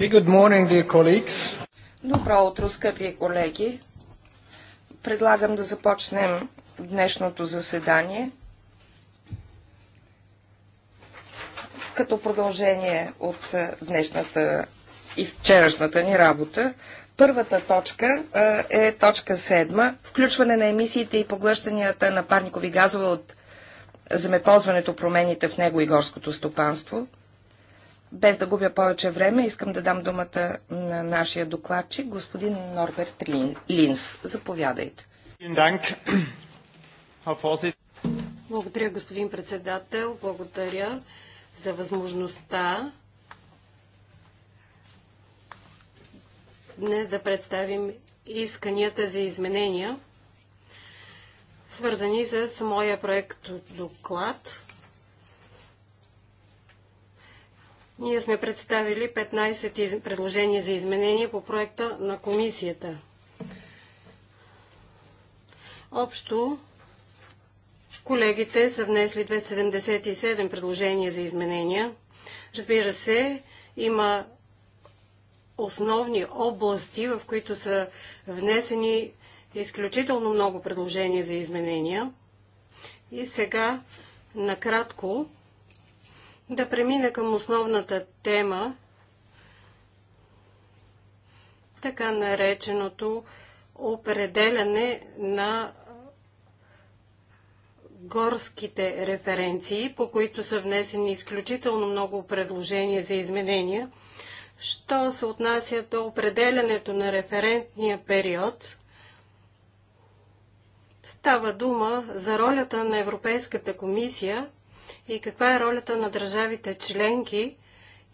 Okay, morning, Добро утро, скъпи колеги. Предлагам да започнем днешното заседание като продължение от днешната и вчерашната ни работа. Първата точка е точка 7. Включване на емисиите и поглъщанията на парникови газове от земеползването, промените в него и горското стопанство – без да губя повече време, искам да дам думата на нашия докладчик, господин Норберт Линс. Заповядайте. Благодаря, господин председател. Благодаря за възможността днес да представим исканията за изменения, свързани с моя проект доклад Ние сме представили 15 предложения за изменения по проекта на комисията. Общо колегите са внесли 277 предложения за изменения. Разбира се, има основни области, в които са внесени изключително много предложения за изменения. И сега накратко да премина към основната тема, така нареченото определяне на горските референции, по които са внесени изключително много предложения за изменения. Що се отнася до определянето на референтния период, става дума за ролята на Европейската комисия и каква е ролята на държавите членки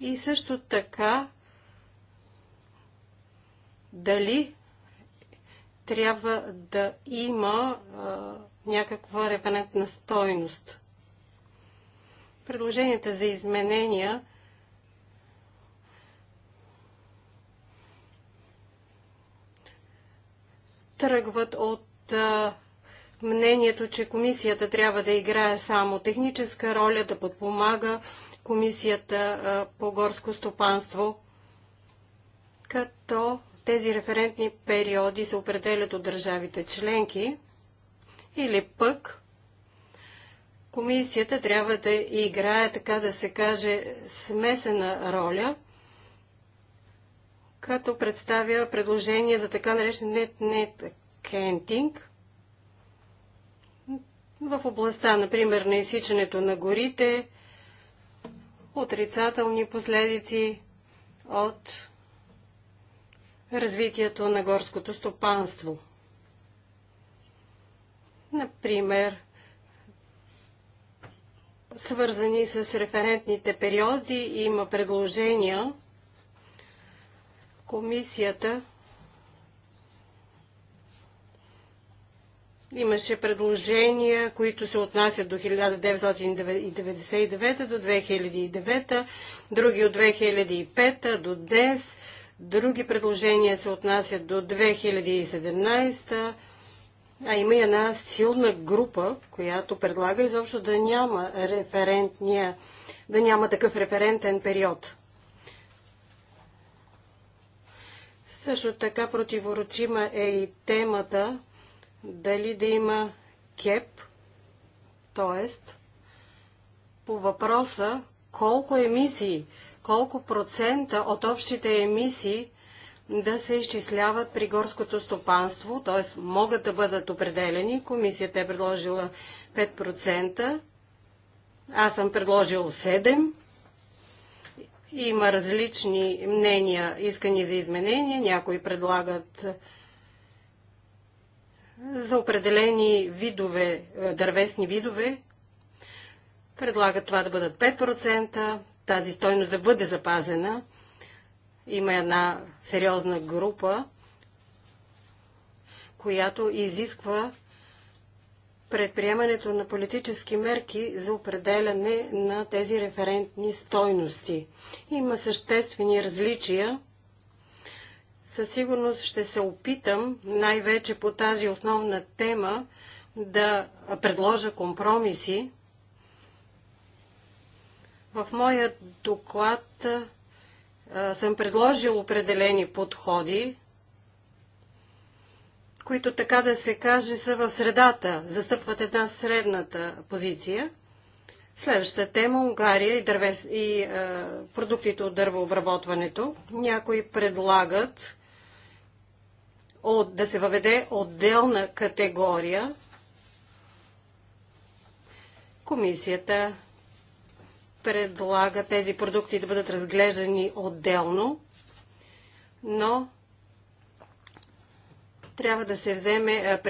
и също така дали трябва да има а, някаква референтна стойност. Предложенията за изменения тръгват от а, мнението, че комисията трябва да играе само техническа роля, да подпомага комисията по горско стопанство, като тези референтни периоди се определят от държавите членки или пък комисията трябва да играе, така да се каже, смесена роля, като представя предложение за така наречен нет-нет кентинг – в областта, например, на изсичането на горите, отрицателни последици от развитието на горското стопанство. Например, свързани с референтните периоди, има предложения комисията Имаше предложения, които се отнасят до 1999 до 2009, други от 2005 до днес, други предложения се отнасят до 2017, а има и една силна група, която предлага изобщо да няма референтния, да няма такъв референтен период. Също така противоречима е и темата дали да има кеп, т.е. по въпроса колко емисии, колко процента от общите емисии да се изчисляват при горското стопанство, т.е. могат да бъдат определени. Комисията е предложила 5%, аз съм предложил 7%. Има различни мнения, искани за изменения. Някои предлагат за определени видове, е, дървесни видове. Предлагат това да бъдат 5%, тази стойност да бъде запазена. Има една сериозна група, която изисква предприемането на политически мерки за определяне на тези референтни стойности. Има съществени различия със сигурност ще се опитам най-вече по тази основна тема да предложа компромиси. В моя доклад съм предложил определени подходи, които така да се каже са в средата, застъпват една средната позиция. Следваща тема Унгария и, дървес, и е, продуктите от дървообработването. Някои предлагат от, да се въведе отделна категория. Комисията предлага тези продукти да бъдат разглеждани отделно, но трябва да се вземе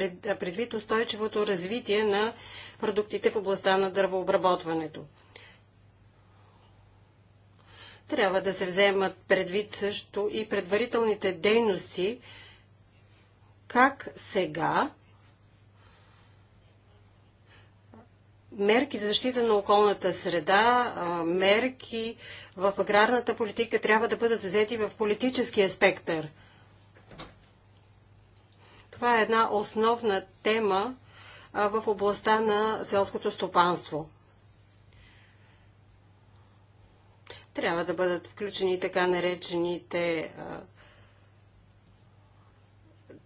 предвид устойчивото развитие на продуктите в областта на дървообработването. Трябва да се вземат предвид също и предварителните дейности, как сега мерки за защита на околната среда, мерки в аграрната политика трябва да бъдат взети в политическия спектър. Това е една основна тема в областта на селското стопанство. Трябва да бъдат включени така наречените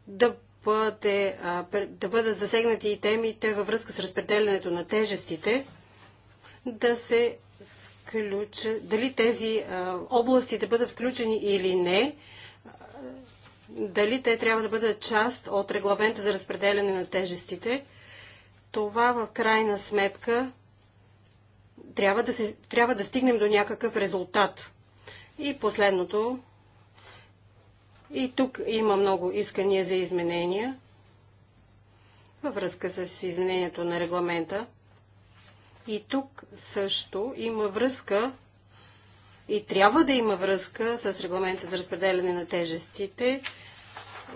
да, бъде, да бъдат засегнати и темите във връзка с разпределянето на тежестите, да се включат, дали тези области да бъдат включени или не, дали те трябва да бъдат част от регламента за разпределяне на тежестите, това в крайна сметка трябва да, се, трябва да стигнем до някакъв резултат. И последното, и тук има много искания за изменения във връзка с изменението на регламента. И тук също има връзка и трябва да има връзка с регламента за разпределяне на тежестите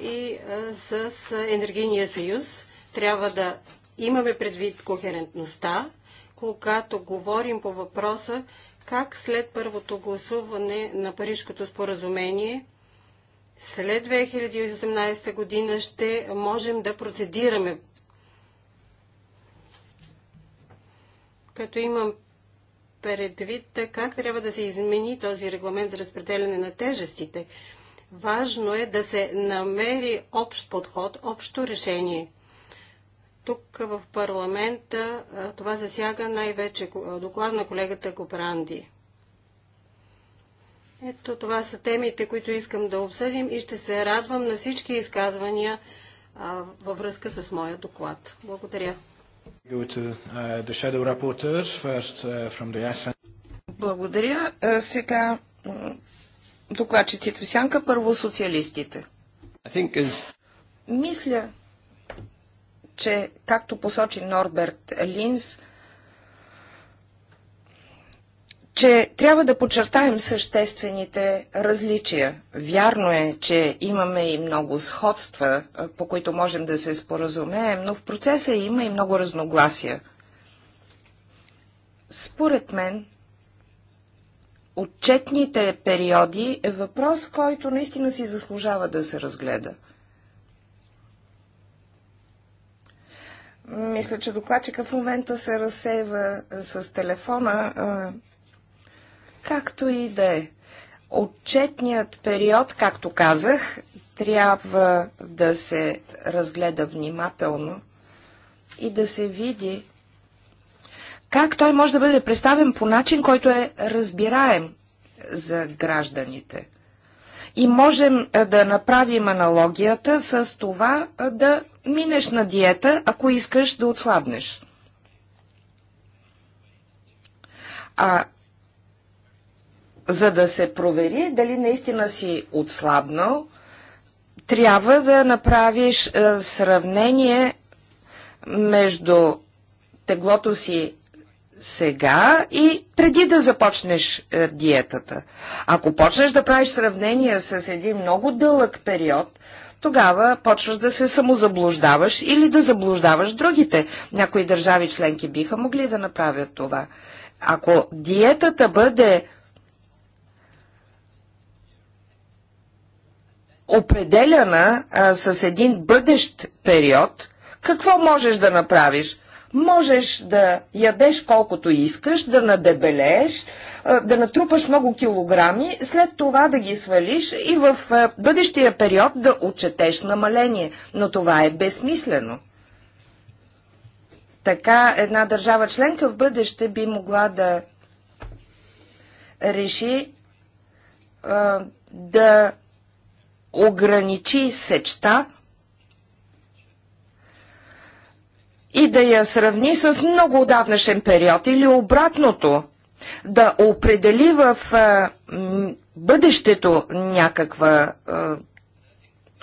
и с енергийния съюз. Трябва да имаме предвид кохерентността, когато говорим по въпроса как след първото гласуване на Парижкото споразумение – след 2018 година ще можем да процедираме. Като имам предвид как трябва да се измени този регламент за разпределяне на тежестите. Важно е да се намери общ подход, общо решение. Тук в парламента това засяга най-вече доклад на колегата Копранди. Ето това са темите, които искам да обсъдим и ще се радвам на всички изказвания а, във връзка с моя доклад. Благодаря. Uh, uh, Благодаря. Е, сега докладчиците Тусянка, сянка, първо социалистите. Is... Мисля, че както посочи Норберт Линс, че трябва да подчертаем съществените различия. Вярно е, че имаме и много сходства, по които можем да се споразумеем, но в процеса има и много разногласия. Според мен, отчетните периоди е въпрос, който наистина си заслужава да се разгледа. Мисля, че докладчика в момента се разсейва с телефона Както и да е. Отчетният период, както казах, трябва да се разгледа внимателно и да се види как той може да бъде представен по начин, който е разбираем за гражданите. И можем да направим аналогията с това да минеш на диета, ако искаш да отслабнеш. А за да се провери дали наистина си отслабнал, трябва да направиш е, сравнение между теглото си сега и преди да започнеш е, диетата. Ако почнеш да правиш сравнение с един много дълъг период, тогава почваш да се самозаблуждаваш или да заблуждаваш другите. Някои държави членки биха могли да направят това. Ако диетата бъде определяна а, с един бъдещ период, какво можеш да направиш? Можеш да ядеш колкото искаш, да надебелееш, да натрупаш много килограми, след това да ги свалиш и в бъдещия период да отчетеш намаление. Но това е безсмислено. Така една държава членка в бъдеще би могла да реши да ограничи сечта и да я сравни с много отдавнашен период или обратното, да определи в бъдещето някаква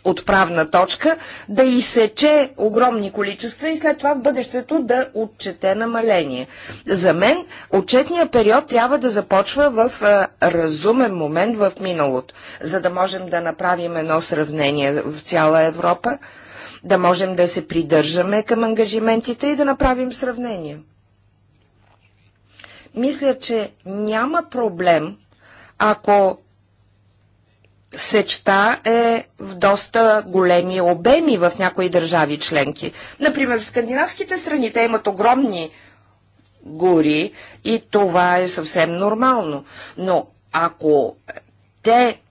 отправна точка, да изсече огромни количества и след това в бъдещето да отчете намаление. За мен отчетния период трябва да започва в разумен момент в миналото, за да можем да направим едно сравнение в цяла Европа, да можем да се придържаме към ангажиментите и да направим сравнение. Мисля, че няма проблем, ако сечта е в доста големи обеми в някои държави членки. Например, в скандинавските страни те имат огромни гори и това е съвсем нормално. Но ако те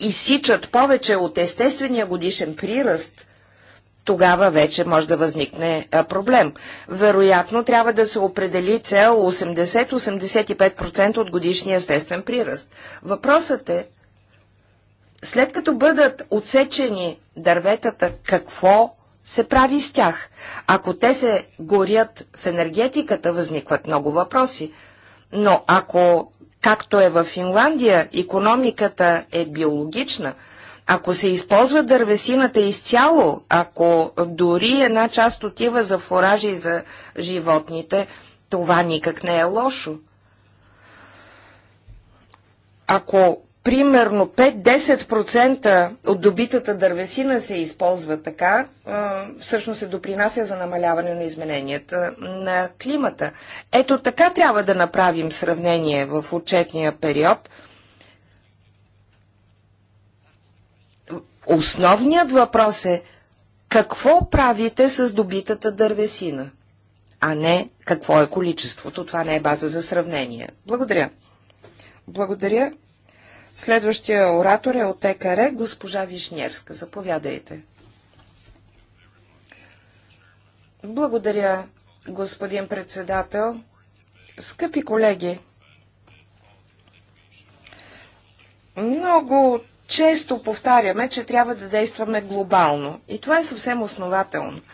изсичат повече от естествения годишен приръст, тогава вече може да възникне проблем. Вероятно трябва да се определи цел 80-85% от годишния естествен приръст. Въпросът е след като бъдат отсечени дърветата, какво се прави с тях? Ако те се горят в енергетиката, възникват много въпроси. Но ако, както е в Финландия, економиката е биологична, ако се използва дървесината изцяло, ако дори една част отива за фуражи за животните, това никак не е лошо. Ако примерно 5-10% от добитата дървесина се използва така, всъщност се допринася за намаляване на измененията на климата. Ето така трябва да направим сравнение в отчетния период. Основният въпрос е какво правите с добитата дървесина, а не какво е количеството. Това не е база за сравнение. Благодаря. Благодаря. Следващия оратор е от ЕКР, госпожа Вишневска. Заповядайте. Благодаря, господин председател. Скъпи колеги, много често повтаряме, че трябва да действаме глобално. И това е съвсем основателно –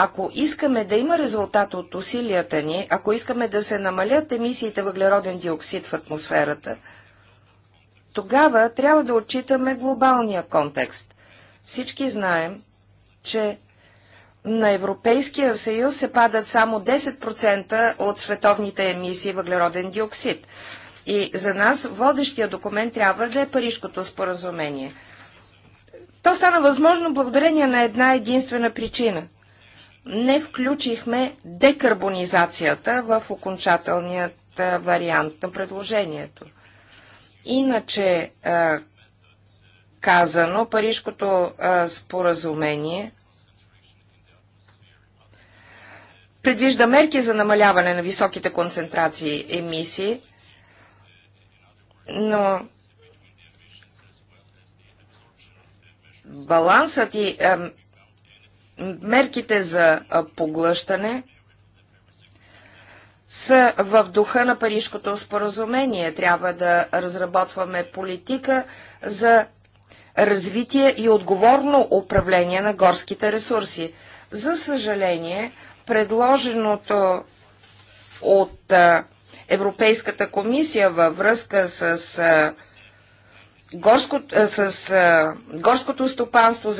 ако искаме да има резултат от усилията ни, ако искаме да се намалят емисиите въглероден диоксид в атмосферата, тогава трябва да отчитаме глобалния контекст. Всички знаем, че на Европейския съюз се падат само 10% от световните емисии въглероден диоксид. И за нас водещия документ трябва да е Парижкото споразумение. То стана възможно благодарение на една единствена причина – не включихме декарбонизацията в окончателният вариант на предложението. Иначе казано, Парижкото споразумение предвижда мерки за намаляване на високите концентрации емисии, но балансът и мерките за поглъщане са в духа на Парижкото споразумение. Трябва да разработваме политика за развитие и отговорно управление на горските ресурси. За съжаление, предложеното от Европейската комисия във връзка с горско, с горското стопанство,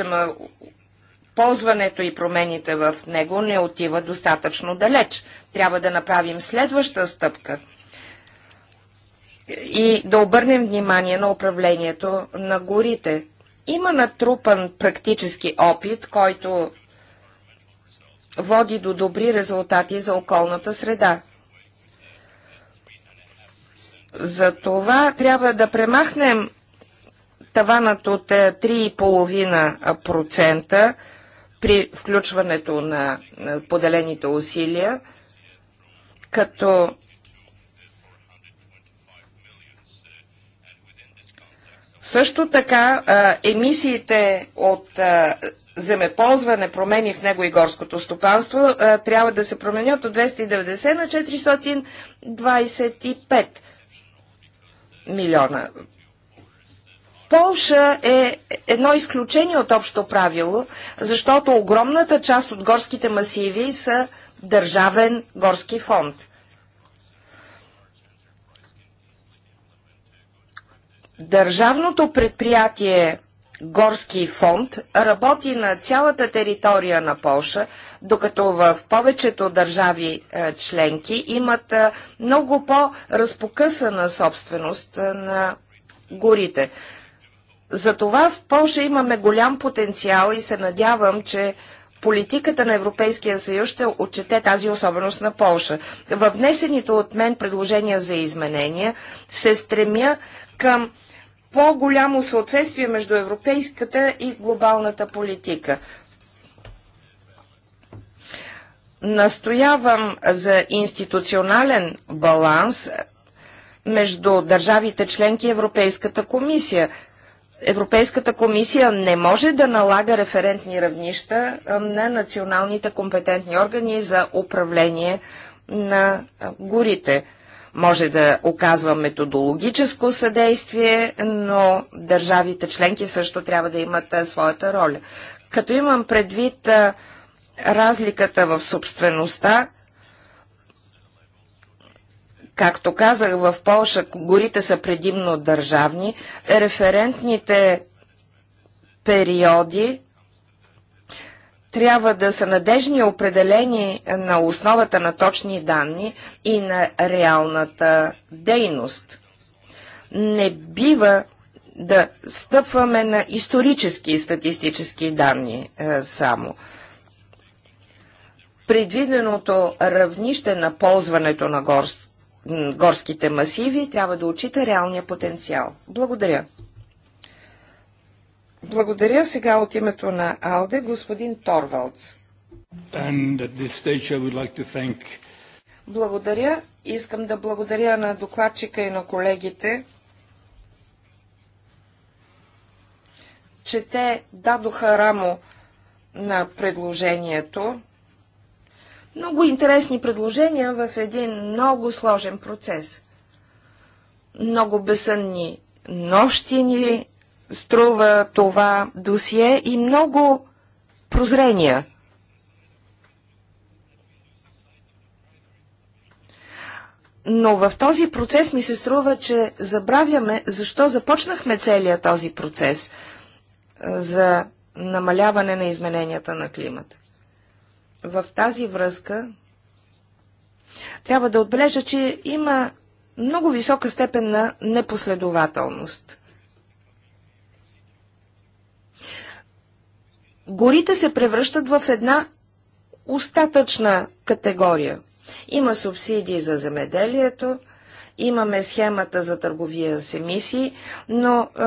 ползването и промените в него не отива достатъчно далеч. Трябва да направим следваща стъпка и да обърнем внимание на управлението на горите. Има натрупан практически опит, който води до добри резултати за околната среда. За това трябва да премахнем таванът от 3,5% е, при включването на поделените усилия, като също така емисиите от земеползване, промени в него и горското стопанство трябва да се променят от 290 на 425 милиона. Полша е едно изключение от общо правило, защото огромната част от горските масиви са държавен горски фонд. Държавното предприятие Горски фонд работи на цялата територия на Полша, докато в повечето държави е, членки имат е, много по-разпокъсана собственост е, на горите. Затова в Польша имаме голям потенциал и се надявам, че политиката на Европейския съюз ще отчете тази особеност на Полша. Във внесените от мен предложения за изменения се стремя към по-голямо съответствие между европейската и глобалната политика. Настоявам за институционален баланс между държавите членки и Европейската комисия, Европейската комисия не може да налага референтни равнища на националните компетентни органи за управление на горите. Може да оказва методологическо съдействие, но държавите членки също трябва да имат своята роля. Като имам предвид разликата в собствеността, Както казах, в Полша горите са предимно държавни. Референтните периоди трябва да са надежни определени на основата на точни данни и на реалната дейност. Не бива да стъпваме на исторически и статистически данни е, само. Предвиденото равнище на ползването на горст горските масиви, трябва да отчита реалния потенциал. Благодаря. Благодаря сега от името на АЛДЕ господин Торвалдс. Like thank... Благодаря. Искам да благодаря на докладчика и на колегите, че те дадоха рамо на предложението много интересни предложения в един много сложен процес. Много безсънни нощи ни струва това досие и много прозрения. Но в този процес ми се струва, че забравяме защо започнахме целия този процес за намаляване на измененията на климата. В тази връзка трябва да отбележа, че има много висока степен на непоследователност. Горите се превръщат в една остатъчна категория. Има субсидии за земеделието, имаме схемата за търговия с емисии, но е,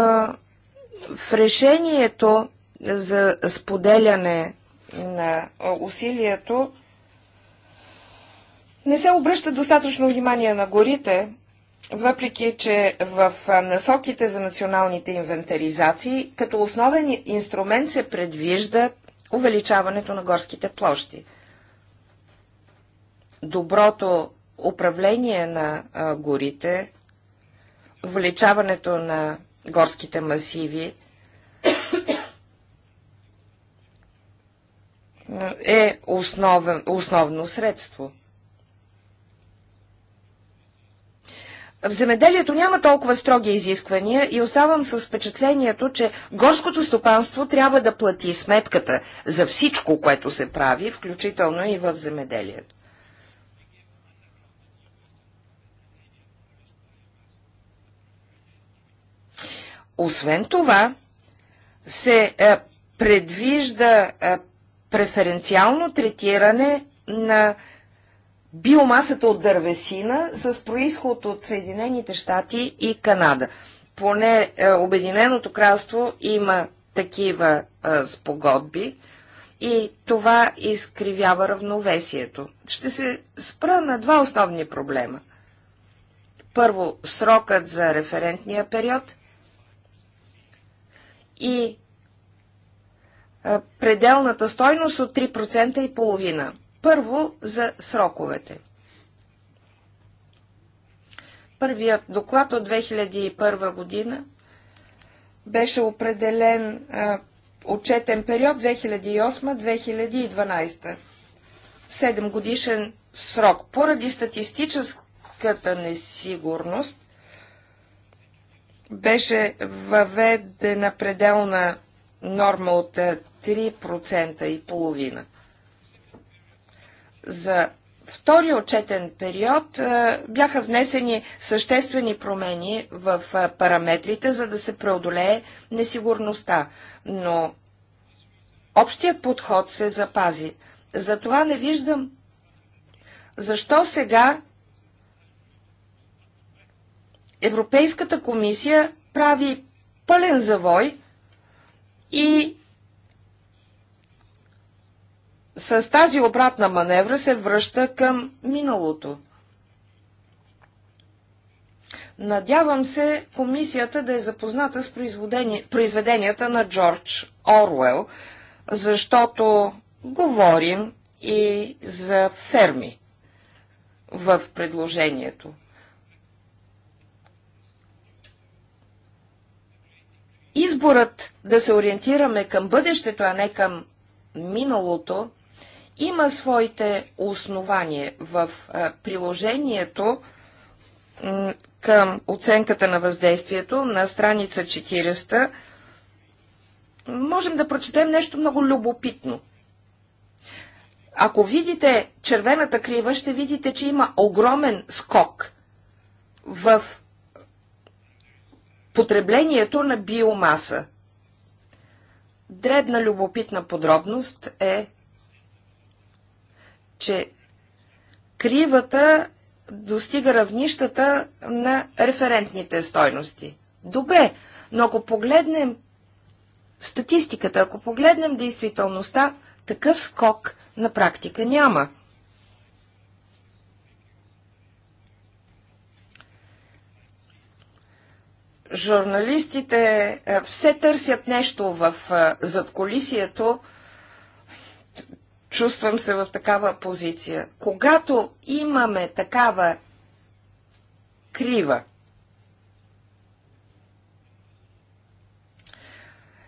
в решението за споделяне на усилието, не се обръща достатъчно внимание на горите, въпреки че в насоките за националните инвентаризации като основен инструмент се предвижда увеличаването на горските площи. Доброто управление на горите, увеличаването на горските масиви е основен, основно средство. В земеделието няма толкова строги изисквания и оставам с впечатлението, че горското стопанство трябва да плати сметката за всичко, което се прави, включително и в земеделието. Освен това, се е, предвижда е, преференциално третиране на биомасата от дървесина с происход от Съединените щати и Канада. Поне е, Обединеното кралство има такива е, спогодби и това изкривява равновесието. Ще се спра на два основни проблема. Първо, срокът за референтния период и пределната стойност от 3% и половина. Първо за сроковете. Първият доклад от 2001 година беше определен а, отчетен период 2008-2012. 7 годишен срок. Поради статистическата несигурност беше въведена пределна норма от 3% е, и половина. За втори отчетен период е, бяха внесени съществени промени в е, параметрите, за да се преодолее несигурността, но общият подход се запази. Затова не виждам защо сега Европейската комисия прави пълен завой и с тази обратна маневра се връща към миналото. Надявам се комисията да е запозната с произведенията на Джордж Оруел, защото говорим и за ферми в предложението. изборът да се ориентираме към бъдещето, а не към миналото, има своите основания в приложението към оценката на въздействието на страница 400. можем да прочетем нещо много любопитно. Ако видите червената крива, ще видите, че има огромен скок в потреблението на биомаса. Дребна любопитна подробност е, че кривата достига равнищата на референтните стойности. Добре, но ако погледнем статистиката, ако погледнем действителността, такъв скок на практика няма. Журналистите е, все търсят нещо в е, задколисието. Чувствам се в такава позиция. Когато имаме такава крива,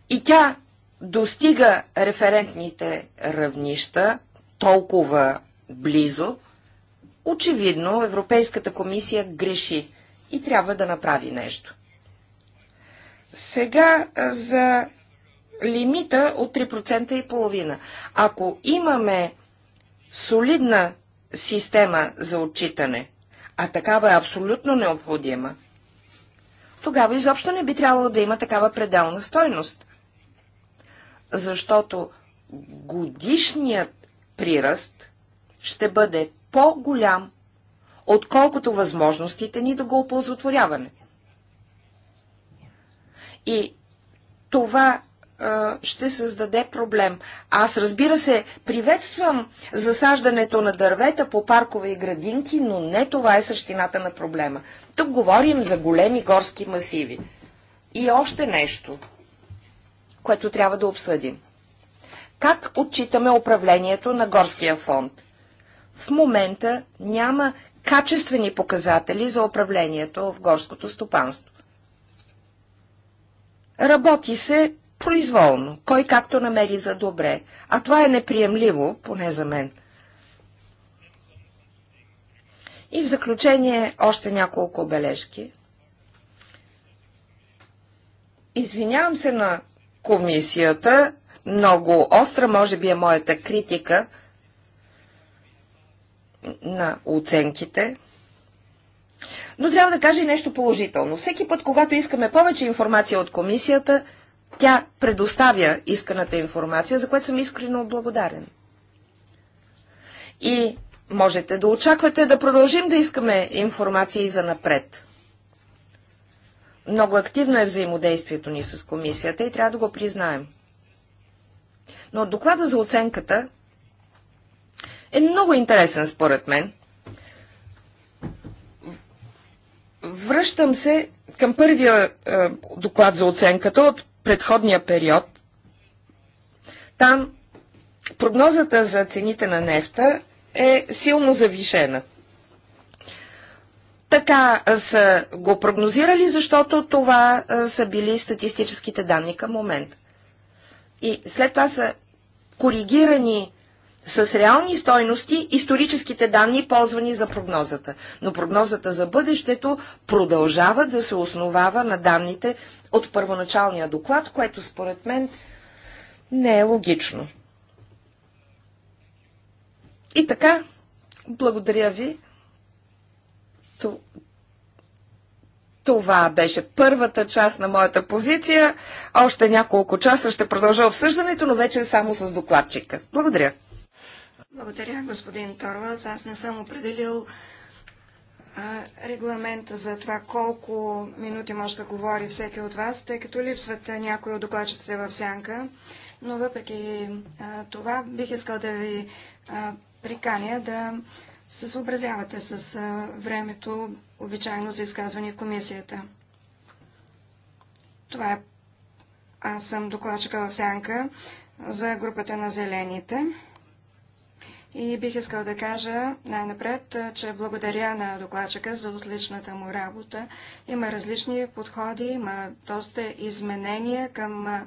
и тя достига референтните равнища толкова близо, очевидно Европейската комисия греши и трябва да направи нещо. Сега за лимита от 3% и половина. Ако имаме солидна система за отчитане, а такава е абсолютно необходима, тогава изобщо не би трябвало да има такава пределна стойност. Защото годишният приръст ще бъде по-голям, отколкото възможностите ни да го оползотворяваме. И това ще създаде проблем. Аз разбира се, приветствам засаждането на дървета по паркове и градинки, но не това е същината на проблема. Тук говорим за големи горски масиви. И още нещо, което трябва да обсъдим. Как отчитаме управлението на горския фонд? В момента няма качествени показатели за управлението в горското стопанство. Работи се произволно, кой както намери за добре, а това е неприемливо, поне за мен. И в заключение още няколко бележки. Извинявам се на комисията, много остра може би е моята критика на оценките. Но трябва да кажа и нещо положително. Всеки път, когато искаме повече информация от комисията, тя предоставя исканата информация, за което съм искрено благодарен. И можете да очаквате да продължим да искаме информация и за напред. Много активно е взаимодействието ни с комисията и трябва да го признаем. Но доклада за оценката е много интересен според мен – Връщам се към първия е, доклад за оценката от предходния период. Там прогнозата за цените на нефта е силно завишена. Така е, са го прогнозирали, защото това е, са били статистическите данни към момента. И след това са коригирани с реални стойности историческите данни, ползвани за прогнозата. Но прогнозата за бъдещето продължава да се основава на данните от първоначалния доклад, което според мен не е логично. И така, благодаря ви. Това беше първата част на моята позиция. Още няколко часа ще продължа обсъждането, но вече е само с докладчика. Благодаря. Благодаря, господин Торвалц. Аз не съм определил регламента за това колко минути може да говори всеки от вас, тъй като липсват някои от докладчиците в сянка. Но въпреки това бих искал да ви приканя да се съобразявате с времето, обичайно за изказване в комисията. Това е... Аз съм докладчика в сянка за групата на зелените. И бих искал да кажа най-напред, че благодаря на докладчика за отличната му работа. Има различни подходи, има доста изменения към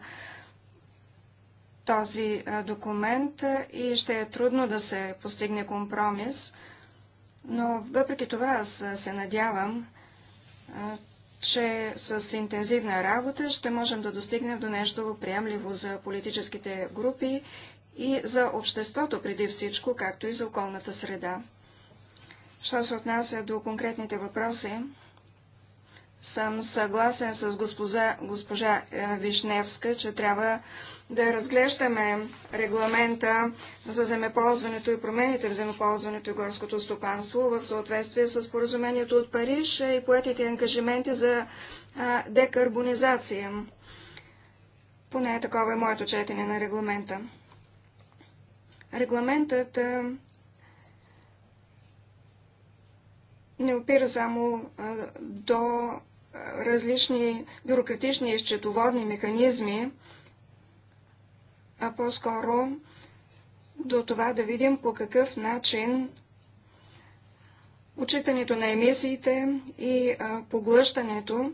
този документ и ще е трудно да се постигне компромис. Но въпреки това аз се надявам, че с интензивна работа ще можем да достигнем до нещо приемливо за политическите групи и за обществото преди всичко, както и за околната среда. Що се отнася до конкретните въпроси, съм съгласен с госпожа, госпожа е, Вишневска, че трябва да разглеждаме регламента за земеползването и промените в земеползването и горското стопанство в съответствие с поразумението от Париж и поетите ангажименти за декарбонизация. Поне такова е моето четене на регламента. Регламентът не опира само до различни бюрократични и счетоводни механизми, а по-скоро до това да видим по какъв начин отчитането на емисиите и поглъщането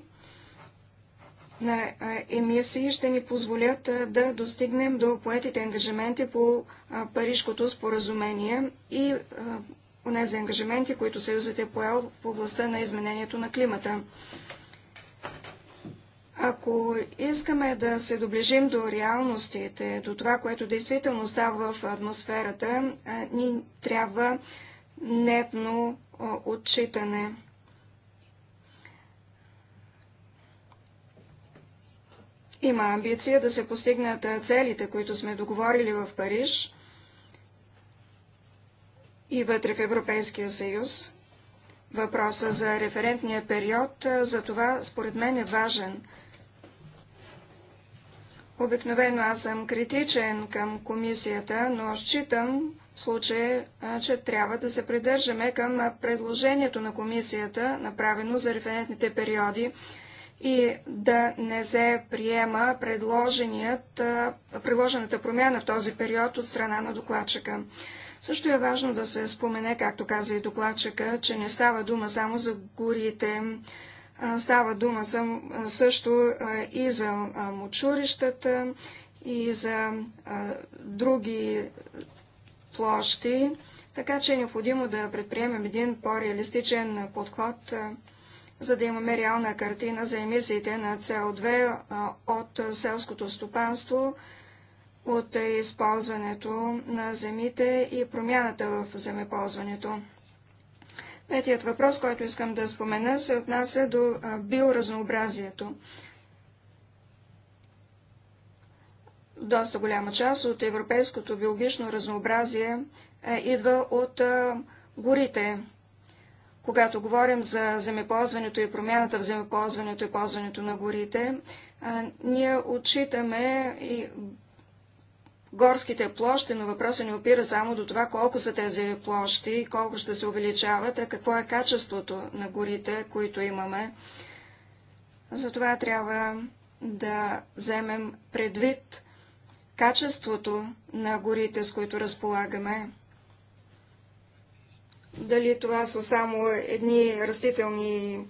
на емисии ще ни позволят да достигнем до поетите ангажименти по Парижкото споразумение и онези ангажименти, които Съюзът е поел в областта на изменението на климата. Ако искаме да се доближим до реалностите, до това, което действително става в атмосферата, ни трябва нетно отчитане. Има амбиция да се постигнат целите, които сме договорили в Париж и вътре в Европейския съюз. Въпроса за референтния период за това според мен е важен. Обикновено аз съм критичен към комисията, но считам в случая, че трябва да се придържаме към предложението на комисията, направено за референтните периоди и да не се приема предложената промяна в този период от страна на докладчика. Също е важно да се спомене, както каза и докладчика, че не става дума само за горите, става дума също и за мочурищата, и за други площи, така че е необходимо да предприемем един по-реалистичен подход за да имаме реална картина за емисиите на СО2 от селското стопанство, от използването на земите и промяната в земеползването. Петият въпрос, който искам да спомена, се отнася до биоразнообразието. Доста голяма част от европейското биологично разнообразие идва от горите. Когато говорим за земеползването и промяната в земеползването и ползването на горите, ние отчитаме и горските площи, но въпросът не опира само до това колко са тези площи и колко ще се увеличават, а какво е качеството на горите, които имаме. Затова трябва да вземем предвид качеството на горите, с които разполагаме дали това са само едни растителни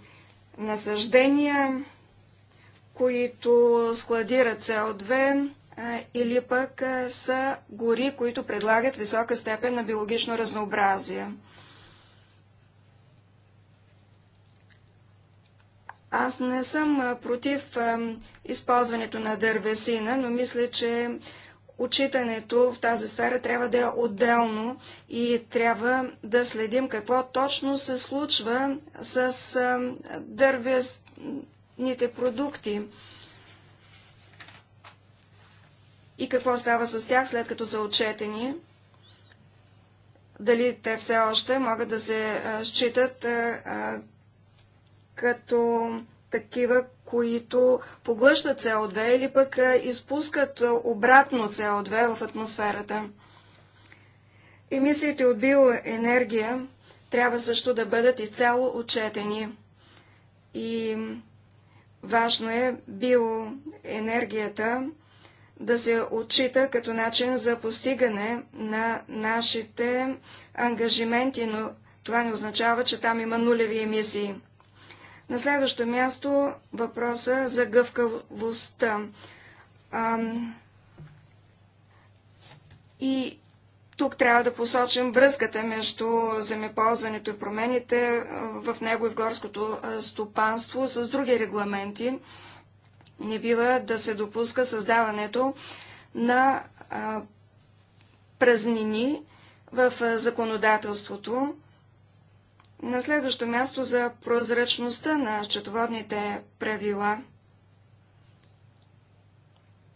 насъждения, които складират CO2 или пък са гори, които предлагат висока степен на биологично разнообразие. Аз не съм против използването на дървесина, но мисля, че отчитането в тази сфера трябва да е отделно и трябва да следим какво точно се случва с дървесните продукти и какво става с тях след като са отчетени. Дали те все още могат да се считат като такива, които поглъщат со 2 или пък изпускат обратно со 2 в атмосферата. Емисиите от биоенергия трябва също да бъдат изцяло отчетени. И важно е биоенергията да се отчита като начин за постигане на нашите ангажименти, но това не означава, че там има нулеви емисии. На следващо място въпроса за гъвкавостта. Ам... И тук трябва да посочим връзката между земеползването и промените в него и в горското стопанство с други регламенти. Не бива да се допуска създаването на празнини в законодателството, на следващо място за прозрачността на счетоводните правила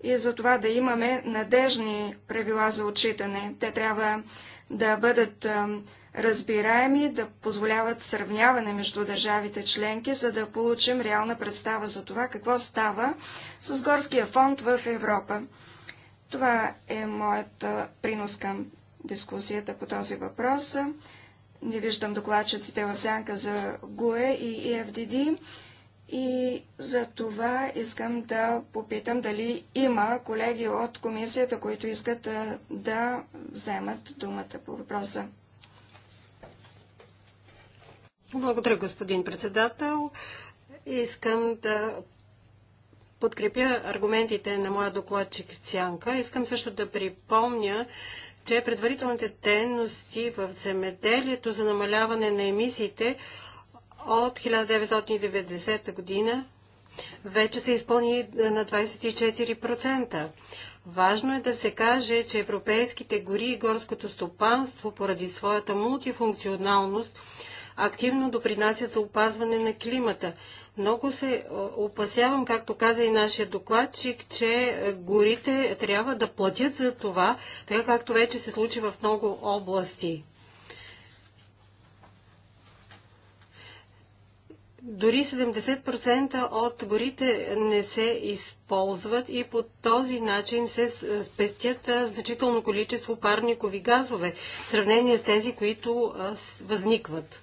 и за това да имаме надежни правила за отчитане. Те трябва да бъдат разбираеми, да позволяват сравняване между държавите членки, за да получим реална представа за това какво става с горския фонд в Европа. Това е моят принос към дискусията по този въпрос не виждам докладчиците в сянка за ГУЕ и ЕФДД. И за това искам да попитам дали има колеги от комисията, които искат да вземат думата по въпроса. Благодаря, господин председател. Искам да подкрепя аргументите на моя докладчик Цянка. Искам също да припомня, че предварителните дейности в земеделието за намаляване на емисиите от 1990 година вече са изпълнени на 24%. Важно е да се каже, че европейските гори и горското стопанство поради своята мултифункционалност активно допринасят за опазване на климата. Много се опасявам, както каза и нашия докладчик, че горите трябва да платят за това, така както вече се случи в много области. дори 70% от горите не се използват и по този начин се спестят значително количество парникови газове в сравнение с тези, които възникват.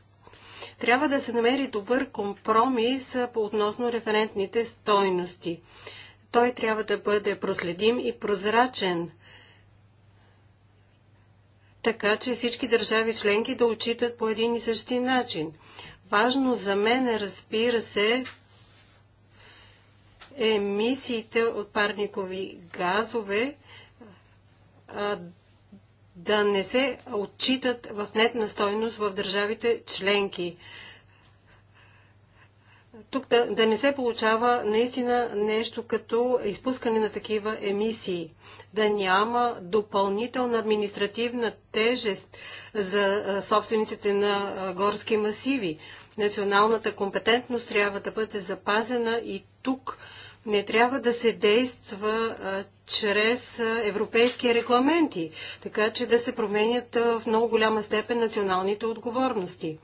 Трябва да се намери добър компромис по относно референтните стойности. Той трябва да бъде проследим и прозрачен, така че всички държави членки да учитат по един и същи начин. Важно за мен, разбира се, емисиите от парникови газове да не се отчитат в нетна стойност в държавите членки. Тук да, да не се получава наистина нещо като изпускане на такива емисии, да няма допълнителна административна тежест за собствениците на горски масиви. Националната компетентност трябва да бъде запазена и тук не трябва да се действа а, чрез а, европейски регламенти, така че да се променят а, в много голяма степен националните отговорности.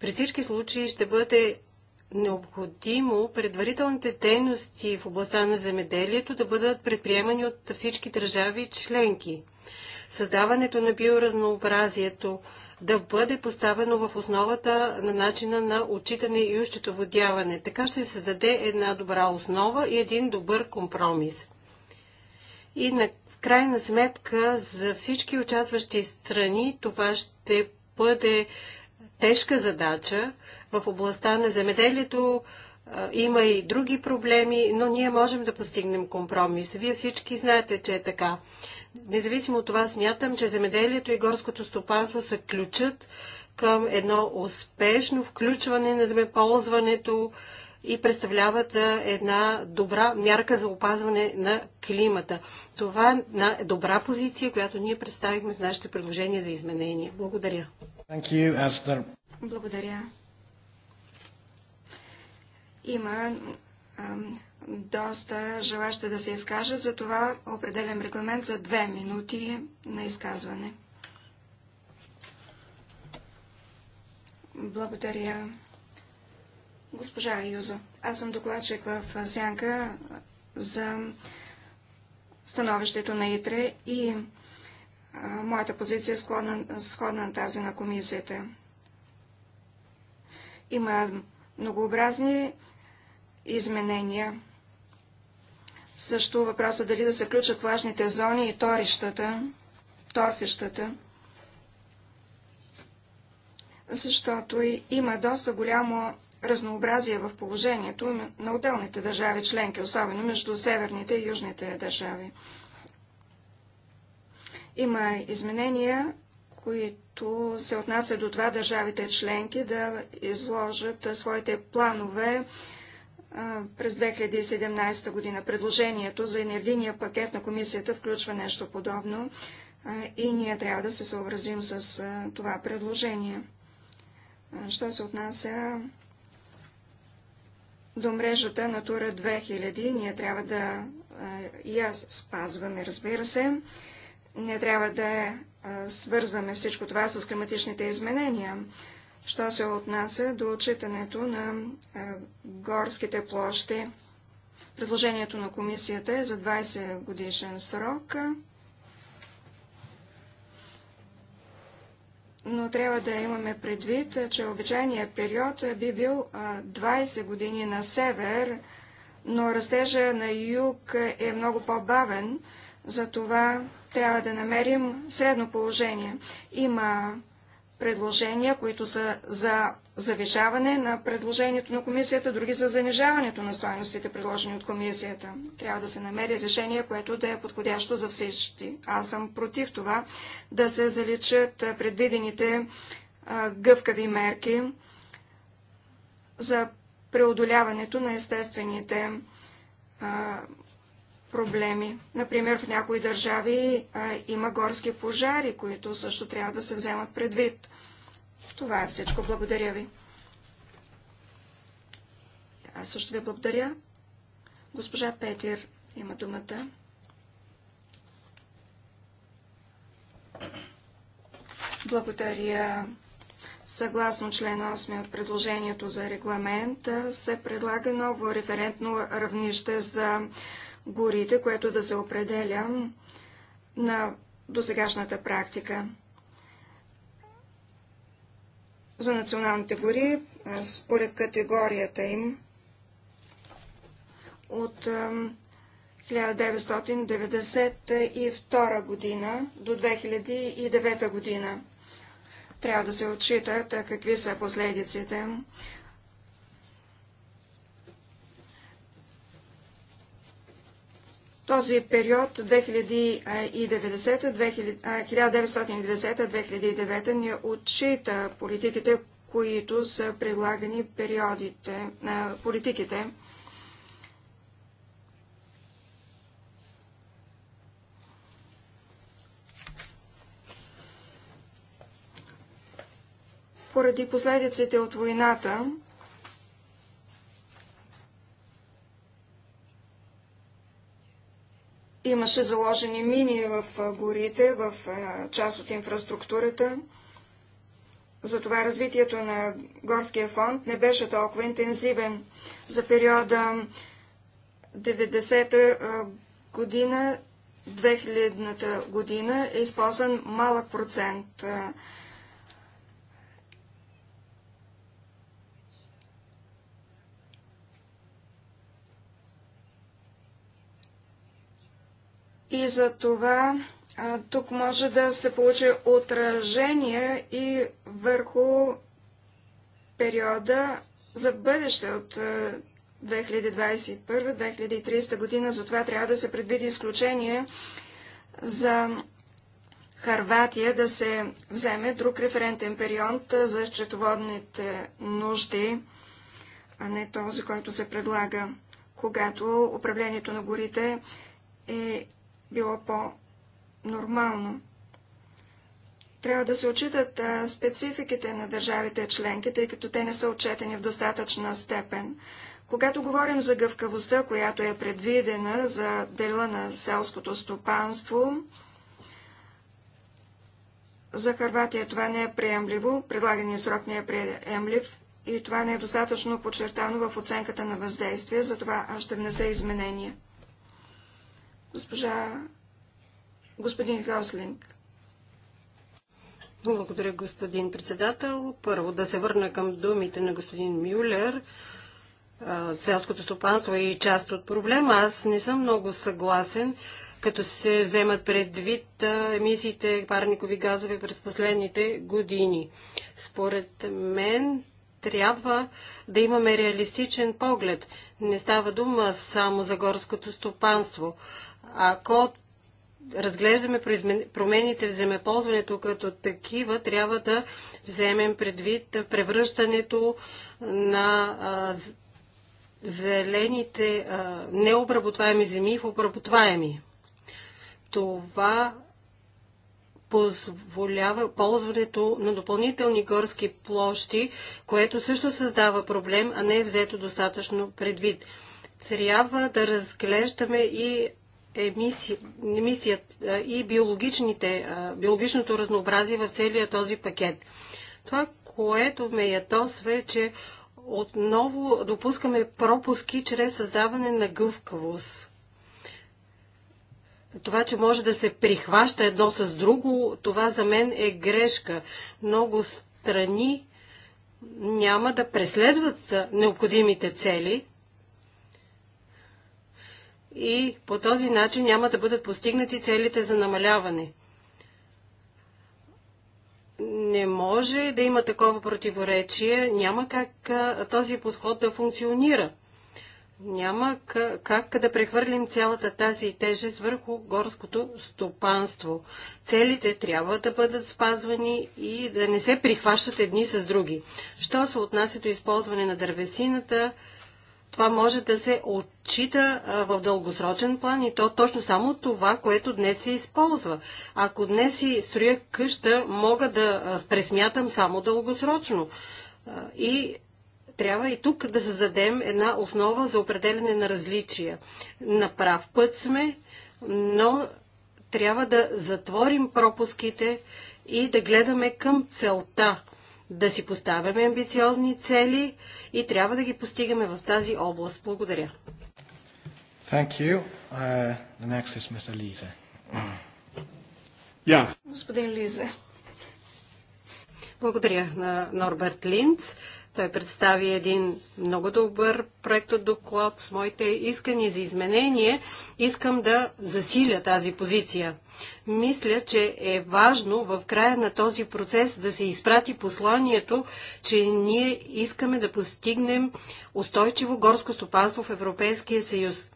При всички случаи ще бъде необходимо предварителните дейности в областта на земеделието да бъдат предприемани от всички държави членки. Създаването на биоразнообразието, да бъде поставено в основата на начина на отчитане и ощетоводяване. Така ще се създаде една добра основа и един добър компромис. И на крайна сметка за всички участващи страни това ще бъде тежка задача в областта на земеделието, има и други проблеми, но ние можем да постигнем компромис. Вие всички знаете, че е така. Независимо от това, смятам, че земеделието и горското стопанство са ключът към едно успешно включване на земеползването и представляват една добра мярка за опазване на климата. Това е една добра позиция, която ние представихме в нашите предложения за изменение. Благодаря. You, Благодаря. Има доста желаща да се изкажа. затова определям регламент за две минути на изказване. Благодаря. Госпожа Юзо, аз съм докладчик в Сянка за становището на ИТРЕ и а, моята позиция е сходна, сходна на тази на комисията. Има многообразни изменения. Също въпроса дали да се включат влажните зони и торищата, торфищата, защото има доста голямо разнообразие в положението на отделните държави членки, особено между северните и южните държави. Има изменения, които се отнасят до това държавите членки да изложат своите планове през 2017 година. Предложението за енергийния пакет на комисията включва нещо подобно и ние трябва да се съобразим с това предложение. Що се отнася до мрежата Натура 2000, ние трябва да я спазваме, разбира се. Не трябва да свързваме всичко това с климатичните изменения що се отнася до отчитането на горските площи. Предложението на комисията е за 20 годишен срок, но трябва да имаме предвид, че обичайният период би бил 20 години на север, но растежа на юг е много по-бавен, затова трябва да намерим средно положение. Има предложения, които са за завишаване на предложението на комисията, други за занижаването на стоеностите, предложени от комисията. Трябва да се намери решение, което да е подходящо за всички. Аз съм против това да се заличат предвидените гъвкави мерки за преодоляването на естествените проблеми. Например, в някои държави а, има горски пожари, които също трябва да се вземат предвид. Това е всичко. Благодаря ви. Аз също ви благодаря. Госпожа Петир има думата. Благодаря. Съгласно член 8 от предложението за регламент се предлага ново референтно равнище за горите, което да се определя на досегашната практика. За националните гори, според категорията им, от 1992 година до 2009 година. Трябва да се отчитат какви са последиците. Този период 1990-2009 не отчита политиките, които са предлагани периодите, политиките. Поради последиците от войната, Имаше заложени мини в горите, в част от инфраструктурата. Затова развитието на горския фонд не беше толкова интензивен. За периода 90-та година, 2000-та година е използван малък процент И за това а, тук може да се получи отражение и върху периода за бъдеще от 2021-2030 година. Затова трябва да се предвиди изключение за Харватия да се вземе друг референтен период за счетоводните нужди, а не този, който се предлага, когато управлението на горите е било по-нормално. Трябва да се отчитат спецификите на държавите членки, тъй като те не са отчетени в достатъчна степен. Когато говорим за гъвкавостта, която е предвидена за дела на селското стопанство, за Харватия това не е приемливо, предлагания срок не е приемлив и това не е достатъчно подчертано в оценката на въздействие, затова аз ще внеса изменения. Госпожа господин Хауслинг. Благодаря, господин председател. Първо да се върна към думите на господин Мюлер. Селското стопанство е и част от проблема. Аз не съм много съгласен, като се вземат предвид емисиите парникови газове през последните години. Според мен трябва да имаме реалистичен поглед. Не става дума само за горското стопанство. Ако разглеждаме промените в земеползването като такива, трябва да вземем предвид превръщането на зелените необработваеми земи в обработваеми. Това позволява ползването на допълнителни горски площи, което също създава проблем, а не е взето достатъчно предвид. Трябва да разглеждаме и емисия, емисията и биологичните, биологичното разнообразие в целия този пакет. Това, което ме е тосва е, че отново допускаме пропуски чрез създаване на гъвкавост. Това, че може да се прихваща едно с друго, това за мен е грешка. Много страни няма да преследват необходимите цели и по този начин няма да бъдат постигнати целите за намаляване. Не може да има такова противоречие, няма как този подход да функционира. Няма как да прехвърлим цялата тази тежест върху горското стопанство. Целите трябва да бъдат спазвани и да не се прихващат едни с други. Що се отнася до използване на дървесината, това може да се отчита в дългосрочен план и то точно само това, което днес се използва. Ако днес си строя къща, мога да пресмятам само дългосрочно. И трябва и тук да създадем една основа за определене на различия. На прав път сме, но трябва да затворим пропуските и да гледаме към целта да си поставяме амбициозни цели и трябва да ги постигаме в тази област. Благодаря. Thank you. Uh, the next is Mr. Lise. Yeah. Господин Лизе. Благодаря на Норберт Линц. Той представи един много добър проект от доклад с моите искания за изменение. Искам да засиля тази позиция. Мисля, че е важно в края на този процес да се изпрати посланието, че ние искаме да постигнем устойчиво горско стопанство в Европейския съюз.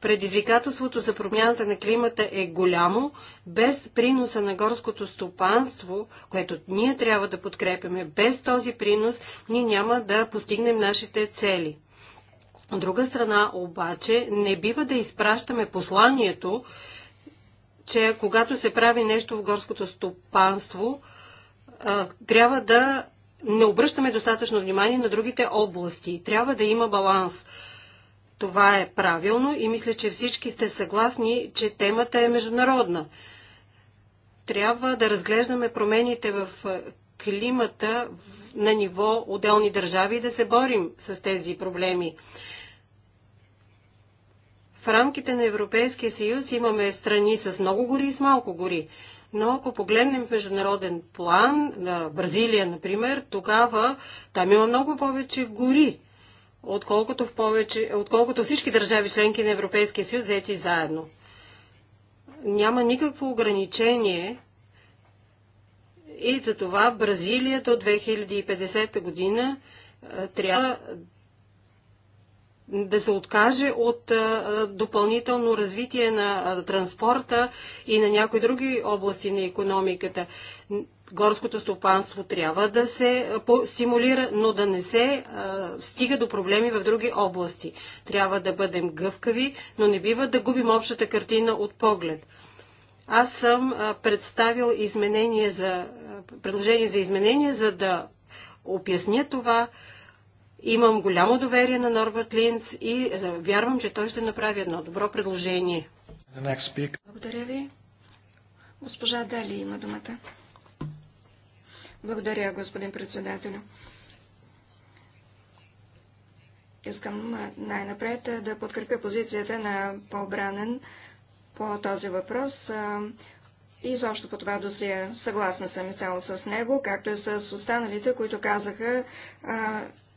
Предизвикателството за промяната на климата е голямо. Без приноса на горското стопанство, което ние трябва да подкрепяме, без този принос ние няма да постигнем нашите цели. От друга страна обаче не бива да изпращаме посланието, че когато се прави нещо в горското стопанство, трябва да не обръщаме достатъчно внимание на другите области. Трябва да има баланс. Това е правилно и мисля, че всички сте съгласни, че темата е международна. Трябва да разглеждаме промените в климата на ниво отделни държави и да се борим с тези проблеми. В рамките на Европейския съюз имаме страни с много гори и с малко гори. Но ако погледнем в международен план на Бразилия, например, тогава там има много повече гори отколкото, в повече, отколкото всички държави членки на Европейския съюз взети заедно. Няма никакво ограничение и за това Бразилия до 2050 година трябва да се откаже от допълнително развитие на транспорта и на някои други области на економиката горското стопанство трябва да се е, стимулира, но да не се а, е, стига до проблеми в други области. Трябва да бъдем гъвкави, но не бива да губим общата картина от поглед. Аз съм а, е, представил изменение за, предложение за изменение, за да обясня това. Имам голямо доверие на Норбърт Линц и вярвам, че той ще направи едно добро предложение. Благодаря ви. Госпожа Дали има думата. Благодаря, господин председател. Искам най-напред да подкрепя позицията на Пол Бранен по този въпрос и защо по това досия Съгласна съм изцяло с него, както и с останалите, които казаха,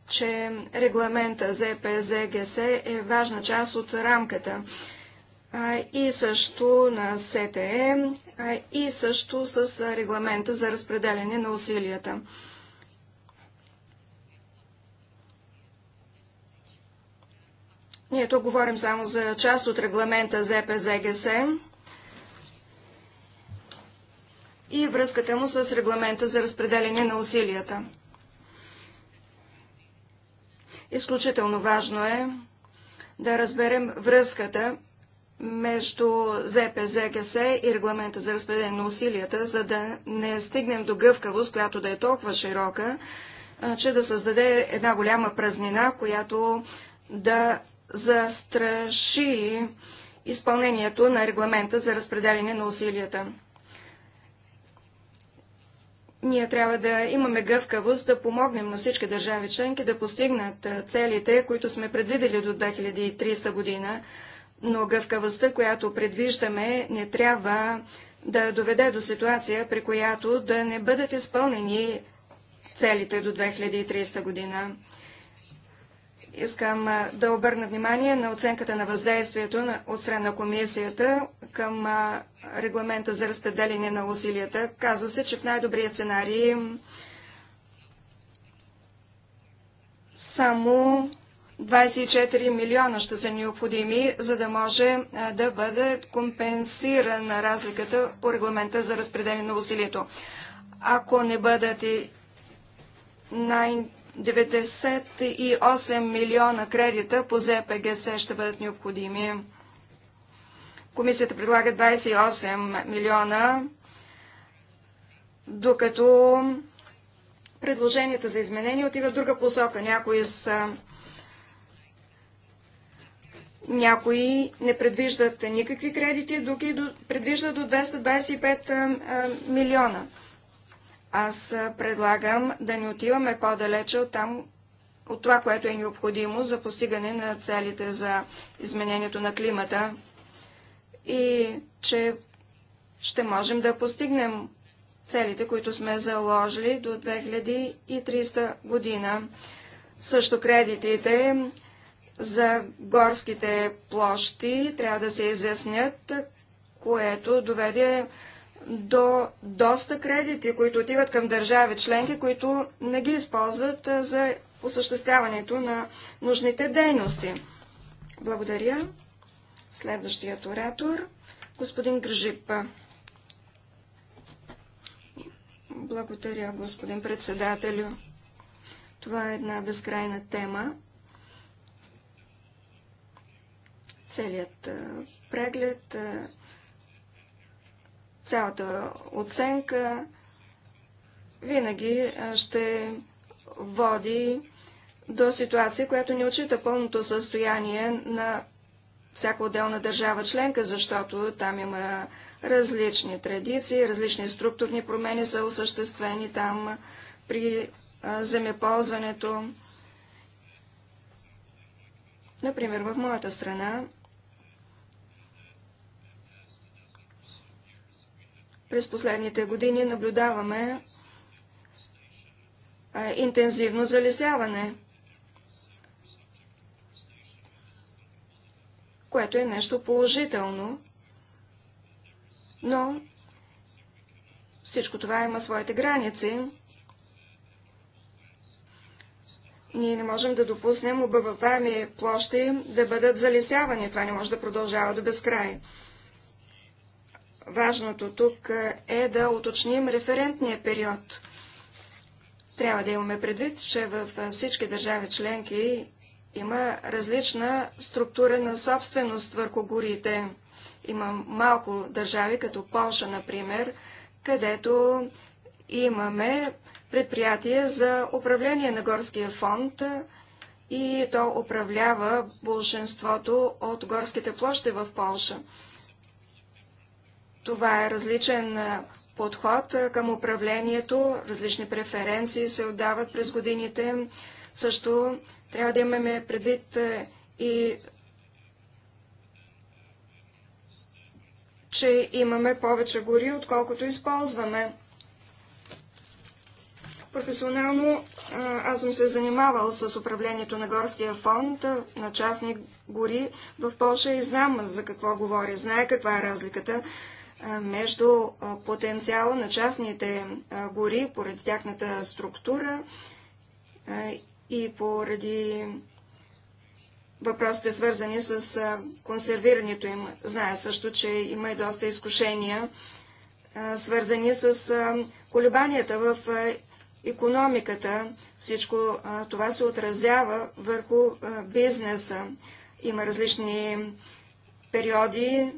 че регламента ЗПЗГС е важна част от рамката и също на СТЕ, и също с регламента за разпределение на усилията. Ние тук говорим само за част от регламента за ЕПЗГС и връзката му с регламента за разпределение на усилията. Изключително важно е да разберем връзката между ЗПЗГС и регламента за разпределение на усилията, за да не стигнем до гъвкавост, която да е толкова широка, че да създаде една голяма празнина, която да застраши изпълнението на регламента за разпределение на усилията. Ние трябва да имаме гъвкавост да помогнем на всички държави членки да постигнат целите, които сме предвидели до 2030 година, но гъвкавостта, която предвиждаме, не трябва да доведе до ситуация, при която да не бъдат изпълнени целите до 2030 година. Искам да обърна внимание на оценката на въздействието на, страна на комисията към регламента за разпределение на усилията. Каза се, че в най-добрия сценарий само 24 милиона ще са необходими, за да може да бъде компенсирана разликата по регламента за разпределение на усилието. Ако не бъдат и най 98 милиона кредита по ЗПГС ще бъдат необходими. Комисията предлага 28 милиона, докато предложенията за изменение отиват в друга посока. Някои са някои не предвиждат никакви кредити, други предвиждат до 225 милиона. Аз предлагам да не отиваме по-далече от там, от това, което е необходимо за постигане на целите за изменението на климата и че ще можем да постигнем целите, които сме заложили до 2300 година. Също кредитите за горските площи трябва да се изяснят, което доведе до доста кредити, които отиват към държави членки, които не ги използват за осъществяването на нужните дейности. Благодаря. Следващият оратор, господин Гржип. Благодаря, господин председателю. Това е една безкрайна тема. целият преглед, цялата оценка винаги ще води до ситуация, която не очита пълното състояние на всяка отделна държава членка, защото там има различни традиции, различни структурни промени са осъществени там при земеползването. Например, в моята страна През последните години наблюдаваме интензивно залесяване, което е нещо положително, но всичко това има своите граници. Ние не можем да допуснем обабаваеми площи да бъдат залесявани. Това не може да продължава до безкрай. Важното тук е, е да уточним референтния период. Трябва да имаме предвид, че във е, всички държави членки има различна структура на собственост върху горите. Има малко държави, като Полша, например, където имаме предприятие за управление на горския фонд е, и то управлява большинството от горските площи в Полша. Това е различен подход към управлението, различни преференции се отдават през годините. Също трябва да имаме предвид и че имаме повече гори, отколкото използваме. Професионално аз съм се занимавал с управлението на горския фонд на частни гори в Польша и знам за какво говоря. Знае каква е разликата между потенциала на частните гори поради тяхната структура и поради въпросите свързани с консервирането им. Зная също, че има и доста изкушения, свързани с колебанията в економиката. Всичко това се отразява върху бизнеса. Има различни периоди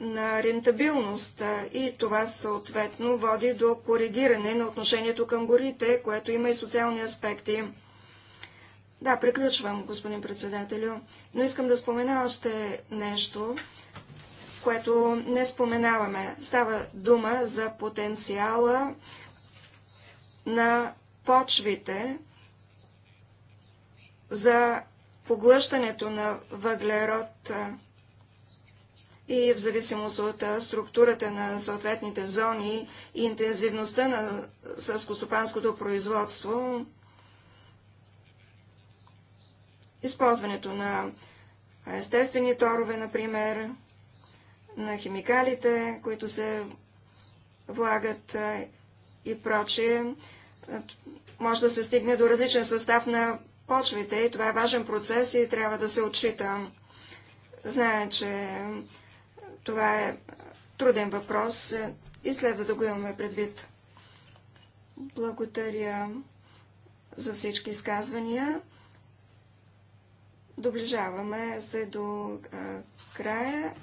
на рентабилност и това съответно води до коригиране на отношението към горите, което има и социални аспекти. Да, приключвам, господин председателю, но искам да спомена още нещо, което не споменаваме. Става дума за потенциала на почвите за поглъщането на въглерод и в зависимост от структурата на съответните зони и интензивността на съскостопанското производство, използването на естествени торове, например, на химикалите, които се влагат и прочие, може да се стигне до различен състав на почвите и това е важен процес и трябва да се отчита. Знае, че това е труден въпрос и следва да го имаме предвид. Благодаря за всички изказвания. Доближаваме се до края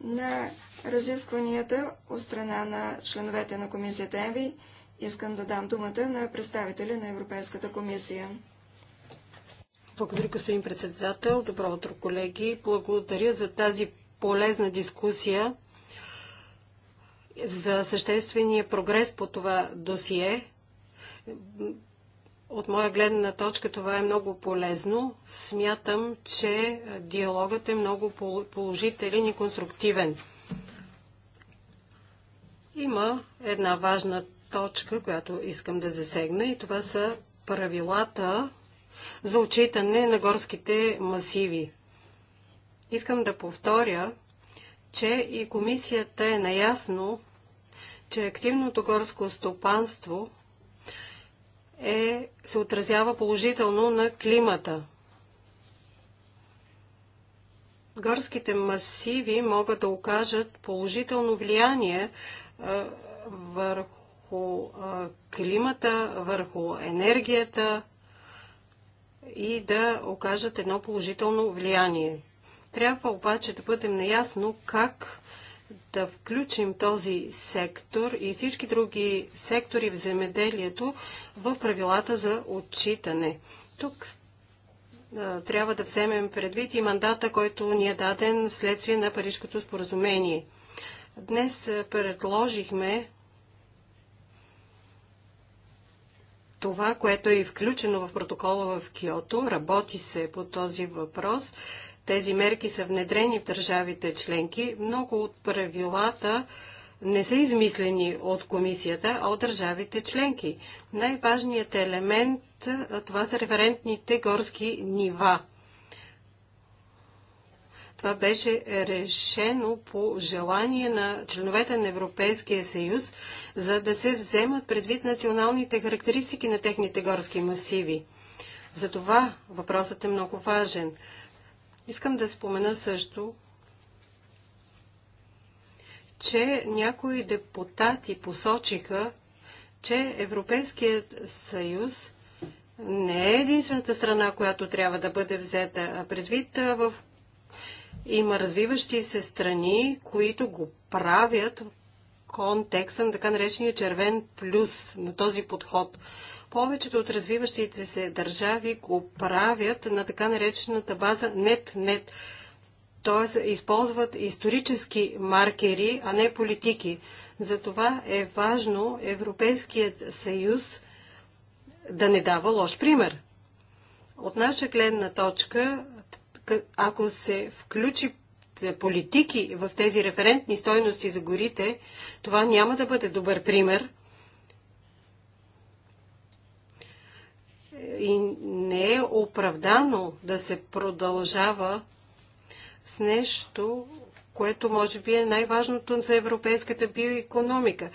на разискванията от страна на членовете на комисията ЕНВИ. Искам да дам думата на представителя на Европейската комисия. Благодаря, господин председател. Добро утро, колеги. Благодаря за тази полезна дискусия за съществения прогрес по това досие. От моя гледна точка това е много полезно. Смятам, че диалогът е много положителен и конструктивен. Има една важна точка, която искам да засегна и това са правилата за отчитане на горските масиви. Искам да повторя, че и комисията е наясно, че активното горско стопанство е, се отразява положително на климата. Горските масиви могат да окажат положително влияние а, върху а, климата, върху енергията и да окажат едно положително влияние. Трябва обаче да бъдем наясно как да включим този сектор и всички други сектори в земеделието в правилата за отчитане. Тук трябва да вземем предвид и мандата, който ни е даден вследствие на Парижкото споразумение. Днес предложихме това, което е включено в протокола в Киото. Работи се по този въпрос тези мерки са внедрени в държавите членки, много от правилата не са измислени от комисията, а от държавите членки. Най-важният елемент това са референтните горски нива. Това беше решено по желание на членовете на Европейския съюз, за да се вземат предвид националните характеристики на техните горски масиви. Затова въпросът е много важен. Искам да спомена също, че някои депутати посочиха, че Европейският съюз не е единствената страна, която трябва да бъде взета предвид. В... Има развиващи се страни, които го правят контекста на така наречения червен плюс на този подход повечето от развиващите се държави го правят на така наречената база Нет-Нет, Т.е. използват исторически маркери, а не политики. Затова е важно Европейският съюз да не дава лош пример. От наша гледна точка, ако се включи политики в тези референтни стойности за горите, това няма да бъде добър пример – и не е оправдано да се продължава с нещо, което може би е най-важното за европейската биоекономика.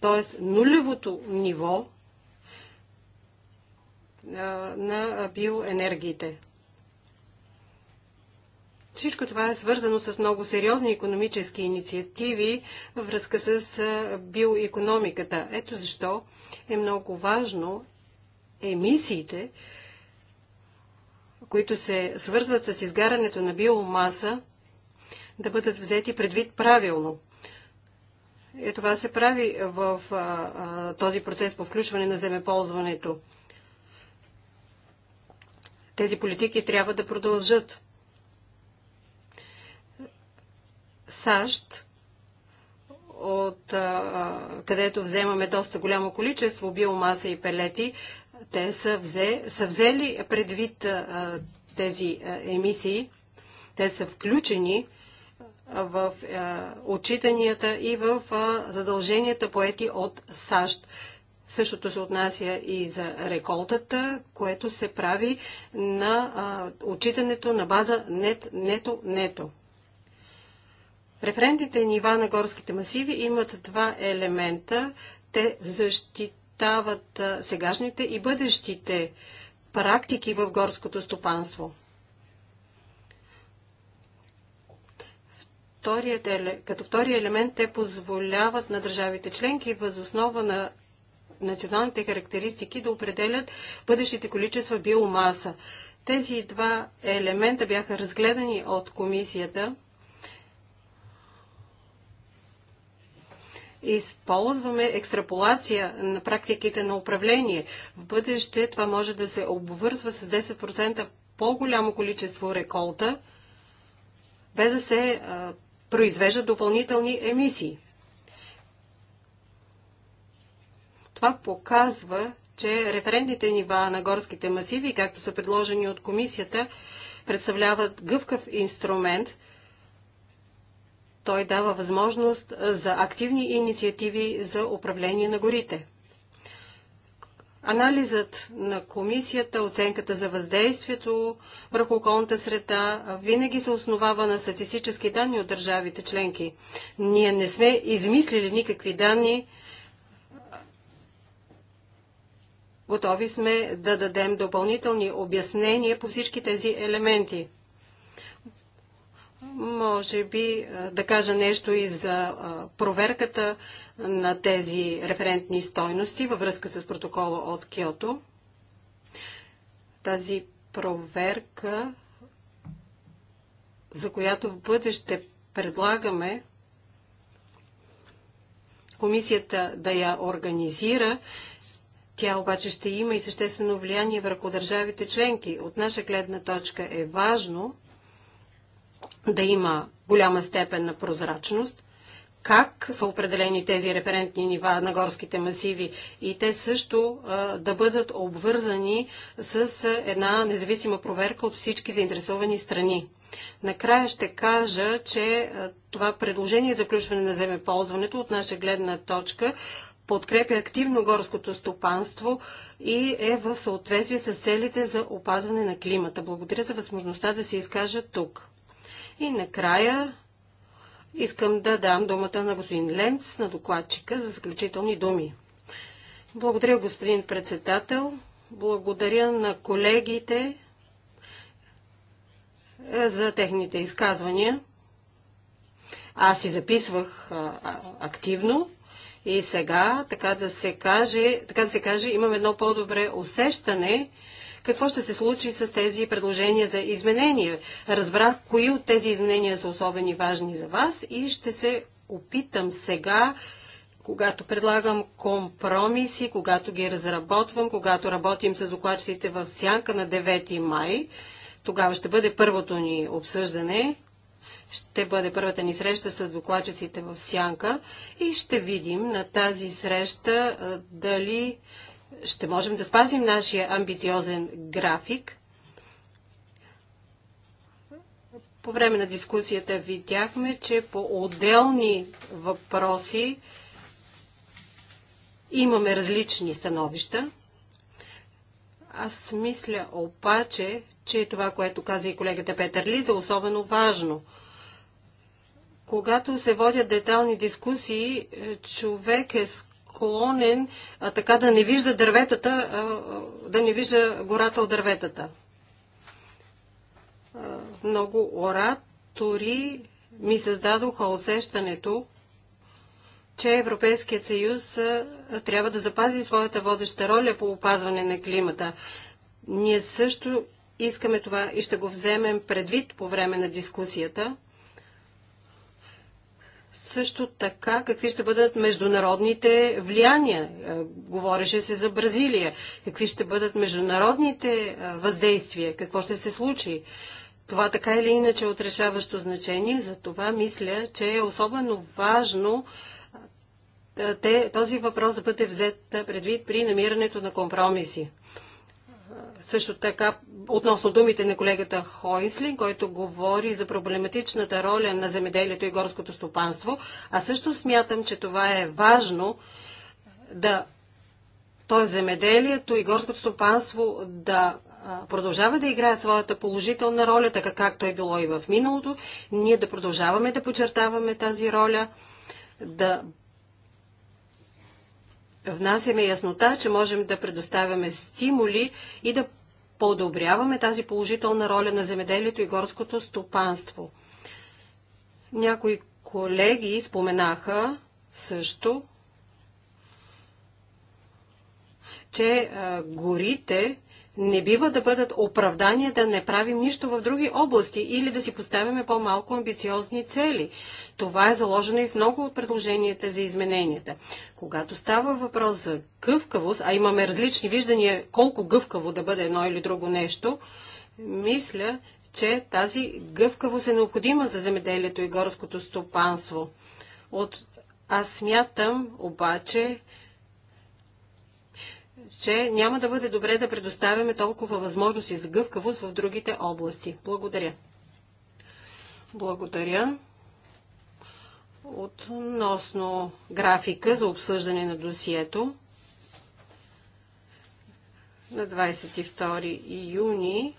Тоест нулевото ниво на биоенергиите. Всичко това е свързано с много сериозни економически инициативи във връзка с биоекономиката. Ето защо е много важно емисиите, които се свързват с изгарането на биомаса, да бъдат взети предвид правилно. И е, това се прави в а, а, този процес по включване на земеползването. Тези политики трябва да продължат. САЩ, от а, където вземаме доста голямо количество биомаса и пелети, те са, взе, са взели предвид а, тези а, емисии, те са включени в а, отчитанията и в а, задълженията поети от САЩ. Същото се отнася и за реколтата, което се прави на а, отчитането на база нет, нето, нето. Референтните нива на горските масиви имат два елемента. Те защит стават сегашните и бъдещите практики в горското стопанство. Като втори елемент те позволяват на държавите членки възоснова на националните характеристики да определят бъдещите количества биомаса. Тези два елемента бяха разгледани от комисията – използваме екстраполация на практиките на управление. В бъдеще това може да се обвързва с 10% по-голямо количество реколта, без да се а, произвеждат допълнителни емисии. Това показва, че референтните нива на горските масиви, както са предложени от комисията, представляват гъвкав инструмент – той дава възможност за активни инициативи за управление на горите. Анализът на комисията, оценката за въздействието върху околната среда винаги се основава на статистически данни от държавите членки. Ние не сме измислили никакви данни. Готови сме да дадем допълнителни обяснения по всички тези елементи. Може би да кажа нещо и за проверката на тези референтни стойности във връзка с протокола от Киото. Тази проверка, за която в бъдеще предлагаме комисията да я организира, тя обаче ще има и съществено влияние върху държавите членки. От наша гледна точка е важно да има голяма степен на прозрачност, как са определени тези референтни нива на горските масиви и те също а, да бъдат обвързани с една независима проверка от всички заинтересовани страни. Накрая ще кажа, че а, това предложение за включване на земеползването от наша гледна точка подкрепя активно горското стопанство и е в съответствие с целите за опазване на климата. Благодаря за възможността да се изкажа тук. И накрая искам да дам думата на господин Ленц, на докладчика, за заключителни думи. Благодаря, господин председател. Благодаря на колегите е, за техните изказвания. Аз си записвах а, активно и сега, така да се каже, така да се каже имам едно по-добре усещане какво ще се случи с тези предложения за изменения. Разбрах кои от тези изменения са особени важни за вас и ще се опитам сега когато предлагам компромиси, когато ги разработвам, когато работим с докладчиците в сянка на 9 май, тогава ще бъде първото ни обсъждане, ще бъде първата ни среща с докладчиците в сянка и ще видим на тази среща дали ще можем да спазим нашия амбициозен график. По време на дискусията видяхме, че по отделни въпроси имаме различни становища. Аз мисля обаче, че това, което каза и колегата Петър Лиза, е особено важно. Когато се водят детални дискусии, човек е склонен а, така да не вижда дърветата, а, да не вижда гората от дърветата. А, много оратори ми създадоха усещането, че Европейският съюз а, трябва да запази своята водеща роля по опазване на климата. Ние също искаме това и ще го вземем предвид по време на дискусията – също така, какви ще бъдат международните влияния? Е, говореше се за Бразилия. Какви ще бъдат международните е, въздействия? Какво ще се случи? Това така или иначе е отрешаващо значение. За това мисля, че е особено важно е, те, този въпрос да бъде взет предвид при намирането на компромиси. Също така относно думите на колегата Хойсли, който говори за проблематичната роля на земеделието и горското стопанство. А също смятам, че това е важно да т.е. земеделието и горското стопанство да продължава да играят своята положителна роля, така както е било и в миналото. Ние да продължаваме да подчертаваме тази роля, да внасяме яснота, че можем да предоставяме стимули и да подобряваме тази положителна роля на земеделието и горското стопанство. Някои колеги споменаха също, че горите не бива да бъдат оправдания да не правим нищо в други области или да си поставяме по-малко амбициозни цели. Това е заложено и в много от предложенията за измененията. Когато става въпрос за гъвкавост, а имаме различни виждания колко гъвкаво да бъде едно или друго нещо, мисля, че тази гъвкавост е необходима за земеделието и горското стопанство. От... Аз смятам обаче, че няма да бъде добре да предоставяме толкова възможности за гъвкавост в другите области. Благодаря. Благодаря. Относно графика за обсъждане на досието, на 22 юни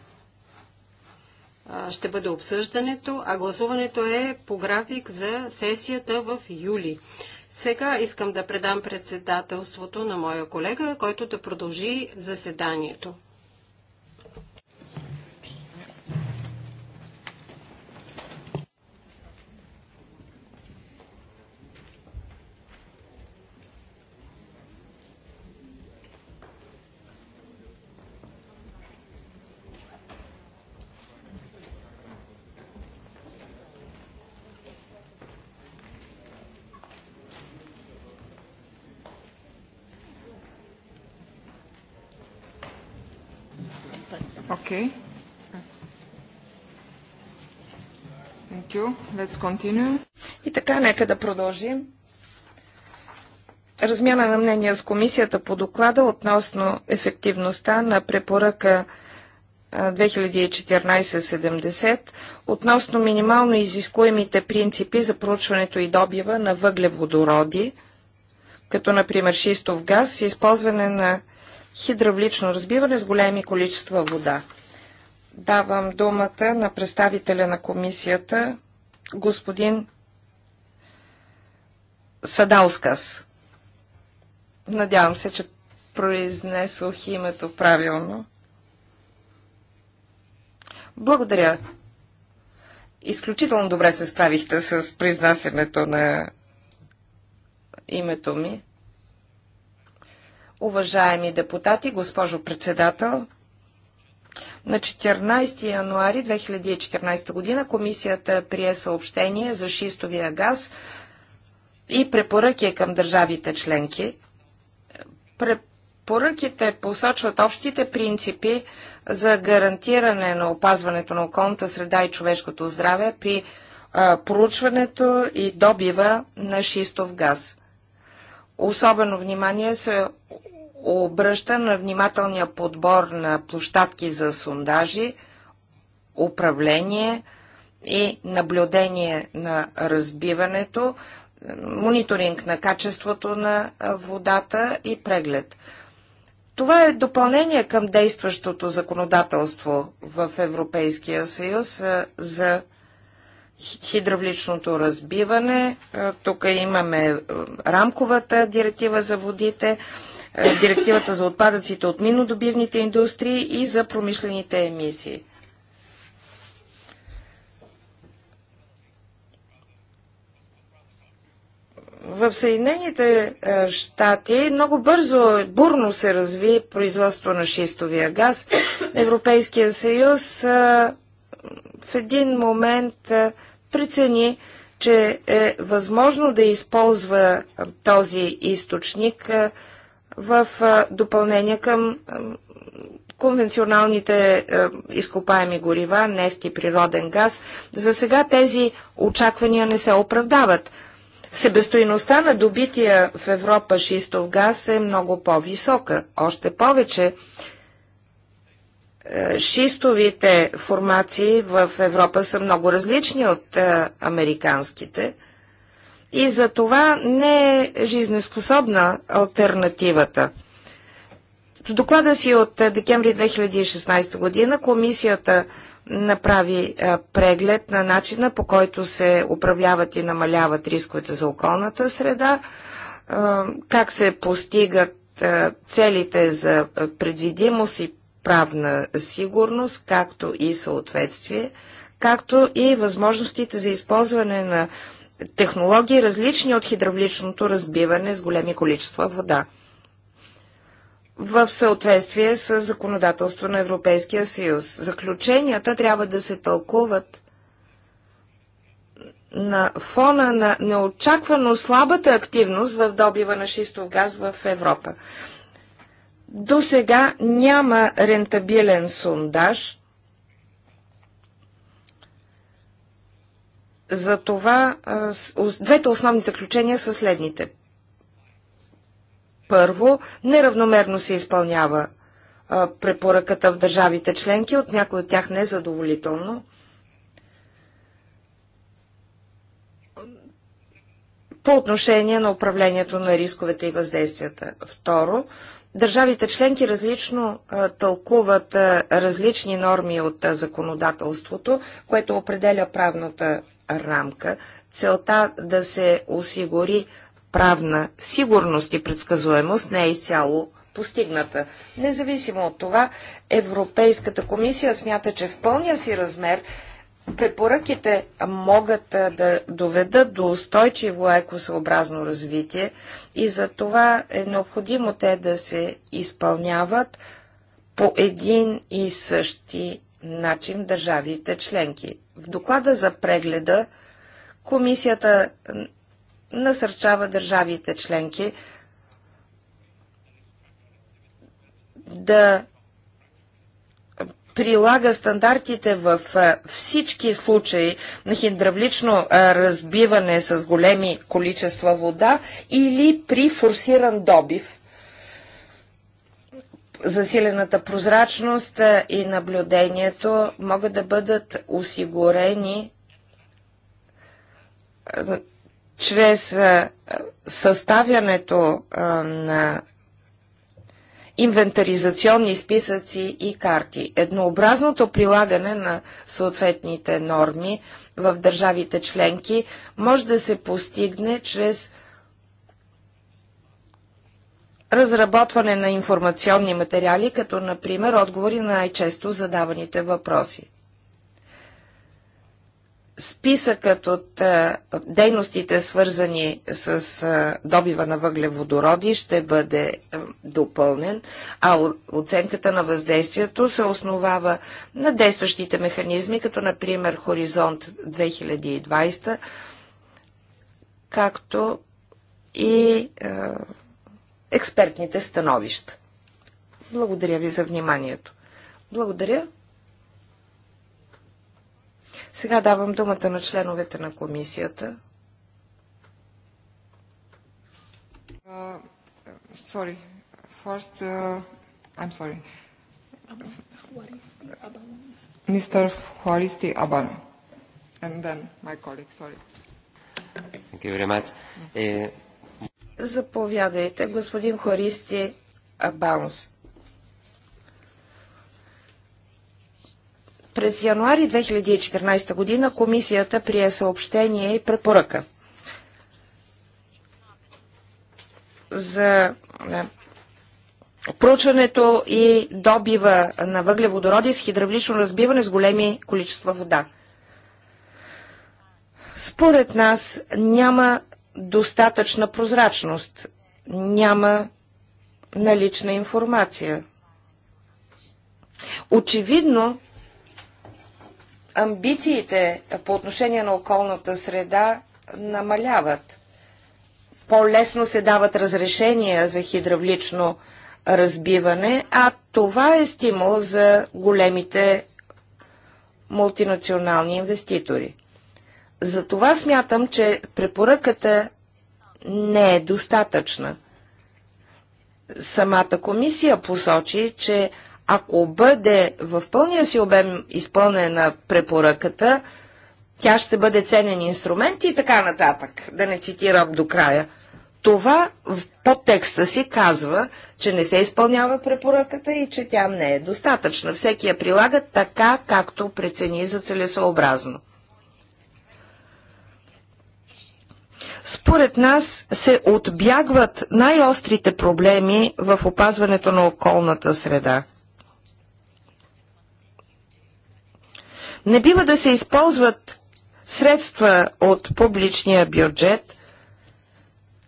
ще бъде обсъждането, а гласуването е по график за сесията в юли. Сега искам да предам председателството на моя колега, който да продължи заседанието. Let's continue. И така, нека да продължим. Размяна на мнения с комисията по доклада относно ефективността на препоръка 2014-70 относно минимално изискуемите принципи за проучването и добива на въглеводороди, като например шистов газ и използване на хидравлично разбиване с големи количества вода. Давам думата на представителя на комисията господин Садаускас. Надявам се, че произнесох името правилно. Благодаря. Изключително добре се справихте с произнасянето на името ми. Уважаеми депутати, госпожо председател, на 14 януари 2014 година комисията прие съобщение за шистовия газ и препоръки към държавите членки. Препоръките посочват общите принципи за гарантиране на опазването на околната среда и човешкото здраве при проучването и добива на шистов газ. Особено внимание се обръща на внимателния подбор на площадки за сондажи, управление и наблюдение на разбиването, мониторинг на качеството на водата и преглед. Това е допълнение към действащото законодателство в Европейския съюз за хидравличното разбиване. Тук имаме рамковата директива за водите е, директивата за отпадъците от минодобивните индустрии и за промишлените емисии. В Съединените е, щати много бързо, бурно се разви производство на шистовия газ. Европейския съюз е, в един момент прецени, че е възможно да използва този източник в допълнение към конвенционалните изкопаеми горива, нефти природен газ. За сега тези очаквания не се оправдават. Себестоиността на добития в Европа шистов газ е много по-висока. Още повече е, шистовите формации в Европа са много различни от е, американските и за това не е жизнеспособна альтернативата. В доклада си от е, декември 2016 година комисията направи е, преглед на начина по който се управляват и намаляват рисковете за околната среда, е, как се постигат целите за предвидимост и правна сигурност, както и съответствие, както и възможностите за използване на технологии, различни от хидравличното разбиване с големи количества вода в съответствие с законодателство на Европейския съюз. Заключенията трябва да се тълкуват на фона на неочаквано слабата активност в добива на шистов газ в Европа. До сега няма рентабилен сондаж, За това двете основни заключения са следните. Първо, неравномерно се изпълнява препоръката в държавите членки, от някои от тях незадоволително. по отношение на управлението на рисковете и въздействията. Второ, държавите членки различно тълкуват различни норми от законодателството, което определя правната рамка, целта да се осигури правна сигурност и предсказуемост не е изцяло постигната. Независимо от това, Европейската комисия смята, че в пълния си размер препоръките могат да доведат до устойчиво екосъобразно развитие и за това е необходимо те да се изпълняват по един и същи начин държавите членки. В доклада за прегледа комисията насърчава държавите членки да прилага стандартите в всички случаи на хидравлично разбиване с големи количества вода или при форсиран добив – засилената прозрачност и наблюдението могат да бъдат осигурени чрез съставянето на инвентаризационни списъци и карти. Еднообразното прилагане на съответните норми в държавите членки може да се постигне чрез разработване на информационни материали, като например отговори на най-често задаваните въпроси. Списъкът от а, дейностите, свързани с а, добива на въглеводороди, ще бъде а, допълнен, а оценката на въздействието се основава на действащите механизми, като например Хоризонт 2020, както и а, експертните становища. Благодаря ви за вниманието. Благодаря. Сега давам думата на членовете на комисията. Uh, sorry. Uh, I'm sorry. Mr. Juaristi and then my colleague, sorry. Thank you very much. Uh, Заповядайте, господин Хористи Абаунс. През януари 2014 година комисията прие съобщение и препоръка за е, проучването и добива на въглеводороди с хидравлично разбиване с големи количества вода. Според нас няма достатъчна прозрачност. Няма налична информация. Очевидно, амбициите по отношение на околната среда намаляват. По-лесно се дават разрешения за хидравлично разбиване, а това е стимул за големите мултинационални инвеститори. Затова смятам, че препоръката не е достатъчна. Самата комисия посочи, че ако бъде в пълния си обем изпълнена препоръката, тя ще бъде ценен инструмент и така нататък, да не цитирам до края. Това в подтекста си казва, че не се изпълнява препоръката и че тя не е достатъчна. Всеки я прилага така, както прецени за целесообразно. Според нас се отбягват най-острите проблеми в опазването на околната среда. Не бива да се използват средства от публичния бюджет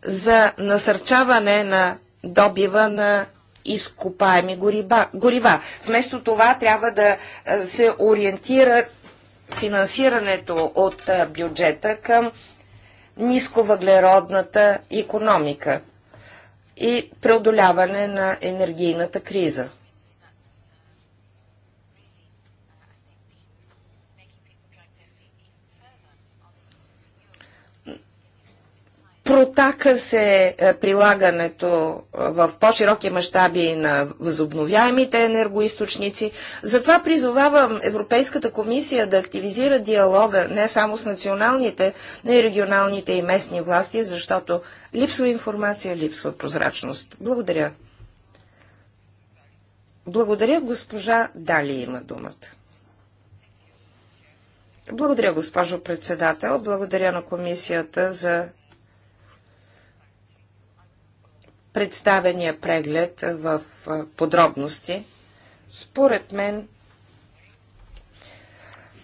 за насърчаване на добива на изкопаеми горива. Вместо това трябва да се ориентира финансирането от бюджета към нисковъглеродната економика и преодоляване на енергийната криза. Протака се е, прилагането е, в по-широки мащаби на възобновяемите енергоисточници. Затова призовавам Европейската комисия да активизира диалога не само с националните, но и регионалните и местни власти, защото липсва информация, липсва прозрачност. Благодаря. Благодаря, госпожа Дали има думата. Благодаря, госпожо председател. Благодаря на комисията за представения преглед в подробности. Според мен,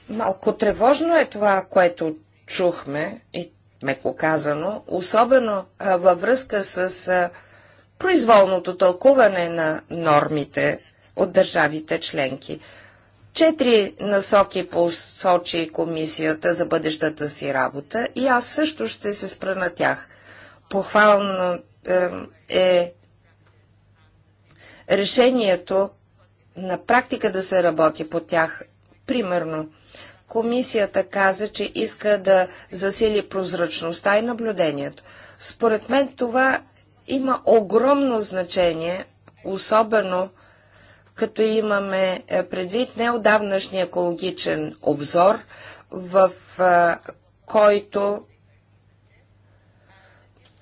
малко тревожно е това, което чухме и меко казано, особено във връзка с произволното тълкуване на нормите от държавите членки. Четири насоки посочи комисията за бъдещата си работа и аз също ще се спра на тях. Похвално е решението на практика да се работи по тях. Примерно, комисията каза, че иска да засили прозрачността и наблюдението. Според мен това има огромно значение, особено като имаме е, предвид неодавнашния екологичен обзор, в е, който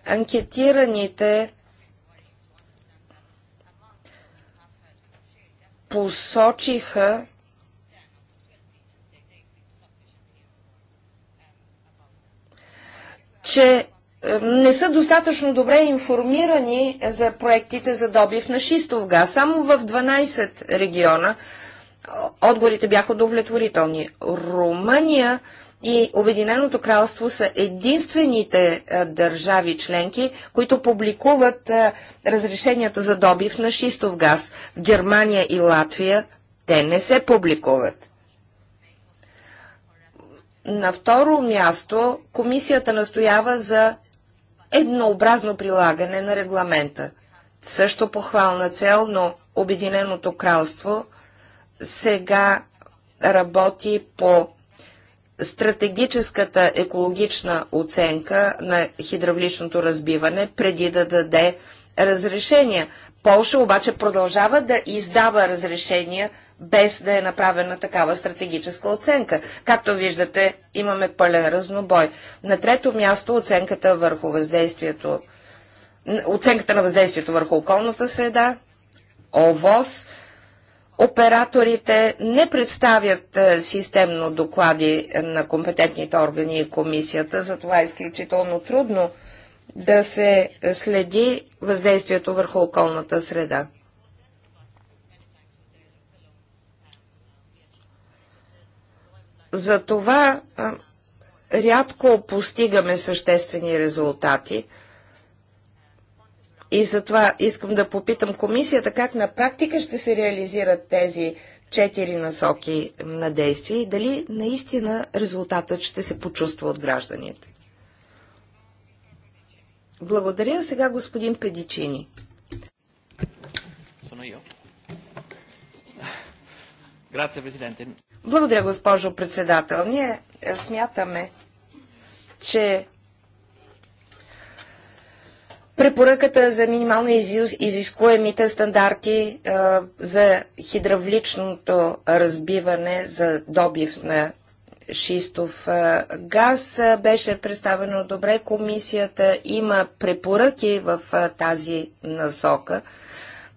анкетираните посочиха че е, не са достатъчно добре информирани за проектите за добив на шистов газ. Само в 12 региона отговорите бяха удовлетворителни. Румъния и Обединеното кралство са единствените държави членки, които публикуват разрешенията за добив на шистов газ. В Германия и Латвия те не се публикуват. На второ място комисията настоява за еднообразно прилагане на регламента. Също похвална цел, но Обединеното кралство сега работи по стратегическата екологична оценка на хидравличното разбиване преди да даде разрешения. Полша обаче продължава да издава разрешения без да е направена такава стратегическа оценка. Както виждате, имаме пълен разнобой. На трето място оценката върху въздействието оценката на въздействието върху околната среда, ОВОС операторите не представят е, системно доклади е, на компетентните органи и комисията, затова е изключително трудно да се следи въздействието върху околната среда. Затова е, рядко постигаме съществени резултати – и затова искам да попитам комисията как на практика ще се реализират тези четири насоки на действие и дали наистина резултатът ще се почувства от гражданите. Благодаря. Сега господин Педичини. Благодаря, госпожо председател. Ние е, смятаме, че препоръката за минимално изискуемите стандарти а, е, за хидравличното разбиване за добив на шистов а, е, газ а, е, беше представено добре. Комисията има препоръки в тази насока,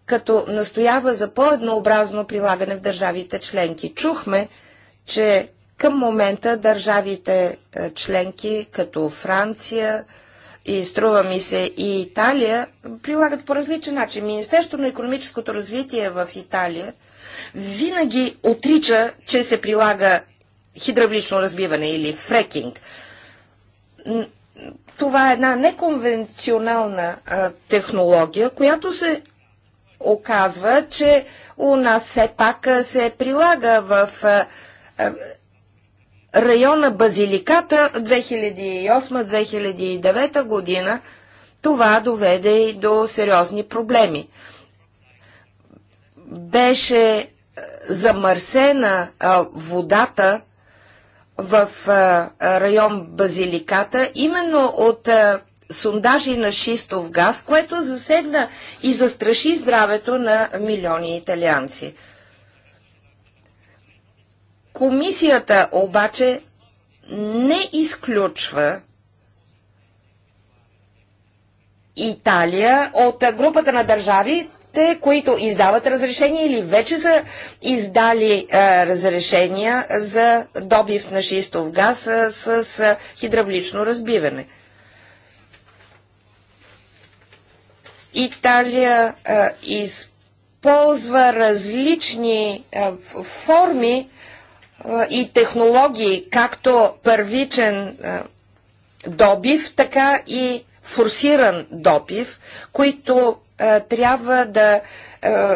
като настоява за по-еднообразно прилагане в държавите членки. Чухме, че към момента държавите членки като Франция, и струва ми се и Италия, прилагат по различен начин. Министерството на економическото развитие в Италия винаги отрича, че се прилага хидравлично разбиване или фрекинг. Това е една неконвенционална а, технология, която се оказва, че у нас все пак се прилага в а, а, района Базиликата 2008-2009 година това доведе и до сериозни проблеми. Беше е, замърсена е, водата в е, район Базиликата именно от сундажи сондажи на шистов газ, което засегна и застраши здравето на милиони италианци. Комисията обаче не изключва Италия от групата на държавите, които издават разрешения или вече са издали а, е, разрешения за добив на шистов газ а, е, с, е, хидравлично разбиване. Италия а, използва различни а, форми и технологии, както първичен е, добив, така и форсиран добив, които е, трябва да е,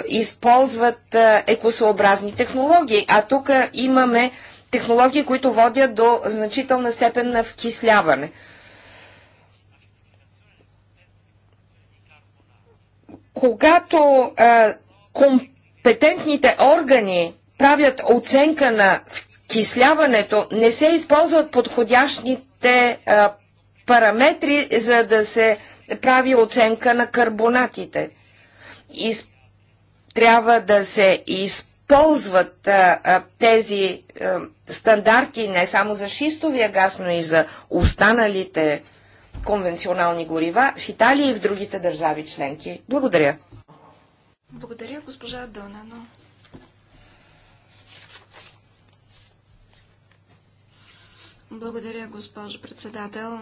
използват екосъобразни технологии. А тук имаме технологии, които водят до значителна степен на вкисляване. Когато компетентните органи правят оценка на вкисляването, не се използват подходящите а, параметри, за да се прави оценка на карбонатите. Из... Трябва да се използват а, а, тези а, стандарти не само за шистовия газ, но и за останалите конвенционални горива в Италия и в другите държави членки. Благодаря. Благодаря, госпожа Донано. Благодаря, госпожо председател.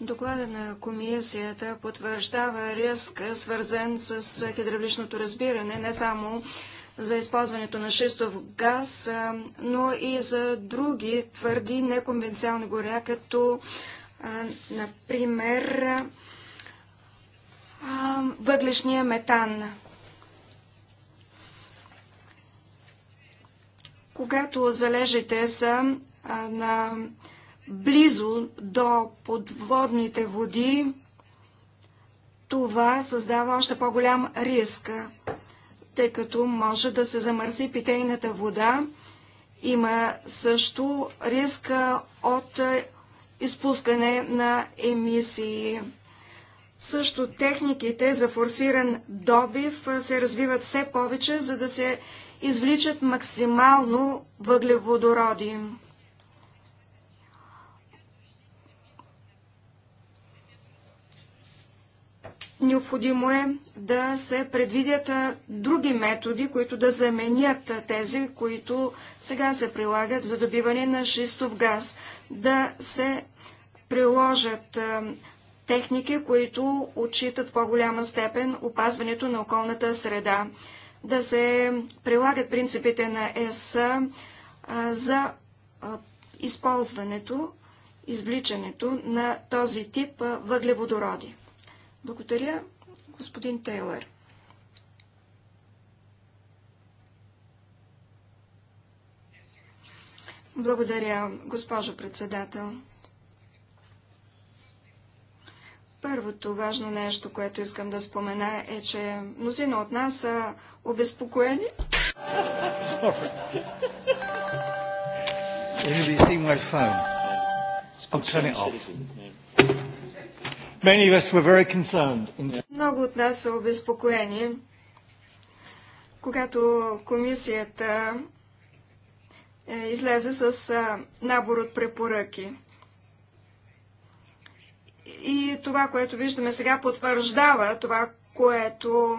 Доклада на комисията потвърждава риск, свързан с хидравличното разбиране, не само за използването на шистов газ, но и за други твърди неконвенциални горя, като, например, въглешния метан. Когато залежите са на близо до подводните води, това създава още по-голям риск, тъй като може да се замърси питейната вода. Има също риск от изпускане на емисии. Също техниките за форсиран добив се развиват все повече, за да се извличат максимално въглеводороди. Необходимо е да се предвидят други методи, които да заменят тези, които сега се прилагат за добиване на шистов газ, да се приложат техники, които отчитат по-голяма степен опазването на околната среда, да се прилагат принципите на ЕС за използването, извличането на този тип въглеводороди. Благодаря, господин Тейлър. Благодаря, госпожо председател. Първото важно нещо, което искам да спомена е, че мнозина от нас са обезпокоени. Sorry. Много от нас са обезпокоени, когато комисията е, излезе с набор от препоръки. И това, което виждаме сега, потвърждава това, което,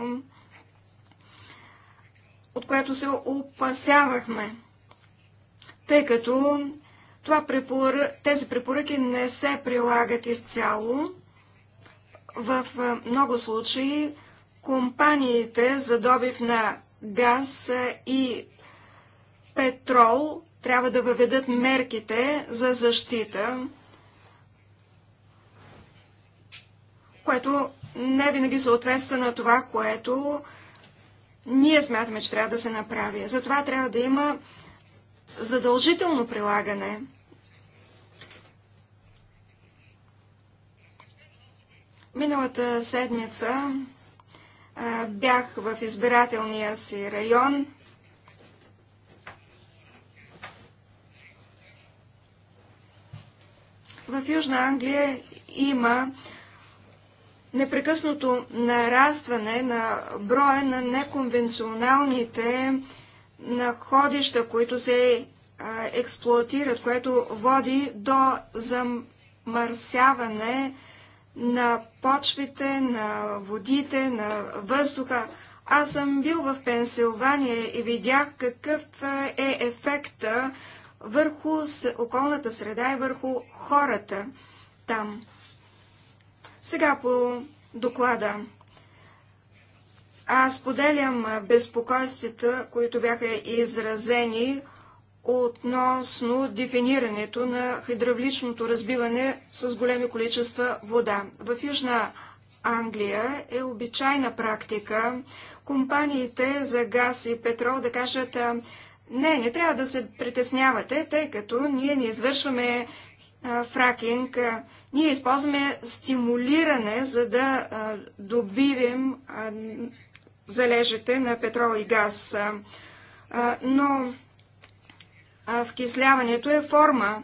от което се опасявахме, тъй като това препоръ... тези препоръки не се прилагат изцяло в много случаи компаниите за добив на газ и петрол трябва да въведат мерките за защита, което не винаги съответства на това, което ние смятаме, че трябва да се направи. Затова трябва да има задължително прилагане Миналата седмица бях в избирателния си район. В Южна Англия има непрекъснато нарастване на броя на неконвенционалните находища, които се експлуатират, което води до замърсяване на почвите, на водите, на въздуха. Аз съм бил в Пенсилвания и видях какъв е, е ефекта върху околната среда и върху хората там. Сега по доклада. Аз поделям безпокойствата, които бяха изразени относно дефинирането на хидравличното разбиване с големи количества вода. В Южна Англия е обичайна практика компаниите за газ и петрол да кажат не, не трябва да се притеснявате, тъй като ние не извършваме фракинг, ние използваме стимулиране, за да добивим залежите на петрол и газ. но а вкисляването е форма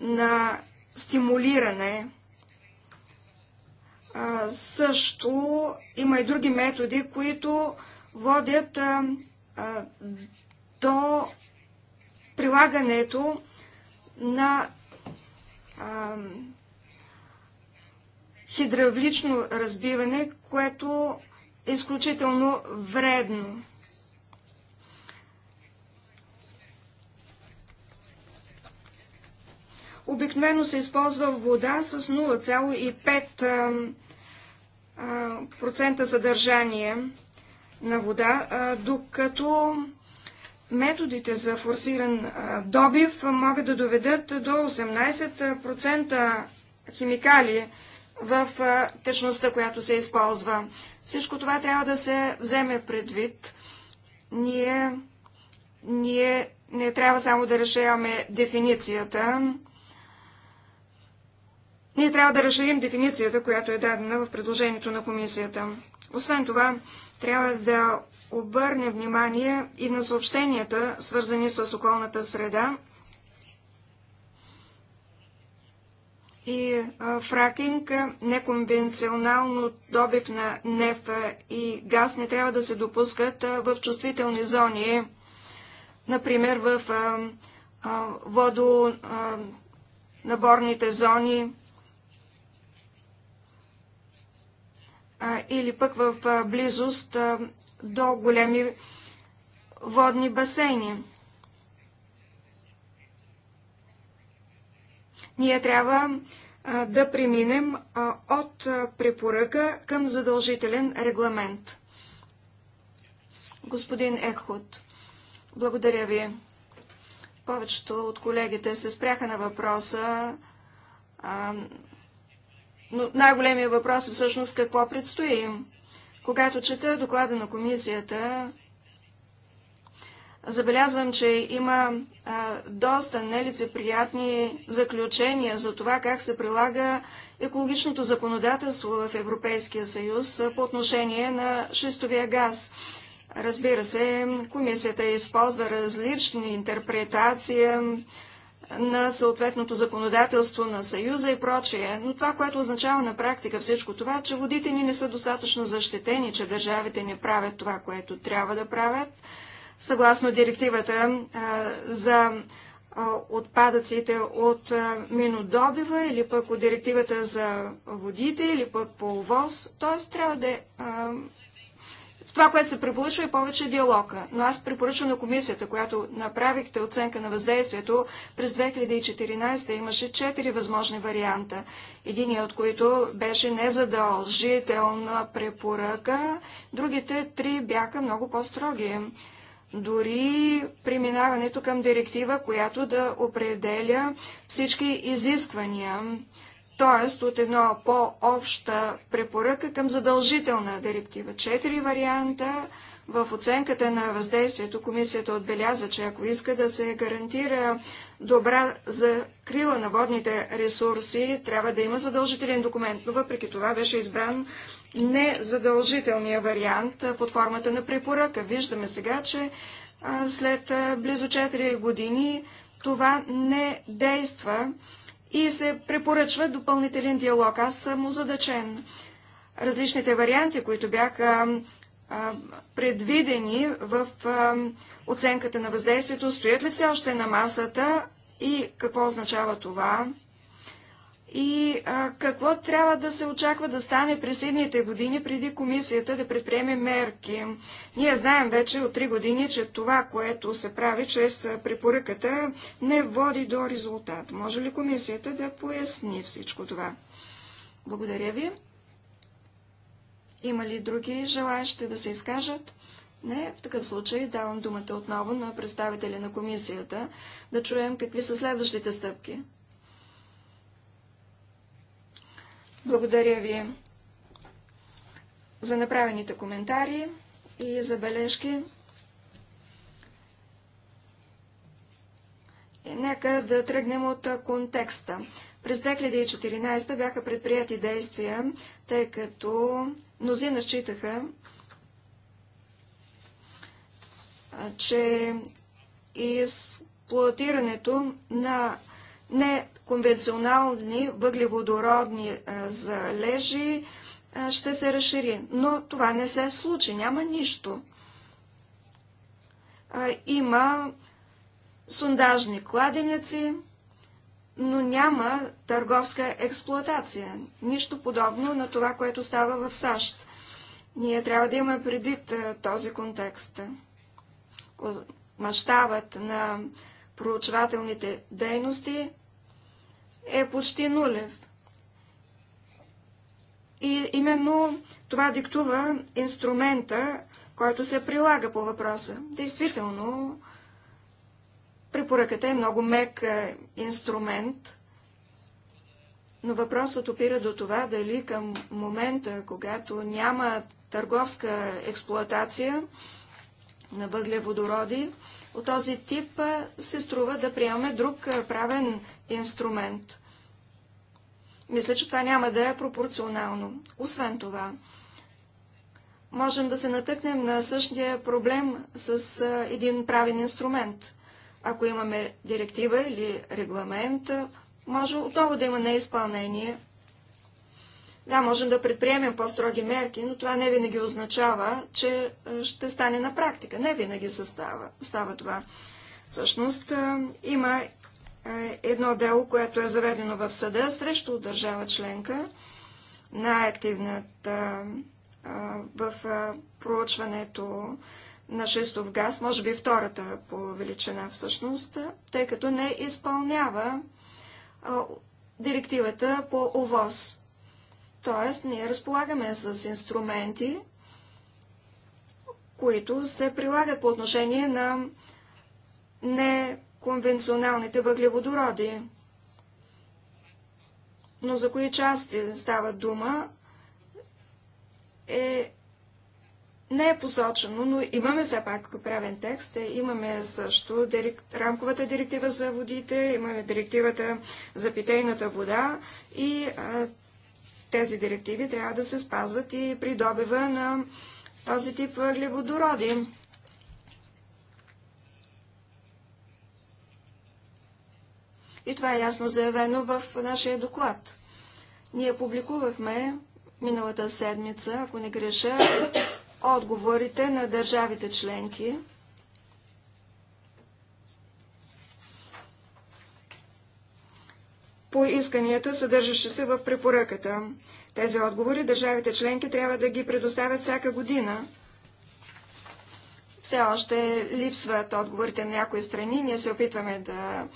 на стимулиране. А, също има и други методи, които водят а, а, до прилагането на а, хидравлично разбиване, което е изключително вредно. обикновено се използва вода с 0,5% съдържание на вода, докато методите за форсиран добив могат да доведат до 18% химикали в течността, която се използва. Всичко това трябва да се вземе предвид. Ние, ние не трябва само да решаваме дефиницията, ние трябва да разширим дефиницията, която е дадена в предложението на комисията. Освен това, трябва да обърне внимание и на съобщенията, свързани с околната среда и фракинг, неконвенционално добив на неф и газ не трябва да се допускат в чувствителни зони, например в водонаборните зони, или пък в близост до големи водни басейни. Ние трябва да преминем от препоръка към задължителен регламент. Господин Екхот, благодаря ви. Повечето от колегите се спряха на въпроса но най-големия въпрос е всъщност какво предстои. Когато чета доклада на комисията, забелязвам, че има а, доста нелицеприятни заключения за това как се прилага екологичното законодателство в Европейския съюз по отношение на шистовия газ. Разбира се, комисията използва различни интерпретации, на съответното законодателство на Съюза и прочее. Но това, което означава на практика всичко това, че водите ни не са достатъчно защитени, че държавите не правят това, което трябва да правят. Съгласно директивата а, за отпадъците от минодобива или пък от директивата за водите или пък по ВОЗ. Т.е. трябва да това, което се препоръчва е повече диалога. Но аз препоръчвам на комисията, която направихте оценка на въздействието, през 2014 имаше четири възможни варианта. Единият от които беше незадължителна препоръка, другите три бяха много по-строги. Дори преминаването към директива, която да определя всички изисквания т.е. от едно по-обща препоръка към задължителна директива. Четири варианта. В оценката на въздействието комисията отбеляза, че ако иска да се гарантира добра закрила на водните ресурси, трябва да има задължителен документ, но въпреки това беше избран незадължителният вариант под формата на препоръка. Виждаме сега, че след близо 4 години това не действа и се препоръчва допълнителен диалог. Аз съм озадачен. Различните варианти, които бяха предвидени в оценката на въздействието, стоят ли все още на масата и какво означава това? и а, какво трябва да се очаква да стане през едните години, преди комисията да предприеме мерки. Ние знаем вече от три години, че това, което се прави чрез препоръката, не води до резултат. Може ли комисията да поясни всичко това? Благодаря ви. Има ли други желаящи да се изкажат? Не, в такъв случай давам думата отново на представителя на комисията да чуем какви са следващите стъпки. Благодаря ви за направените коментари и забележки. нека да тръгнем от контекста. През 2014 бяха предприяти действия, тъй като мнозина считаха, че изплуатирането на не конвенционални въглеводородни е, залежи е, ще се разшири. Но това не се случи, няма нищо. Е, има сундажни кладеници, но няма търговска експлоатация. Нищо подобно на това, което става в САЩ. Ние трябва да имаме предвид този контекст. Мащабът на проучвателните дейности е почти нулев. И именно това диктува инструмента, който се прилага по въпроса. Действително, препоръката е много мек е, инструмент, но въпросът опира до това дали към момента, когато няма търговска експлоатация на въглеводороди, водороди, от този тип се струва да приемаме друг правен инструмент. Мисля, че това няма да е пропорционално. Освен това, можем да се натъкнем на същия проблем с един правен инструмент. Ако имаме директива или регламент, може отново да има неизпълнение. Да, можем да предприемем по-строги мерки, но това не винаги означава, че ще стане на практика. Не винаги се става, става това. Всъщност има едно дело, което е заведено в съда срещу държава членка, най-активната в проучването на шестов газ, може би втората по величина всъщност, тъй като не изпълнява директивата по ОВОз. Тоест, ние разполагаме с инструменти, които се прилагат по отношение на неконвенционалните въглеводороди. Но за кои части става дума, е, не е посочено, но имаме все пак правен текст, е, имаме също дирек... рамковата директива за водите, имаме директивата за питейната вода и а, тези директиви трябва да се спазват и при добива на този тип въглеводороди. И това е ясно заявено в нашия доклад. Ние публикувахме миналата седмица, ако не греша, отговорите на държавите членки по исканията, съдържащи се в препоръката. Тези отговори държавите членки трябва да ги предоставят всяка година. Все още липсват отговорите на някои страни, ние се опитваме да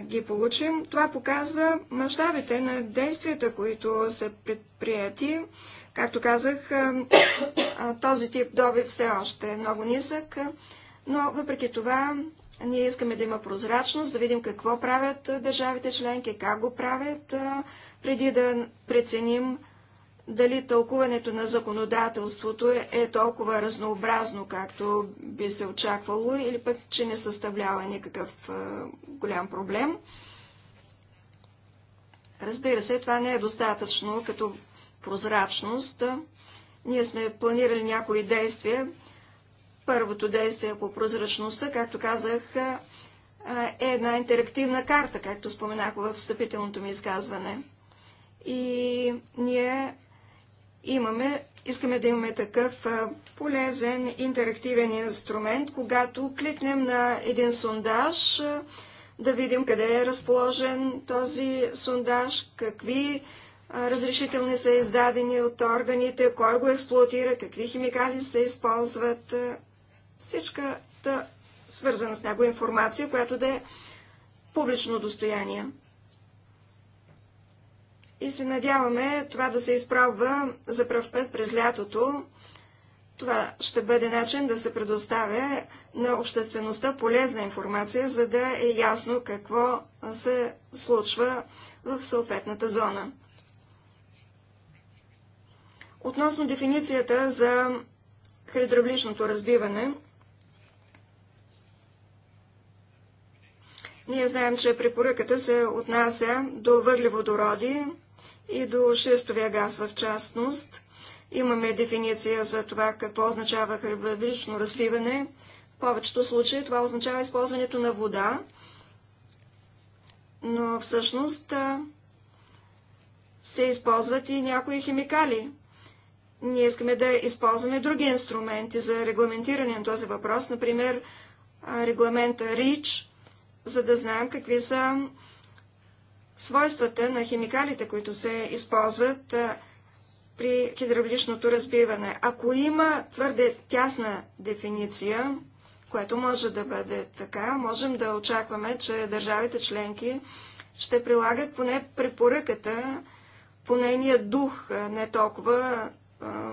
ги получим. Това показва мащабите на действията, които са предприяти. Както казах, този тип добив все още е много нисък, но въпреки това ние искаме да има прозрачност, да видим какво правят държавите членки, как го правят, преди да преценим дали тълкуването на законодателството е, е толкова разнообразно, както би се очаквало, или пък, че не съставлява никакъв голям проблем. Разбира се, това не е достатъчно като прозрачност. Ние сме планирали някои действия, Първото действие по прозрачността, както казах, е една интерактивна карта, както споменах в встъпителното ми изказване. И ние имаме, искаме да имаме такъв полезен интерактивен инструмент, когато кликнем на един сондаж, да видим къде е разположен този сондаж, какви разрешителни са издадени от органите, кой го експлуатира, какви химикали се използват, всичката свързана с него информация, която да е публично достояние. И се надяваме това да се изправва за пръв път през лятото. Това ще бъде начин да се предоставя на обществеността полезна информация, за да е ясно какво се случва в съответната зона. Относно дефиницията за хидравличното разбиване, Ние знаем, че препоръката се отнася до въглеводороди и до шестовия газ в частност. Имаме дефиниция за това какво означава хребравично развиване. В повечето случаи това означава използването на вода, но всъщност се използват и някои химикали. Ние искаме да използваме други инструменти за регламентиране на този въпрос, например регламента РИЧ, за да знаем какви са свойствата на химикалите, които се използват при хидравличното разбиване. Ако има твърде тясна дефиниция, което може да бъде така, можем да очакваме, че държавите членки ще прилагат поне препоръката по нейния дух, не толкова а,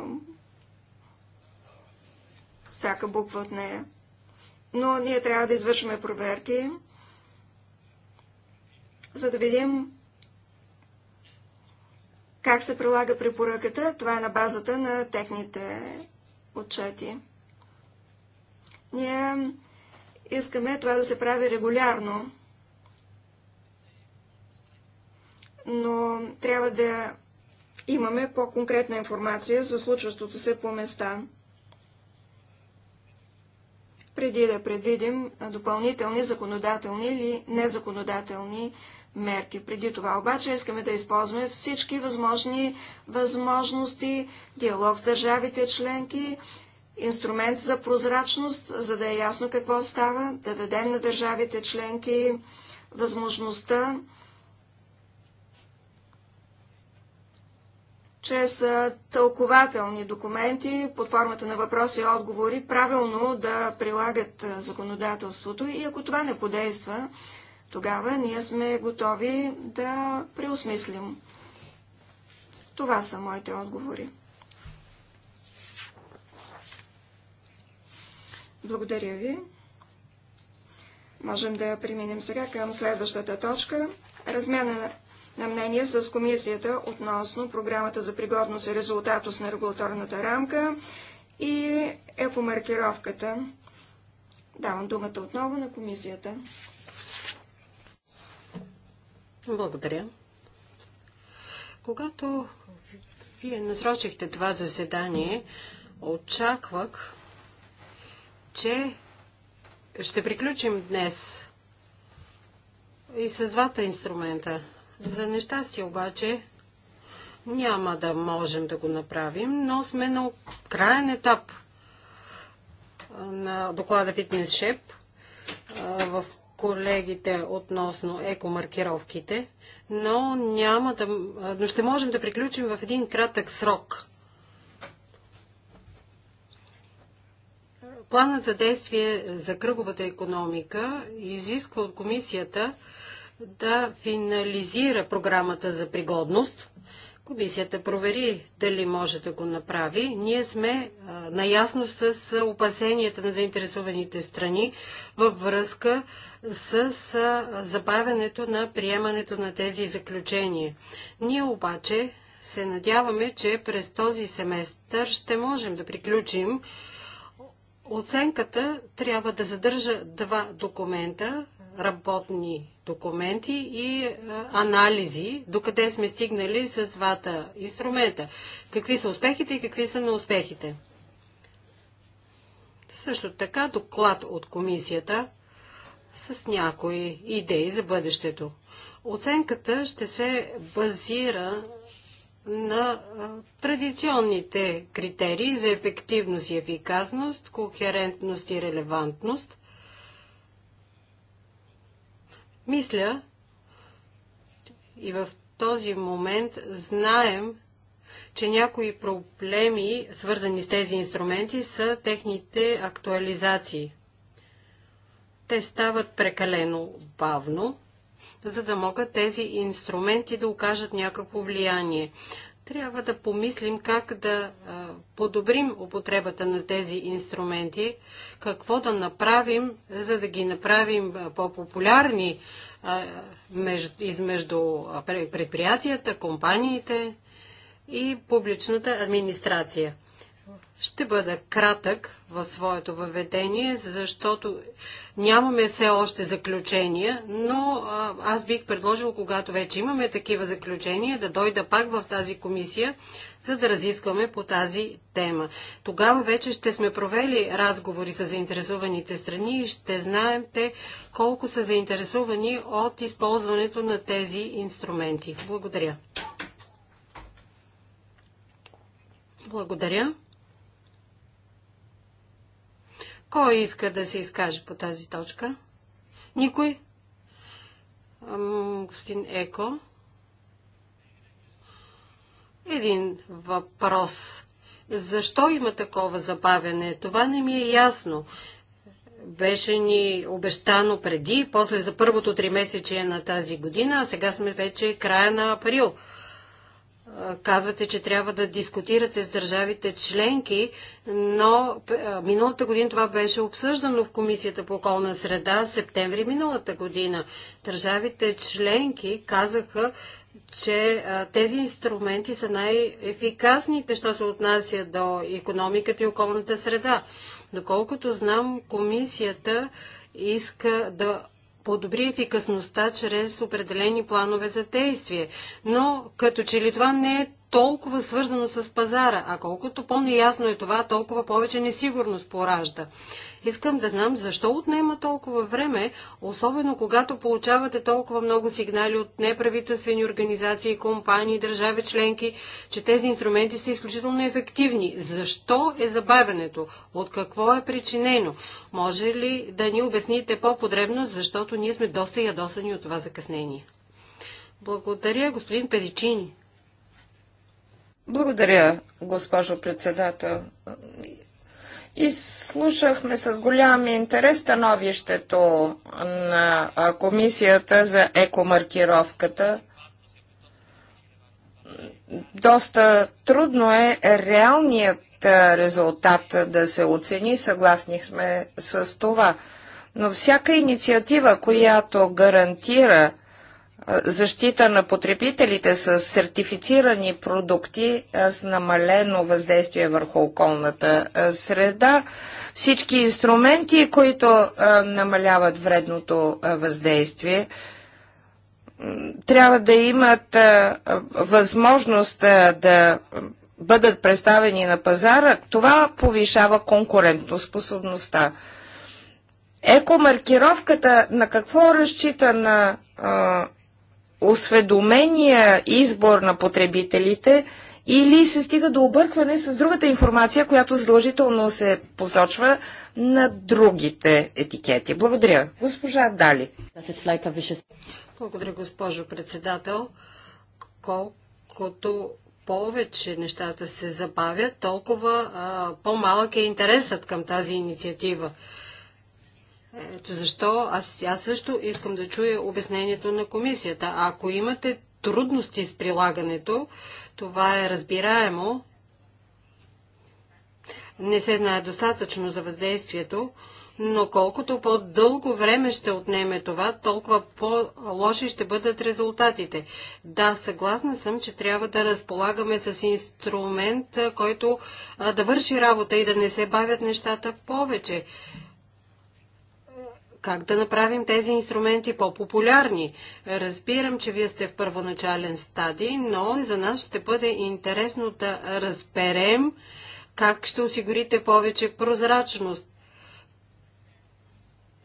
всяка буква от нея. Но ние трябва да извършваме проверки за да видим как се прилага препоръката. Това е на базата на техните отчети. Ние искаме това да се прави регулярно, но трябва да имаме по-конкретна информация за случващото се по места, преди да предвидим допълнителни законодателни или незаконодателни мерки. Преди това обаче искаме да използваме всички възможни възможности, диалог с държавите членки, инструмент за прозрачност, за да е ясно какво става, да дадем на държавите членки възможността чрез тълкователни документи под формата на въпроси и отговори правилно да прилагат законодателството и ако това не подейства, тогава ние сме готови да преосмислим. Това са моите отговори. Благодаря ви. Можем да преминем сега към следващата точка. Размяна на мнение с комисията относно програмата за пригодност и резултатност на регулаторната рамка и екомаркировката. Давам думата отново на комисията. Благодаря. Когато вие насрочихте това заседание, очаквах, че ще приключим днес и с двата инструмента. За нещастие обаче няма да можем да го направим, но сме на крайен етап на доклада Фитнес Шеп, в колегите относно екомаркировките, но няма да, но ще можем да приключим в един кратък срок. Планът за действие за кръговата економика изисква от комисията да финализира програмата за пригодност – Комисията провери дали може да го направи. Ние сме а, наясно с опасенията на заинтересованите страни във връзка с а, забавянето на приемането на тези заключения. Ние обаче се надяваме, че през този семестър ще можем да приключим Оценката трябва да задържа два документа, работни документи и е, анализи, докъде сме стигнали с двата инструмента. Какви са успехите и какви са неуспехите. Също така доклад от комисията с някои идеи за бъдещето. Оценката ще се базира на традиционните критерии за ефективност и ефикасност, кохерентност и релевантност. Мисля, и в този момент знаем, че някои проблеми, свързани с тези инструменти, са техните актуализации. Те стават прекалено бавно за да могат тези инструменти да окажат някакво влияние. Трябва да помислим как да подобрим употребата на тези инструменти, какво да направим, за да ги направим по-популярни измежду предприятията, компаниите и публичната администрация ще бъда кратък в своето въведение, защото нямаме все още заключения, но аз бих предложил, когато вече имаме такива заключения, да дойда пак в тази комисия, за да разискваме по тази тема. Тогава вече ще сме провели разговори с заинтересованите страни и ще знаем те колко са заинтересувани от използването на тези инструменти. Благодаря. Благодаря. Кой иска да се изкаже по тази точка? Никой? господин Еко. Един въпрос. Защо има такова забавяне? Това не ми е ясно. Беше ни обещано преди, после за първото три месече на тази година, а сега сме вече края на април казвате, че трябва да дискутирате с държавите членки, но миналата година това беше обсъждано в Комисията по околна среда, септември миналата година. Държавите членки казаха, че тези инструменти са най-ефикасните, що се отнася до економиката и околната среда. Доколкото знам, комисията иска да подобри ефикасността чрез определени планове за действие. Но като че ли това не е толкова свързано с пазара, а колкото по-неясно е това, толкова повече несигурност поражда. Искам да знам защо отнема толкова време, особено когато получавате толкова много сигнали от неправителствени организации, компании, държави членки, че тези инструменти са изключително ефективни. Защо е забавянето? От какво е причинено? Може ли да ни обясните по-подребно, защото ние сме доста ядосани от това закъснение? Благодаря, господин Педичини. Благодаря, госпожо председател. И слушахме с голям интерес становището на комисията за екомаркировката. Доста трудно е реалният резултат да се оцени, съгласнихме с това. Но всяка инициатива, която гарантира защита на потребителите с сертифицирани продукти с намалено въздействие върху околната среда, всички инструменти, които намаляват вредното въздействие, трябва да имат възможност да бъдат представени на пазара, това повишава конкурентоспособността. Екомаркировката на какво разчита на осведомения избор на потребителите или се стига до объркване с другата информация, която задължително се посочва на другите етикети. Благодаря. Госпожа Дали. Благодаря, госпожо председател. Колкото повече нещата се забавят, толкова по-малък е интересът към тази инициатива. Ето защо аз, аз също искам да чуя обяснението на комисията. Ако имате трудности с прилагането, това е разбираемо. Не се знае достатъчно за въздействието, но колкото по-дълго време ще отнеме това, толкова по-лоши ще бъдат резултатите. Да, съгласна съм, че трябва да разполагаме с инструмент, който да върши работа и да не се бавят нещата повече. Как да направим тези инструменти по-популярни? Разбирам, че вие сте в първоначален стадий, но за нас ще бъде интересно да разберем как ще осигурите повече прозрачност,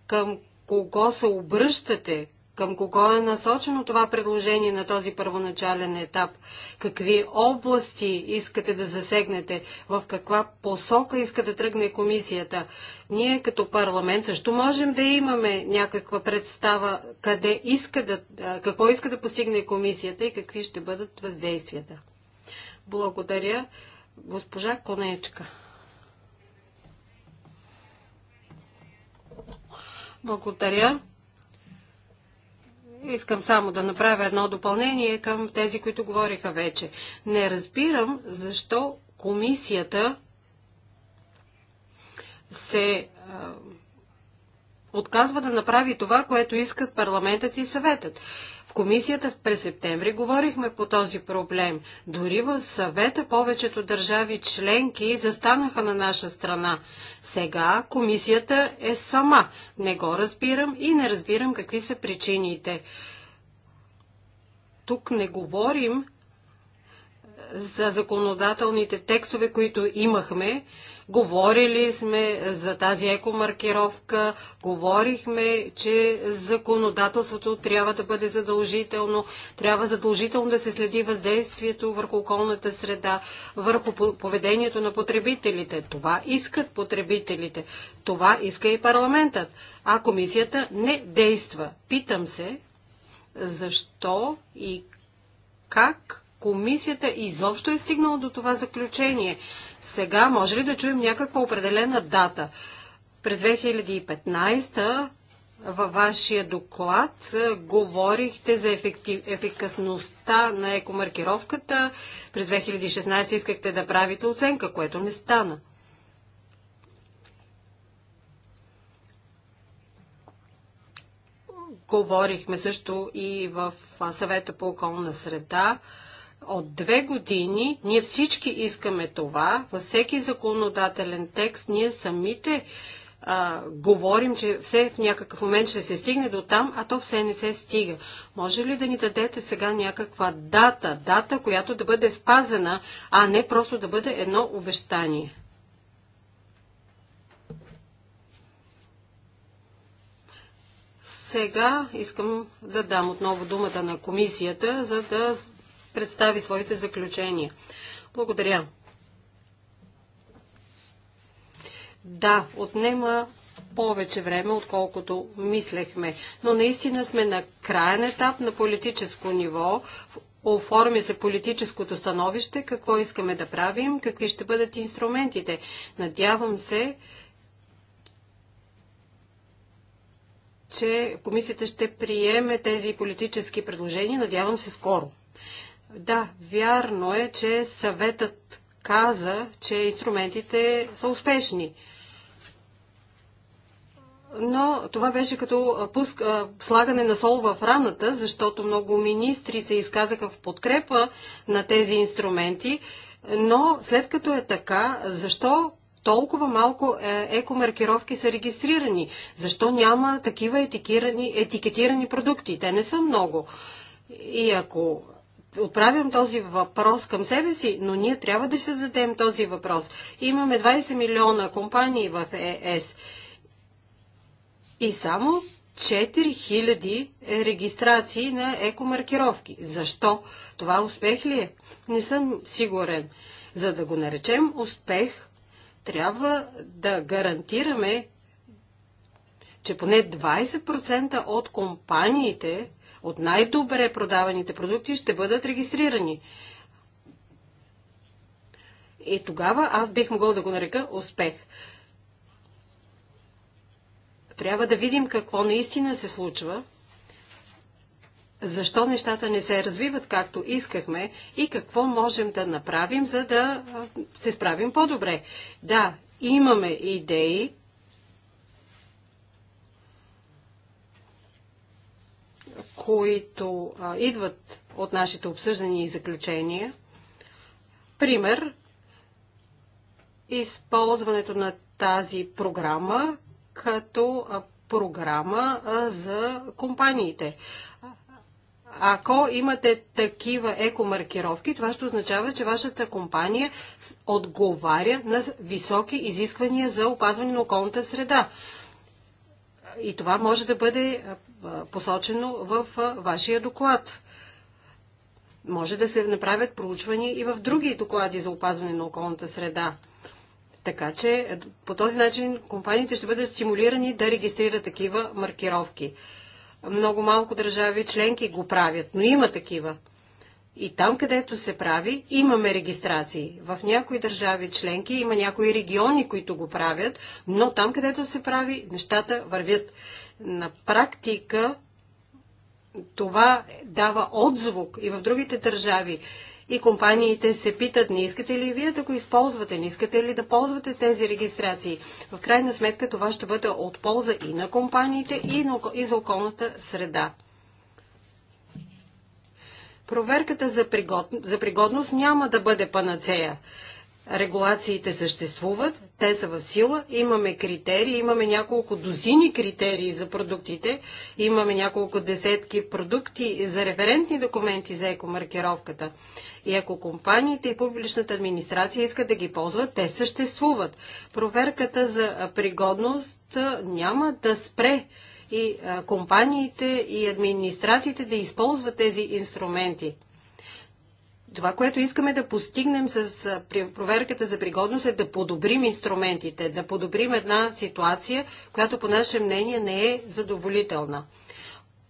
към кого се обръщате, към кого е насочено това предложение на този първоначален етап? Какви области искате да засегнете? В каква посока иска да тръгне комисията? Ние като парламент също можем да имаме някаква представа къде иска да, какво иска да постигне комисията и какви ще бъдат въздействията. Благодаря. Госпожа Конечка. Благодаря. Искам само да направя едно допълнение към тези, които говориха вече. Не разбирам защо комисията се а, отказва да направи това, което искат парламентът и съветът комисията през септември говорихме по този проблем. Дори в съвета повечето държави членки застанаха на наша страна. Сега комисията е сама. Не го разбирам и не разбирам какви са причините. Тук не говорим за законодателните текстове, които имахме, Говорили сме за тази екомаркировка, говорихме, че законодателството трябва да бъде задължително, трябва задължително да се следи въздействието върху околната среда, върху поведението на потребителите. Това искат потребителите. Това иска и парламентът. А комисията не действа. Питам се, защо и как комисията изобщо е стигнала до това заключение. Сега може ли да чуем някаква определена дата? През 2015 във вашия доклад е, говорихте за ефектив, ефикасността на екомаркировката. През 2016 искахте да правите оценка, което не стана. Говорихме също и в съвета по околна среда от две години ние всички искаме това. Във всеки законодателен текст ние самите а, говорим, че все в някакъв момент ще се стигне до там, а то все не се стига. Може ли да ни дадете сега някаква дата, дата, която да бъде спазена, а не просто да бъде едно обещание? Сега искам да дам отново думата на комисията, за да представи своите заключения. Благодаря. Да, отнема повече време, отколкото мислехме. Но наистина сме на краен етап на политическо ниво. Оформя се политическото становище, какво искаме да правим, какви ще бъдат инструментите. Надявам се, че комисията ще приеме тези политически предложения, надявам се скоро. Да, вярно е, че съветът каза, че инструментите са успешни. Но това беше като пуск, слагане на сол в раната, защото много министри се изказаха в подкрепа на тези инструменти. Но след като е така, защо толкова малко е, екомаркировки са регистрирани? Защо няма такива етикетирани продукти? Те не са много. И ако отправям този въпрос към себе си, но ние трябва да се зададем този въпрос. Имаме 20 милиона компании в ЕС и само 4000 регистрации на екомаркировки. Защо? Това успех ли е? Не съм сигурен. За да го наречем успех, трябва да гарантираме, че поне 20% от компаниите, от най-добре продаваните продукти ще бъдат регистрирани. И тогава аз бих могъл да го нарека успех. Трябва да видим какво наистина се случва, защо нещата не се развиват както искахме и какво можем да направим, за да се справим по-добре. Да, имаме идеи, които а, идват от нашите обсъждания и заключения. Пример, използването на тази програма като а, програма а, за компаниите. Ако имате такива екомаркировки, това ще означава, че вашата компания отговаря на високи изисквания за опазване на околната среда и това може да бъде посочено в вашия доклад. Може да се направят проучвания и в други доклади за опазване на околната среда. Така че е, по този начин компаниите ще бъдат стимулирани да регистрират такива маркировки. Много малко държави членки го правят, но има такива. И там, където се прави, имаме регистрации. В някои държави членки има някои региони, които го правят, но там, където се прави, нещата вървят. На практика това дава отзвук и в другите държави. И компаниите се питат, не искате ли вие да го използвате, не искате ли да ползвате тези регистрации. В крайна сметка това ще бъде от полза и на компаниите, и, на, и за околната среда. Проверката за, пригод... за пригодност няма да бъде панацея. Регулациите съществуват, те са в сила, имаме критерии, имаме няколко дозини критерии за продуктите, имаме няколко десетки продукти за референтни документи за екомаркировката. И ако компаниите и публичната администрация искат да ги ползват, те съществуват. Проверката за пригодност няма да спре и компаниите и администрациите да използват тези инструменти. Това, което искаме да постигнем с проверката за пригодност е да подобрим инструментите, да подобрим една ситуация, която по наше мнение не е задоволителна.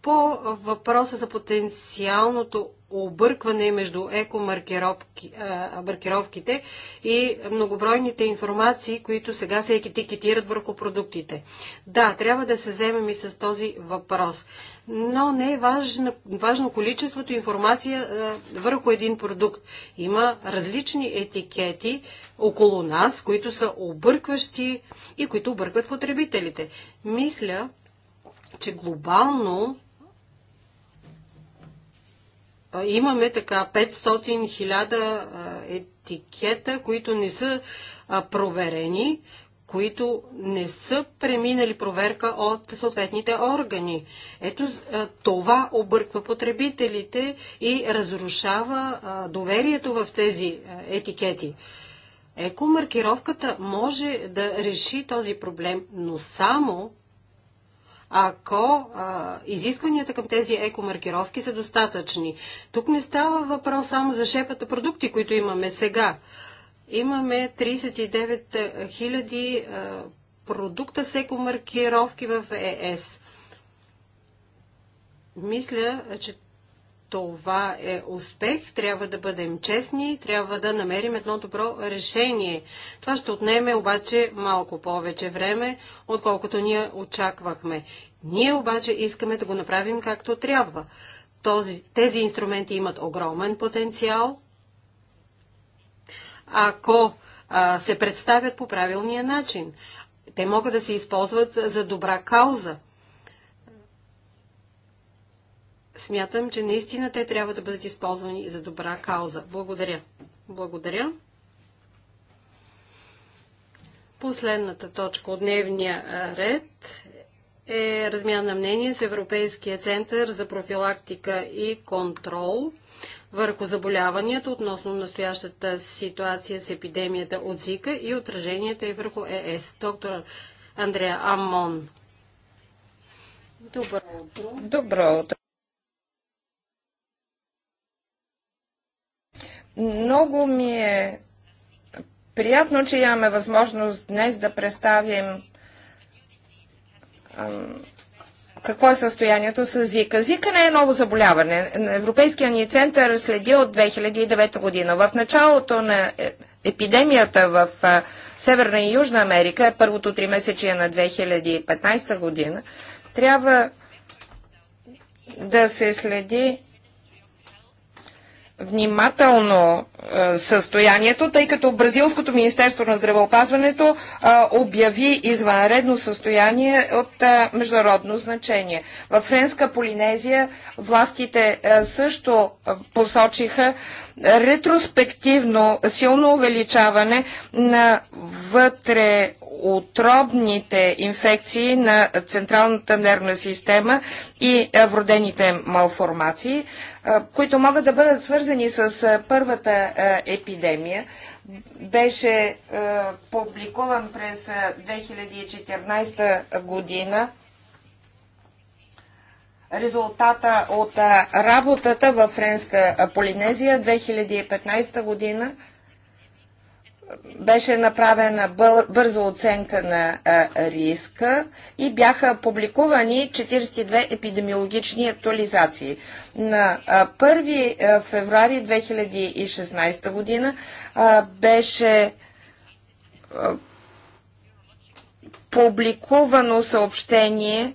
По въпроса за потенциалното объркване между екомаркировките и многобройните информации, които сега се етикетират върху продуктите. Да, трябва да се вземем и с този въпрос. Но не е важно, важно количеството информация върху един продукт. Има различни етикети около нас, които са объркващи и които объркват потребителите. Мисля, че глобално имаме така 500-1000 етикета, които не са проверени, които не са преминали проверка от съответните органи. Ето това обърква потребителите и разрушава доверието в тези етикети. Екомаркировката може да реши този проблем, но само ако а, изискванията към тези екомаркировки са достатъчни. Тук не става въпрос само за шепата продукти, които имаме сега. Имаме 39 000 продукта с екомаркировки в ЕС. Е Мисля, че това е успех. Трябва да бъдем честни, трябва да намерим едно добро решение. Това ще отнеме обаче малко повече време, отколкото ние очаквахме. Ние обаче искаме да го направим както трябва. Този, тези инструменти имат огромен потенциал, ако а, се представят по правилния начин. Те могат да се използват за добра кауза, смятам, че наистина те трябва да бъдат използвани за добра кауза. Благодаря. Благодаря. Последната точка от дневния ред е размяна на мнение с Европейския център за профилактика и контрол върху заболяванията относно настоящата ситуация с епидемията от Зика и отраженията и върху ЕС. Доктор Андрея Амон. Добро утро. Добро утро. Много ми е приятно, че имаме възможност днес да представим какво е състоянието с Зика. Зика не е ново заболяване. Европейския ни център следи от 2009 година. В началото на е, епидемията в Северна и Южна Америка, е първото три месечие на 2015 година, трябва да се следи внимателно е, състоянието, тъй като Бразилското Министерство на здравеопазването а, е, обяви извънредно състояние от а, е, международно значение. В Френска Полинезия властите а, също посочиха ретроспективно силно увеличаване на вътре отробните инфекции на централната нервна система и вродените малформации, които могат да бъдат свързани с първата е, епидемия. Беше е, публикуван през 2014 е, година резултата от работата във Френска Полинезия 2015 година – беше направена бърза оценка на риска и бяха публикувани 42 епидемиологични актуализации. На 1 февруари 2016 година беше публикувано съобщение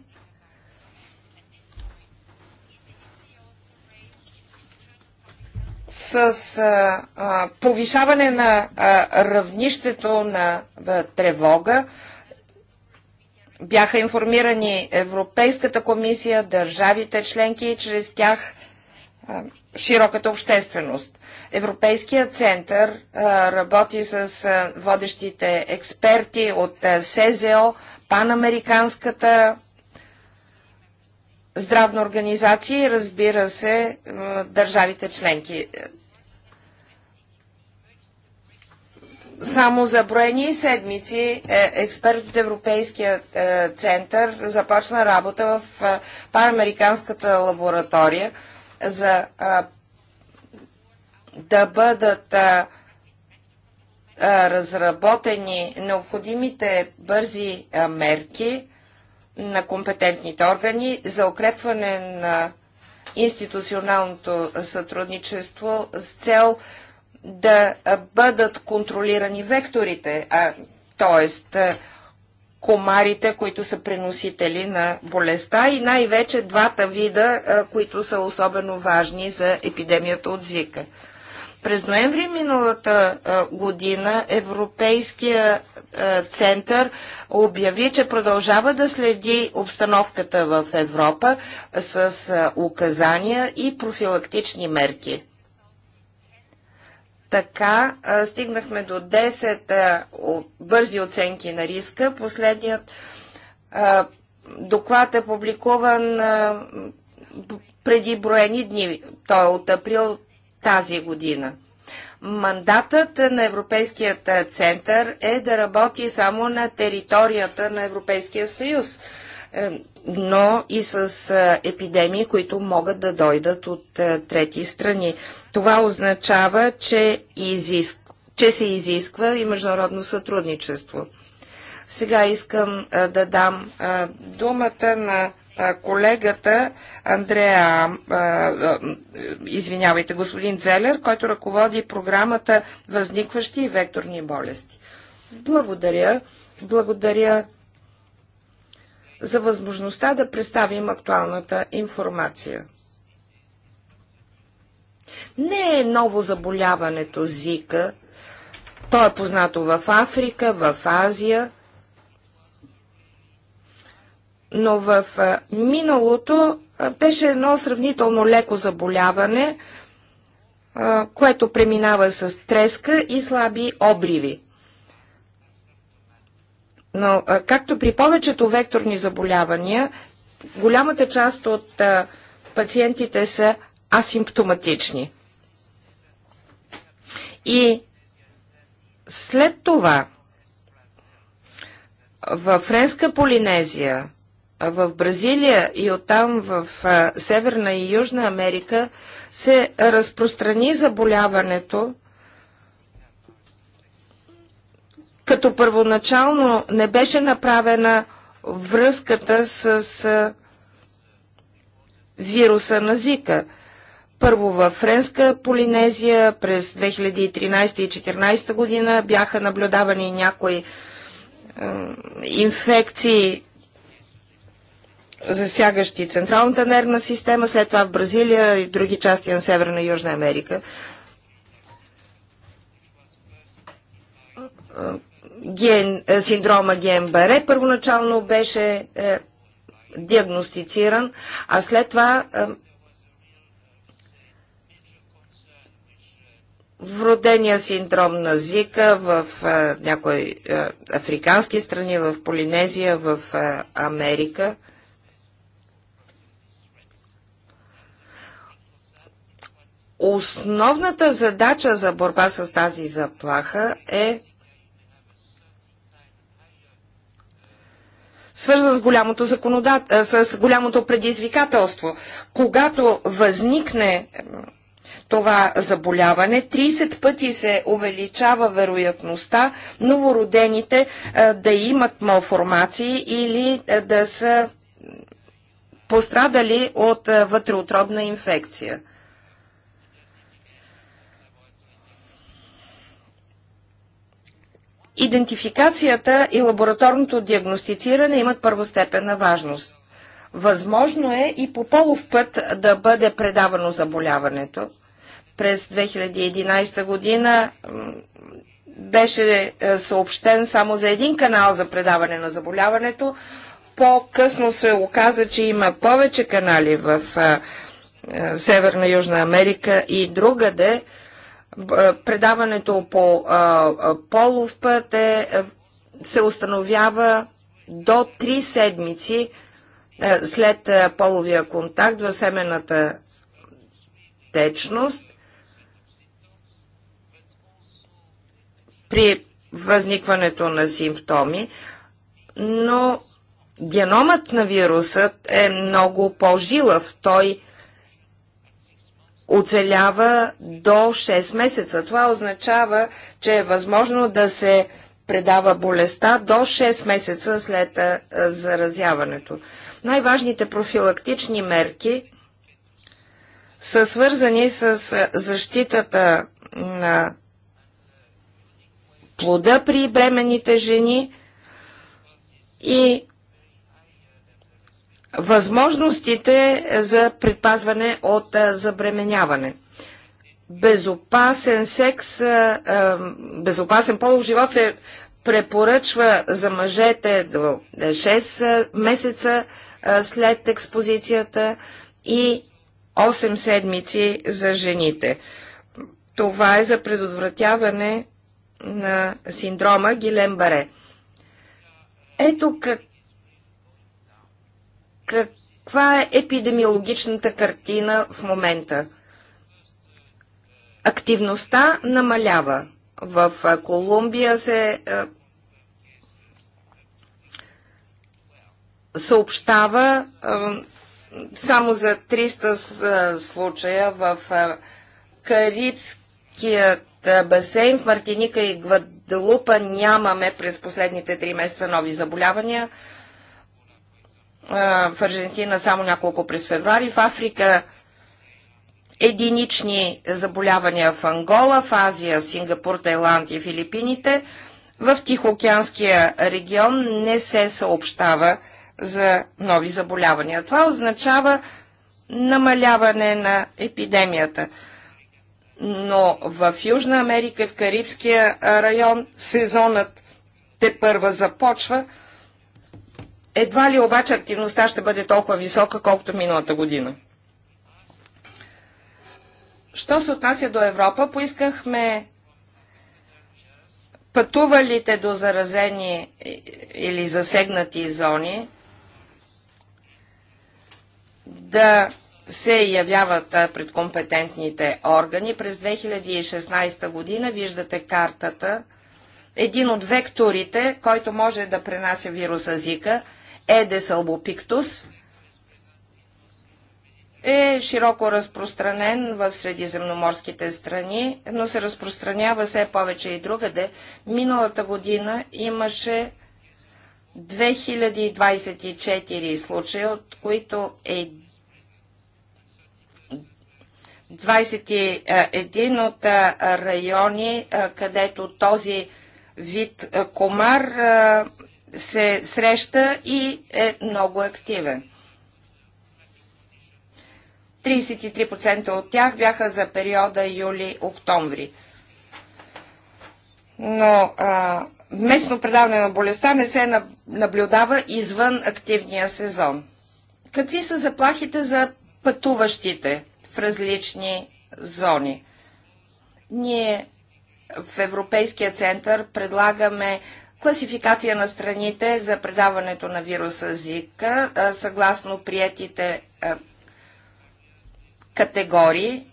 с а, а, повишаване на а, равнището на а, тревога. Бяха информирани Европейската комисия, държавите членки и чрез тях а, широката общественост. Европейския център а, работи с а, водещите експерти от а, СЗО, Панамериканската здравна организация и разбира се е, държавите членки. Само за броени седмици е, експерт от Европейския е, център започна работа в парамериканската лаборатория за да бъдат разработени необходимите бързи мерки на компетентните органи за укрепване на институционалното сътрудничество с цел да бъдат контролирани векторите, т.е. комарите, които са преносители на болестта и най-вече двата вида, които са особено важни за епидемията от Зика. През ноември миналата година Европейския център обяви, че продължава да следи обстановката в Европа с указания и профилактични мерки. Така стигнахме до 10 бързи оценки на риска. Последният доклад е публикуван преди броени дни. Той е от април тази година. Мандатът на Европейският център е да работи само на територията на Европейския съюз, е, но и с е, епидемии, които могат да дойдат от е, трети страни. Това означава, че, изиск... че се изисква и международно сътрудничество. Сега искам да дам думата на колегата Андрея, извинявайте, господин Целер, който ръководи програмата Възникващи и векторни болести. Благодаря. Благодаря за възможността да представим актуалната информация. Не е ново заболяването Зика. То е познато в Африка, в Азия но в миналото беше едно сравнително леко заболяване, което преминава с треска и слаби обриви. Но, както при повечето векторни заболявания, голямата част от пациентите са асимптоматични. И след това в Френска Полинезия, в Бразилия и оттам в Северна и Южна Америка се разпространи заболяването, като първоначално не беше направена връзката с вируса на Зика. Първо във Френска Полинезия през 2013 и 2014 година бяха наблюдавани някои инфекции засягащи централната нервна система, след това в Бразилия и други части на Северна и Южна Америка. Ген, е, синдрома ГМБР първоначално беше е, диагностициран, а след това е, вродения синдром на Зика в е, някои е, африкански страни, в Полинезия, в е, Америка – Основната задача за борба с тази заплаха е свързан с голямото, законодат... с голямото предизвикателство. Когато възникне това заболяване, 30 пъти се увеличава вероятността новородените да имат малформации или да са пострадали от вътреотробна инфекция. идентификацията и лабораторното диагностициране имат първостепенна важност. Възможно е и по полов път да бъде предавано заболяването. През 2011 година беше е, съобщен само за един канал за предаване на заболяването. По-късно се оказа, че има повече канали в е, е, Северна Южна Америка и другаде предаването по полов път е, се установява до 3 седмици е, след е, половия контакт в семената течност. При възникването на симптоми, но геномът на вирусът е много по-жилав. Той оцелява до 6 месеца. Това означава, че е възможно да се предава болестта до 6 месеца след заразяването. Най-важните профилактични мерки са свързани с защитата на плода при бременните жени и възможностите за предпазване от забременяване. Безопасен секс, безопасен полов живот се препоръчва за мъжете до 6 е, месеца след експозицията и 8 седмици за жените. Това е за предотвратяване на синдрома Гилен-Баре. Ето как каква е епидемиологичната картина в момента. Активността намалява. В Колумбия се съобщава само за 300 случая в Карибският басейн, в Мартиника и Гваделупа нямаме през последните 3 месеца нови заболявания в Аржентина само няколко през февруари, в Африка единични заболявания в Ангола, в Азия, в Сингапур, Тайланд и Филипините. В Тихоокеанския регион не се съобщава за нови заболявания. Това означава намаляване на епидемията. Но в Южна Америка и в Карибския район сезонът те първа започва – едва ли обаче активността ще бъде толкова висока, колкото миналата година. Що се отнася до Европа, поискахме пътувалите до заразени или засегнати зони да се явяват пред компетентните органи. През 2016 година виждате картата, един от векторите, който може да пренася вируса Зика – Едес албопиктус е широко разпространен в средиземноморските страни, но се разпространява все повече и другаде. Миналата година имаше 2024 случая, от които е 21 от райони, където този вид комар се среща и е много активен. 33% от тях бяха за периода юли-октомври. Но а, местно предаване на болестта не се наблюдава извън активния сезон. Какви са заплахите за пътуващите в различни зони? Ние в Европейския център предлагаме класификация на страните за предаването на вируса Зика съгласно приятите категории.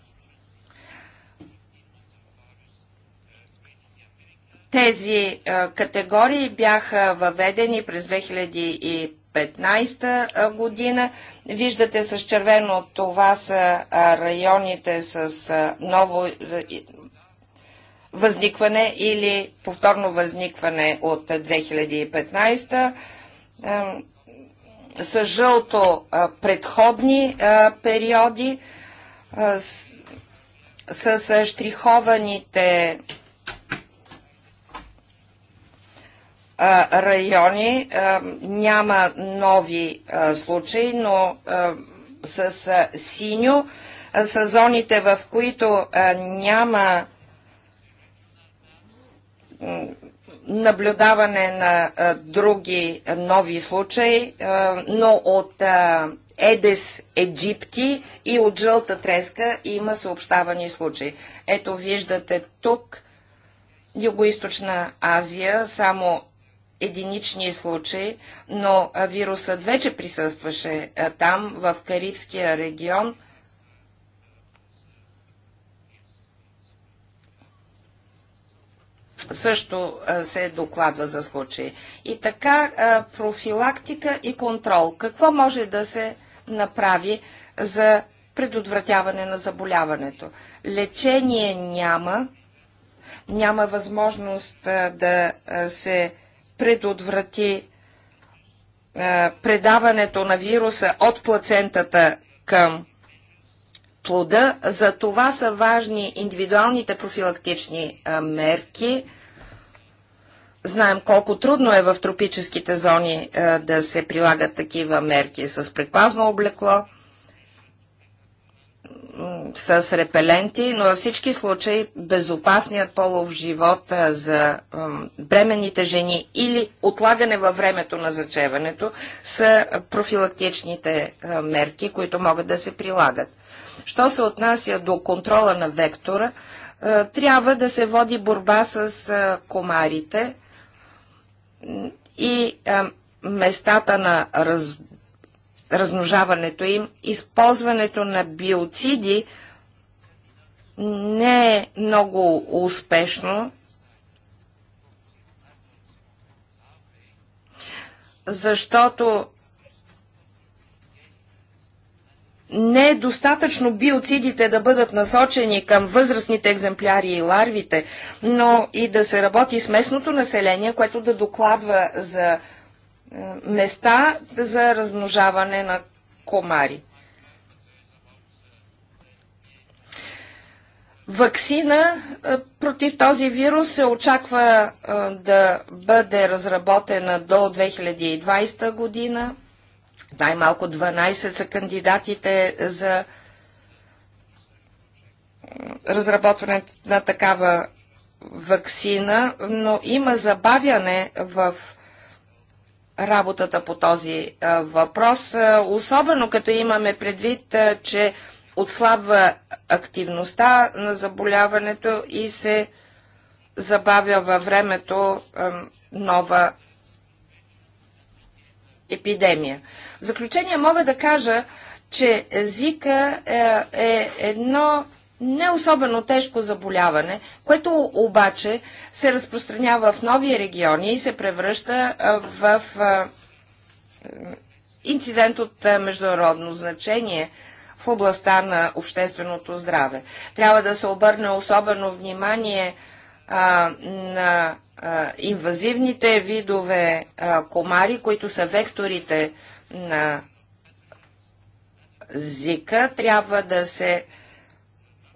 Тези категории бяха въведени през 2015 година. Виждате с червено това са районите с ново възникване или повторно възникване от 2015 с жълто предходни периоди с, с штрихованите райони. Няма нови случаи, но с синьо са зоните, в които няма наблюдаване на а, други а, нови случаи, а, но от а, Едес Еджипти и от Жълта треска има съобщавани случаи. Ето виждате тук Югоизточна Азия, само единични случаи, но вирусът вече присъстваше там, в Карибския регион – също се докладва за случаи. И така профилактика и контрол. Какво може да се направи за предотвратяване на заболяването? Лечение няма, няма възможност да се предотврати предаването на вируса от плацентата към плода. За това са важни индивидуалните профилактични мерки. Знаем колко трудно е в тропическите зони да се прилагат такива мерки с предпазно облекло, с репеленти, но във всички случаи безопасният полов живот за бременните жени или отлагане във времето на зачеването са профилактичните мерки, които могат да се прилагат. Що се отнася до контрола на вектора, е, трябва да се води борба с е, комарите и е, местата на раз... размножаването им. Използването на биоциди не е много успешно, защото не е достатъчно биоцидите да бъдат насочени към възрастните екземпляри и ларвите, но и да се работи с местното население, което да докладва за е, места за размножаване на комари. Ваксина е, против този вирус се очаква е, да бъде разработена до 2020 година. Най-малко 12 са кандидатите за разработване на такава вакцина, но има забавяне в работата по този е, въпрос, е, особено като имаме предвид, е, че отслабва активността на заболяването и се забавя във времето нова епидемия. В заключение мога да кажа, че езика е, е едно не особено тежко заболяване, което обаче се разпространява в нови региони и се превръща в инцидент от международно значение в областта на общественото здраве. Трябва да се обърне особено внимание а, на инвазивните видове а, комари, които са векторите на Зика, трябва да се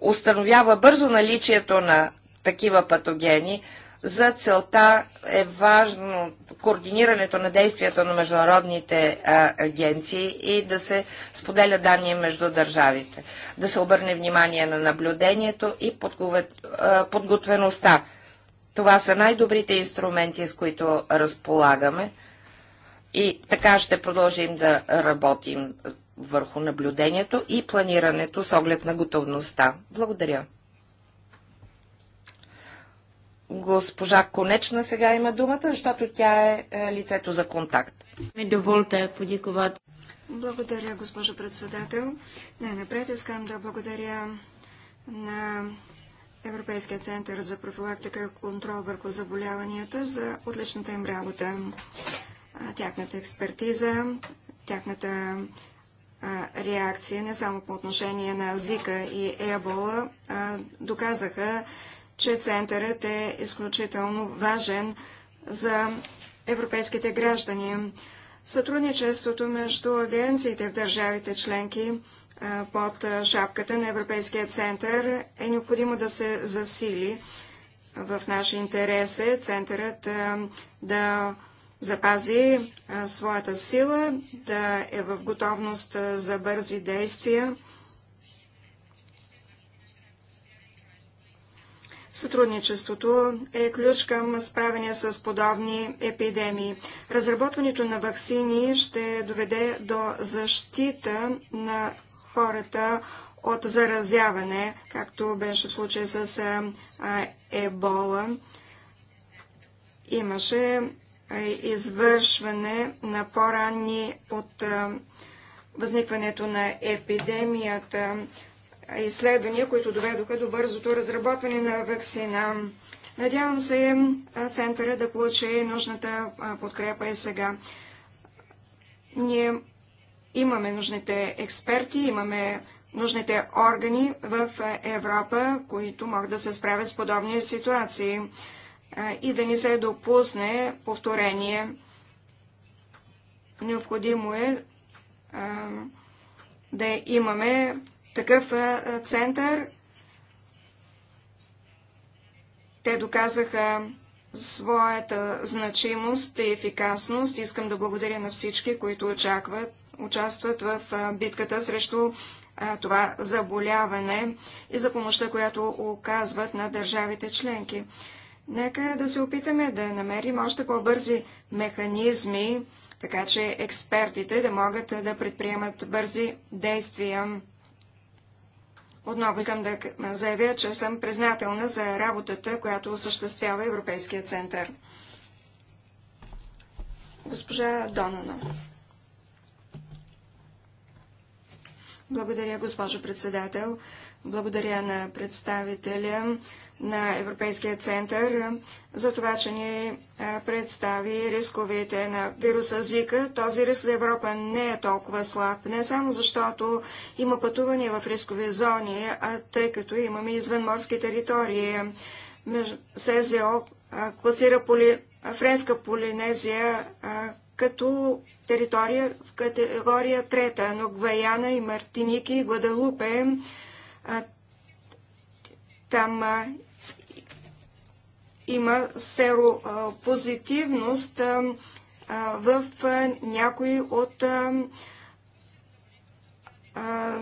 установява бързо наличието на такива патогени. За целта е важно координирането на действията на международните а, агенции и да се споделя данни между държавите. Да се обърне внимание на наблюдението и подготвеността това са най-добрите инструменти, с които разполагаме и така ще продължим да работим върху наблюдението и планирането с оглед на готовността. Благодаря. Госпожа Конечна сега има думата, защото тя е, е лицето за контакт. Ми доволте подиковате. Благодаря, госпожо председател. Не, напред искам да благодаря на Европейския център за профилактика и контрол върху заболяванията за отличната им работа, тяхната експертиза, тяхната реакция, не само по отношение на Зика и Ебола, доказаха, че центърът е изключително важен за европейските граждани. Сътрудничеството между агенциите в държавите членки под шапката на Европейския център, е необходимо да се засили. В наши интерес е центърът да запази своята сила, да е в готовност за бързи действия. Сътрудничеството е ключ към справяне с подобни епидемии. Разработването на вакцини ще доведе до защита на хората от заразяване, както беше в случай с ебола. Имаше извършване на по-ранни от възникването на епидемията изследвания, които доведоха до бързото разработване на вакцина. Надявам се центъра да получи нужната подкрепа и сега. Ние Имаме нужните експерти, имаме нужните органи в Европа, които могат да се справят с подобни ситуации и да не се допусне повторение. Необходимо е да имаме такъв център. Те доказаха своята значимост и ефикасност. Искам да благодаря на всички, които очакват участват в битката срещу това заболяване и за помощта, която оказват на държавите членки. Нека да се опитаме да намерим още по-бързи механизми, така че експертите да могат да предприемат бързи действия. Отново искам да заявя, че съм признателна за работата, която осъществява Европейския център. Госпожа Донано. Благодаря, госпожо председател. Благодаря на представителя на Европейския център за това, че ни представи рисковете на вируса Зика. Този риск за Европа не е толкова слаб, не само защото има пътувания в рискови зони, а тъй като имаме извънморски територии. СЗО класира поли... Френска Полинезия като територия в категория трета, но Гваяна и Мартиники и Гвадалупе а, там а, има серопозитивност а, а, в а, някои от а, а,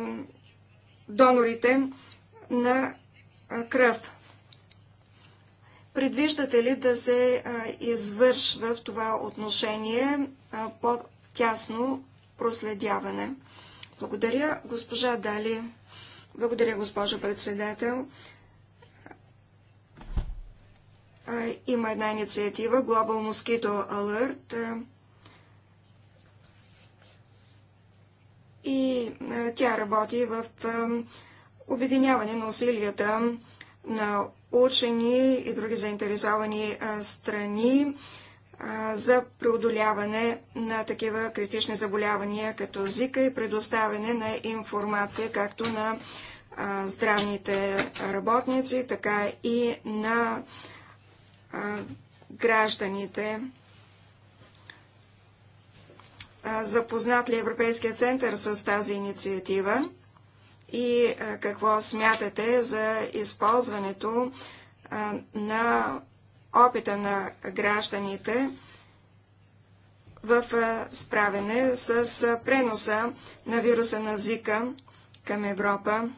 донорите на а, кръв. Предвиждате ли да се извършва в това отношение по тясно проследяване. Благодаря, госпожа Дали. Благодаря, госпожа председател. Има една инициатива Global Mosquito Alert и тя работи в обединяване на усилията на учени и други заинтересовани страни за преодоляване на такива критични заболявания като Зика и предоставяне на информация както на здравните работници, така и на гражданите. Запознат ли Европейския център с тази инициатива и какво смятате за използването на опита на гражданите в справене с преноса на вируса на Зика към Европа.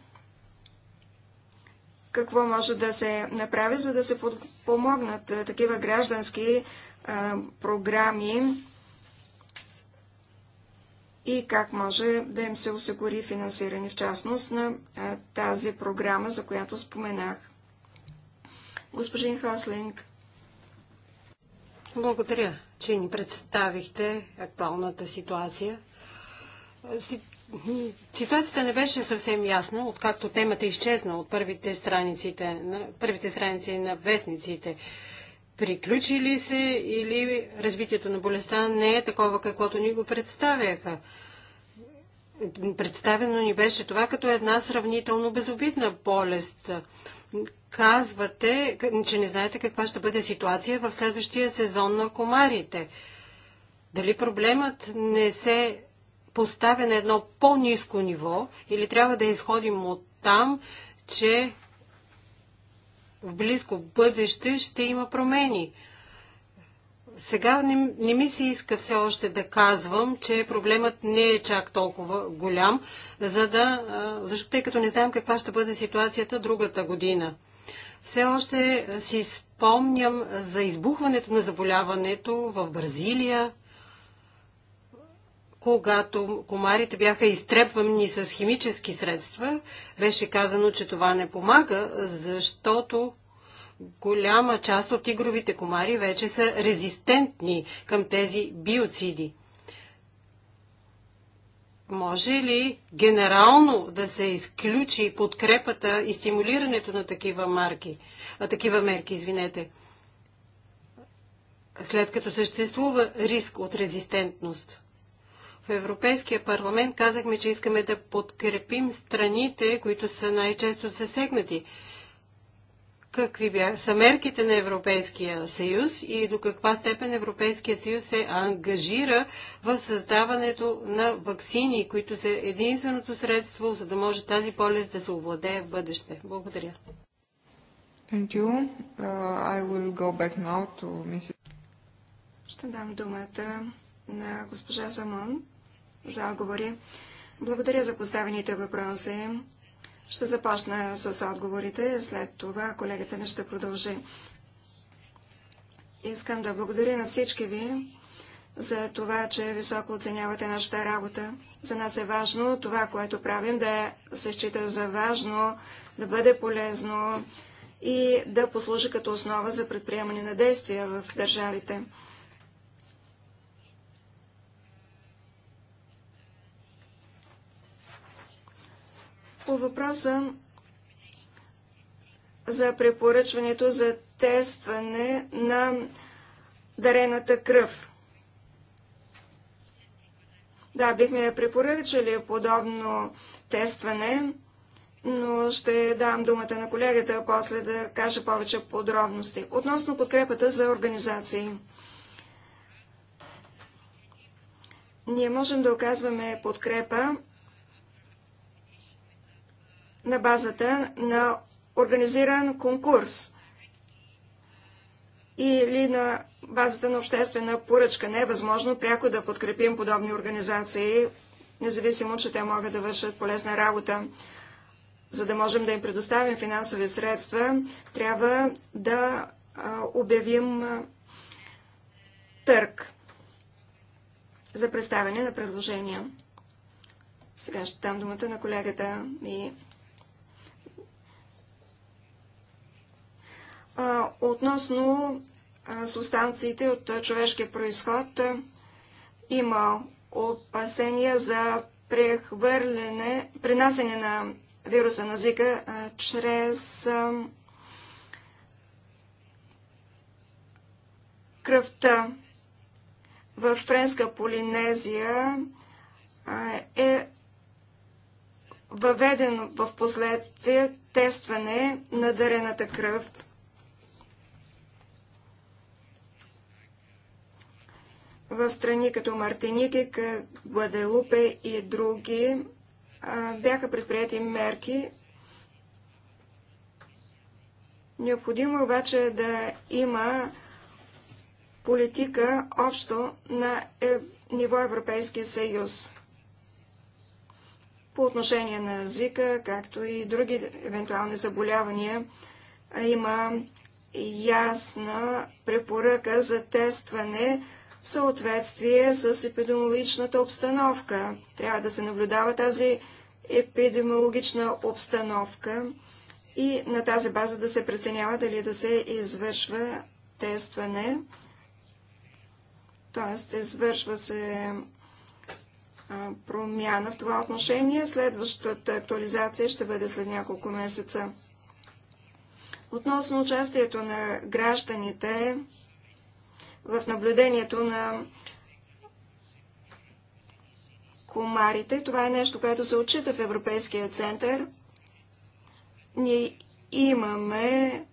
Какво може да се направи, за да се помогнат такива граждански програми и как може да им се осигури финансиране, в частност на тази програма, за която споменах. Господин Хослинг, благодаря, че ни представихте актуалната ситуация. Ситуацията не беше съвсем ясна, откакто темата изчезна от първите, страниците, на, първите страници на вестниците. Приключи ли се или развитието на болестта не е такова, каквото ни го представяха? Представено ни беше това като една сравнително безобидна болест казвате, че не знаете каква ще бъде ситуация в следващия сезон на комарите. Дали проблемът не се поставя на едно по-низко ниво или трябва да изходим от там, че в близко бъдеще ще има промени. Сега не, не ми се иска все още да казвам, че проблемът не е чак толкова голям, за да, защото тъй като не знаем каква ще бъде ситуацията другата година. Все още е, си спомням за избухването на заболяването в Бразилия, когато комарите бяха изтрепвани с химически средства, беше казано, че това не помага, защото голяма част от игровите комари вече са резистентни към тези биоциди. Може ли генерално да се изключи подкрепата и стимулирането на такива, марки, а, такива мерки, извинете, след като съществува риск от резистентност? В Европейския парламент казахме, че искаме да подкрепим страните, които са най-често засегнати какви бя са мерките на Европейския съюз и до каква степен Европейският съюз се ангажира в създаването на вакцини, които са единственото средство, за да може тази болест да се овладее в бъдеще. Благодаря. Thank you. Uh, I will go back now to Mrs. Ще дам думата на госпожа Замон за отговори. Благодаря за поставените въпроси. Ще започна с отговорите, след това колегата ми ще продължи. Искам да благодаря на всички ви за това, че високо оценявате нашата работа. За нас е важно това, което правим, да се счита за важно, да бъде полезно и да послужи като основа за предприемане на действия в държавите. По въпроса за препоръчването за тестване на дарената кръв. Да, бихме я препоръчали подобно тестване, но ще дам думата на колегата после да каже повече подробности. Относно подкрепата за организации. Ние можем да оказваме подкрепа на базата на организиран конкурс или на базата на обществена поръчка. Не е възможно пряко да подкрепим подобни организации, независимо, че те могат да вършат полезна работа. За да можем да им предоставим финансови средства, трябва да обявим търк търг за представяне на предложения. Сега ще дам думата на колегата ми Относно субстанциите от човешкия происход, има опасения за прехвърляне, пренасене на вируса на Зика чрез кръвта. В Френска Полинезия е въведен в последствие тестване на дарената кръв в страни като Мартиники, Гваделупе и други бяха предприяти мерки. Необходимо е обаче да има политика общо на е, ниво Европейския съюз по отношение на езика, както и други евентуални заболявания. Има ясна препоръка за тестване в съответствие с епидемиологичната обстановка. Трябва да се наблюдава тази епидемиологична обстановка и на тази база да се преценява дали да се извършва тестване, Тоест, извършва се промяна в това отношение. Следващата актуализация ще бъде след няколко месеца. Относно участието на гражданите в наблюдението на комарите. Това е нещо, което се отчита в Европейския център. Ние имаме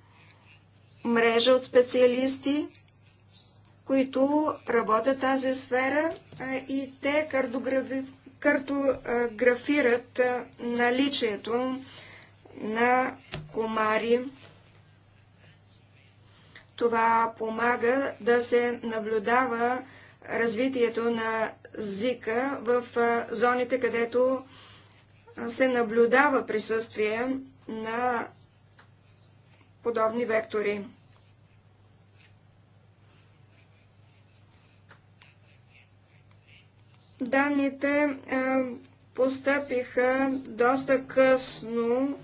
мрежа от специалисти, които работят тази сфера и те картографират наличието на комари това помага да се наблюдава развитието на зика в зоните, където се наблюдава присъствие на подобни вектори. Данните постъпиха доста късно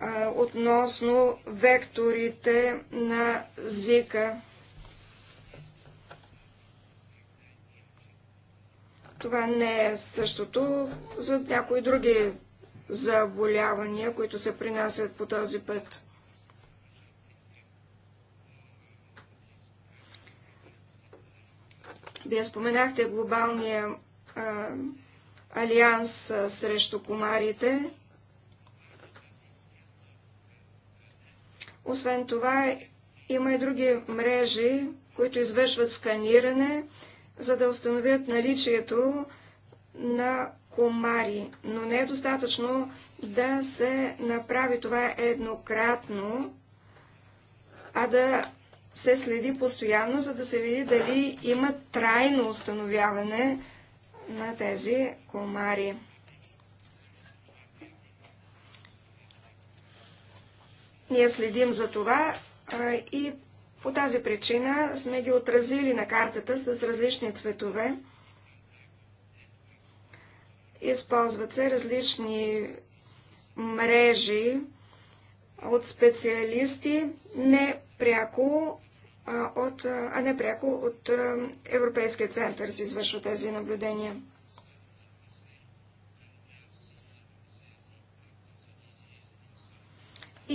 а, относно векторите на Зика. Това не е същото за някои други заболявания, които се принасят по този път. Вие споменахте глобалния а, алианс срещу комарите. Освен това, има и други мрежи, които извършват сканиране, за да установят наличието на комари, но не е достатъчно да се направи това еднократно, а да се следи постоянно, за да се види дали има трайно установяване на тези комари. Ние следим за това и по тази причина сме ги отразили на картата с различни цветове. Използват се различни мрежи от специалисти, не пряко от, а не пряко от Европейския център се извършва тези наблюдения.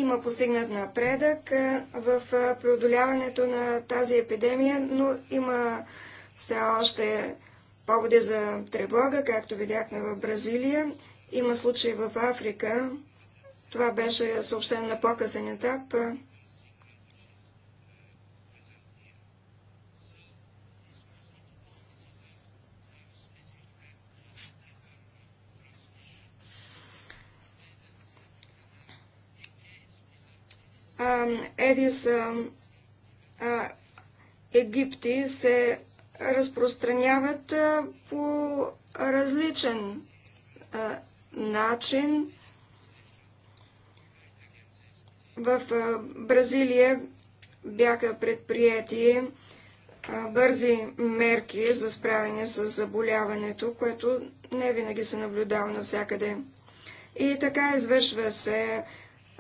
Има постигнат напредък е, в е, преодоляването на тази епидемия, но има все още поводи за тревога, както видяхме в Бразилия. Има случаи в Африка. Това беше съобщено на по-късен етап. Едис Египти се разпространяват по различен начин. В Бразилия бяха предприяти бързи мерки за справяне с заболяването, което не винаги се наблюдава навсякъде. И така извършва се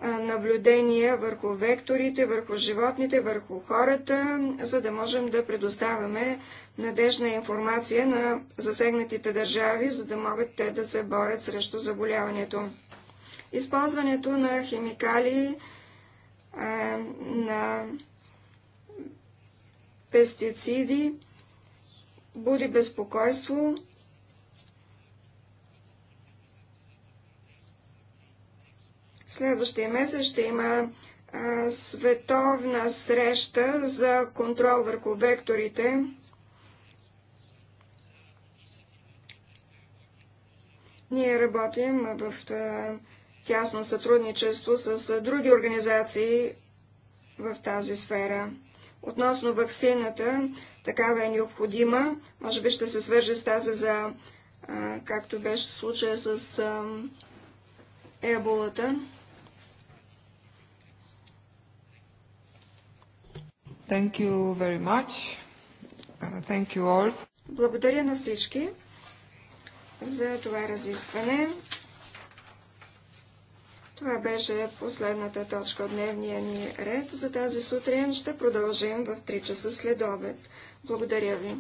наблюдение върху векторите, върху животните, върху хората, за да можем да предоставяме надежна информация на засегнатите държави, за да могат те да се борят срещу заболяването. Използването на химикали, на пестициди буди безпокойство Следващия месец ще има а, световна среща за контрол върху векторите. Ние работим в а, тясно сътрудничество с а, други организации в тази сфера. Относно вакцината, такава е необходима. Може би ще се свърже с тази за, а, както беше случая с а, еболата. Thank you very much. Uh, thank you all. Благодаря на всички за това разискване. Това беше последната точка от дневния ни ред. За тази сутрин ще продължим в 3 часа след обед. Благодаря ви.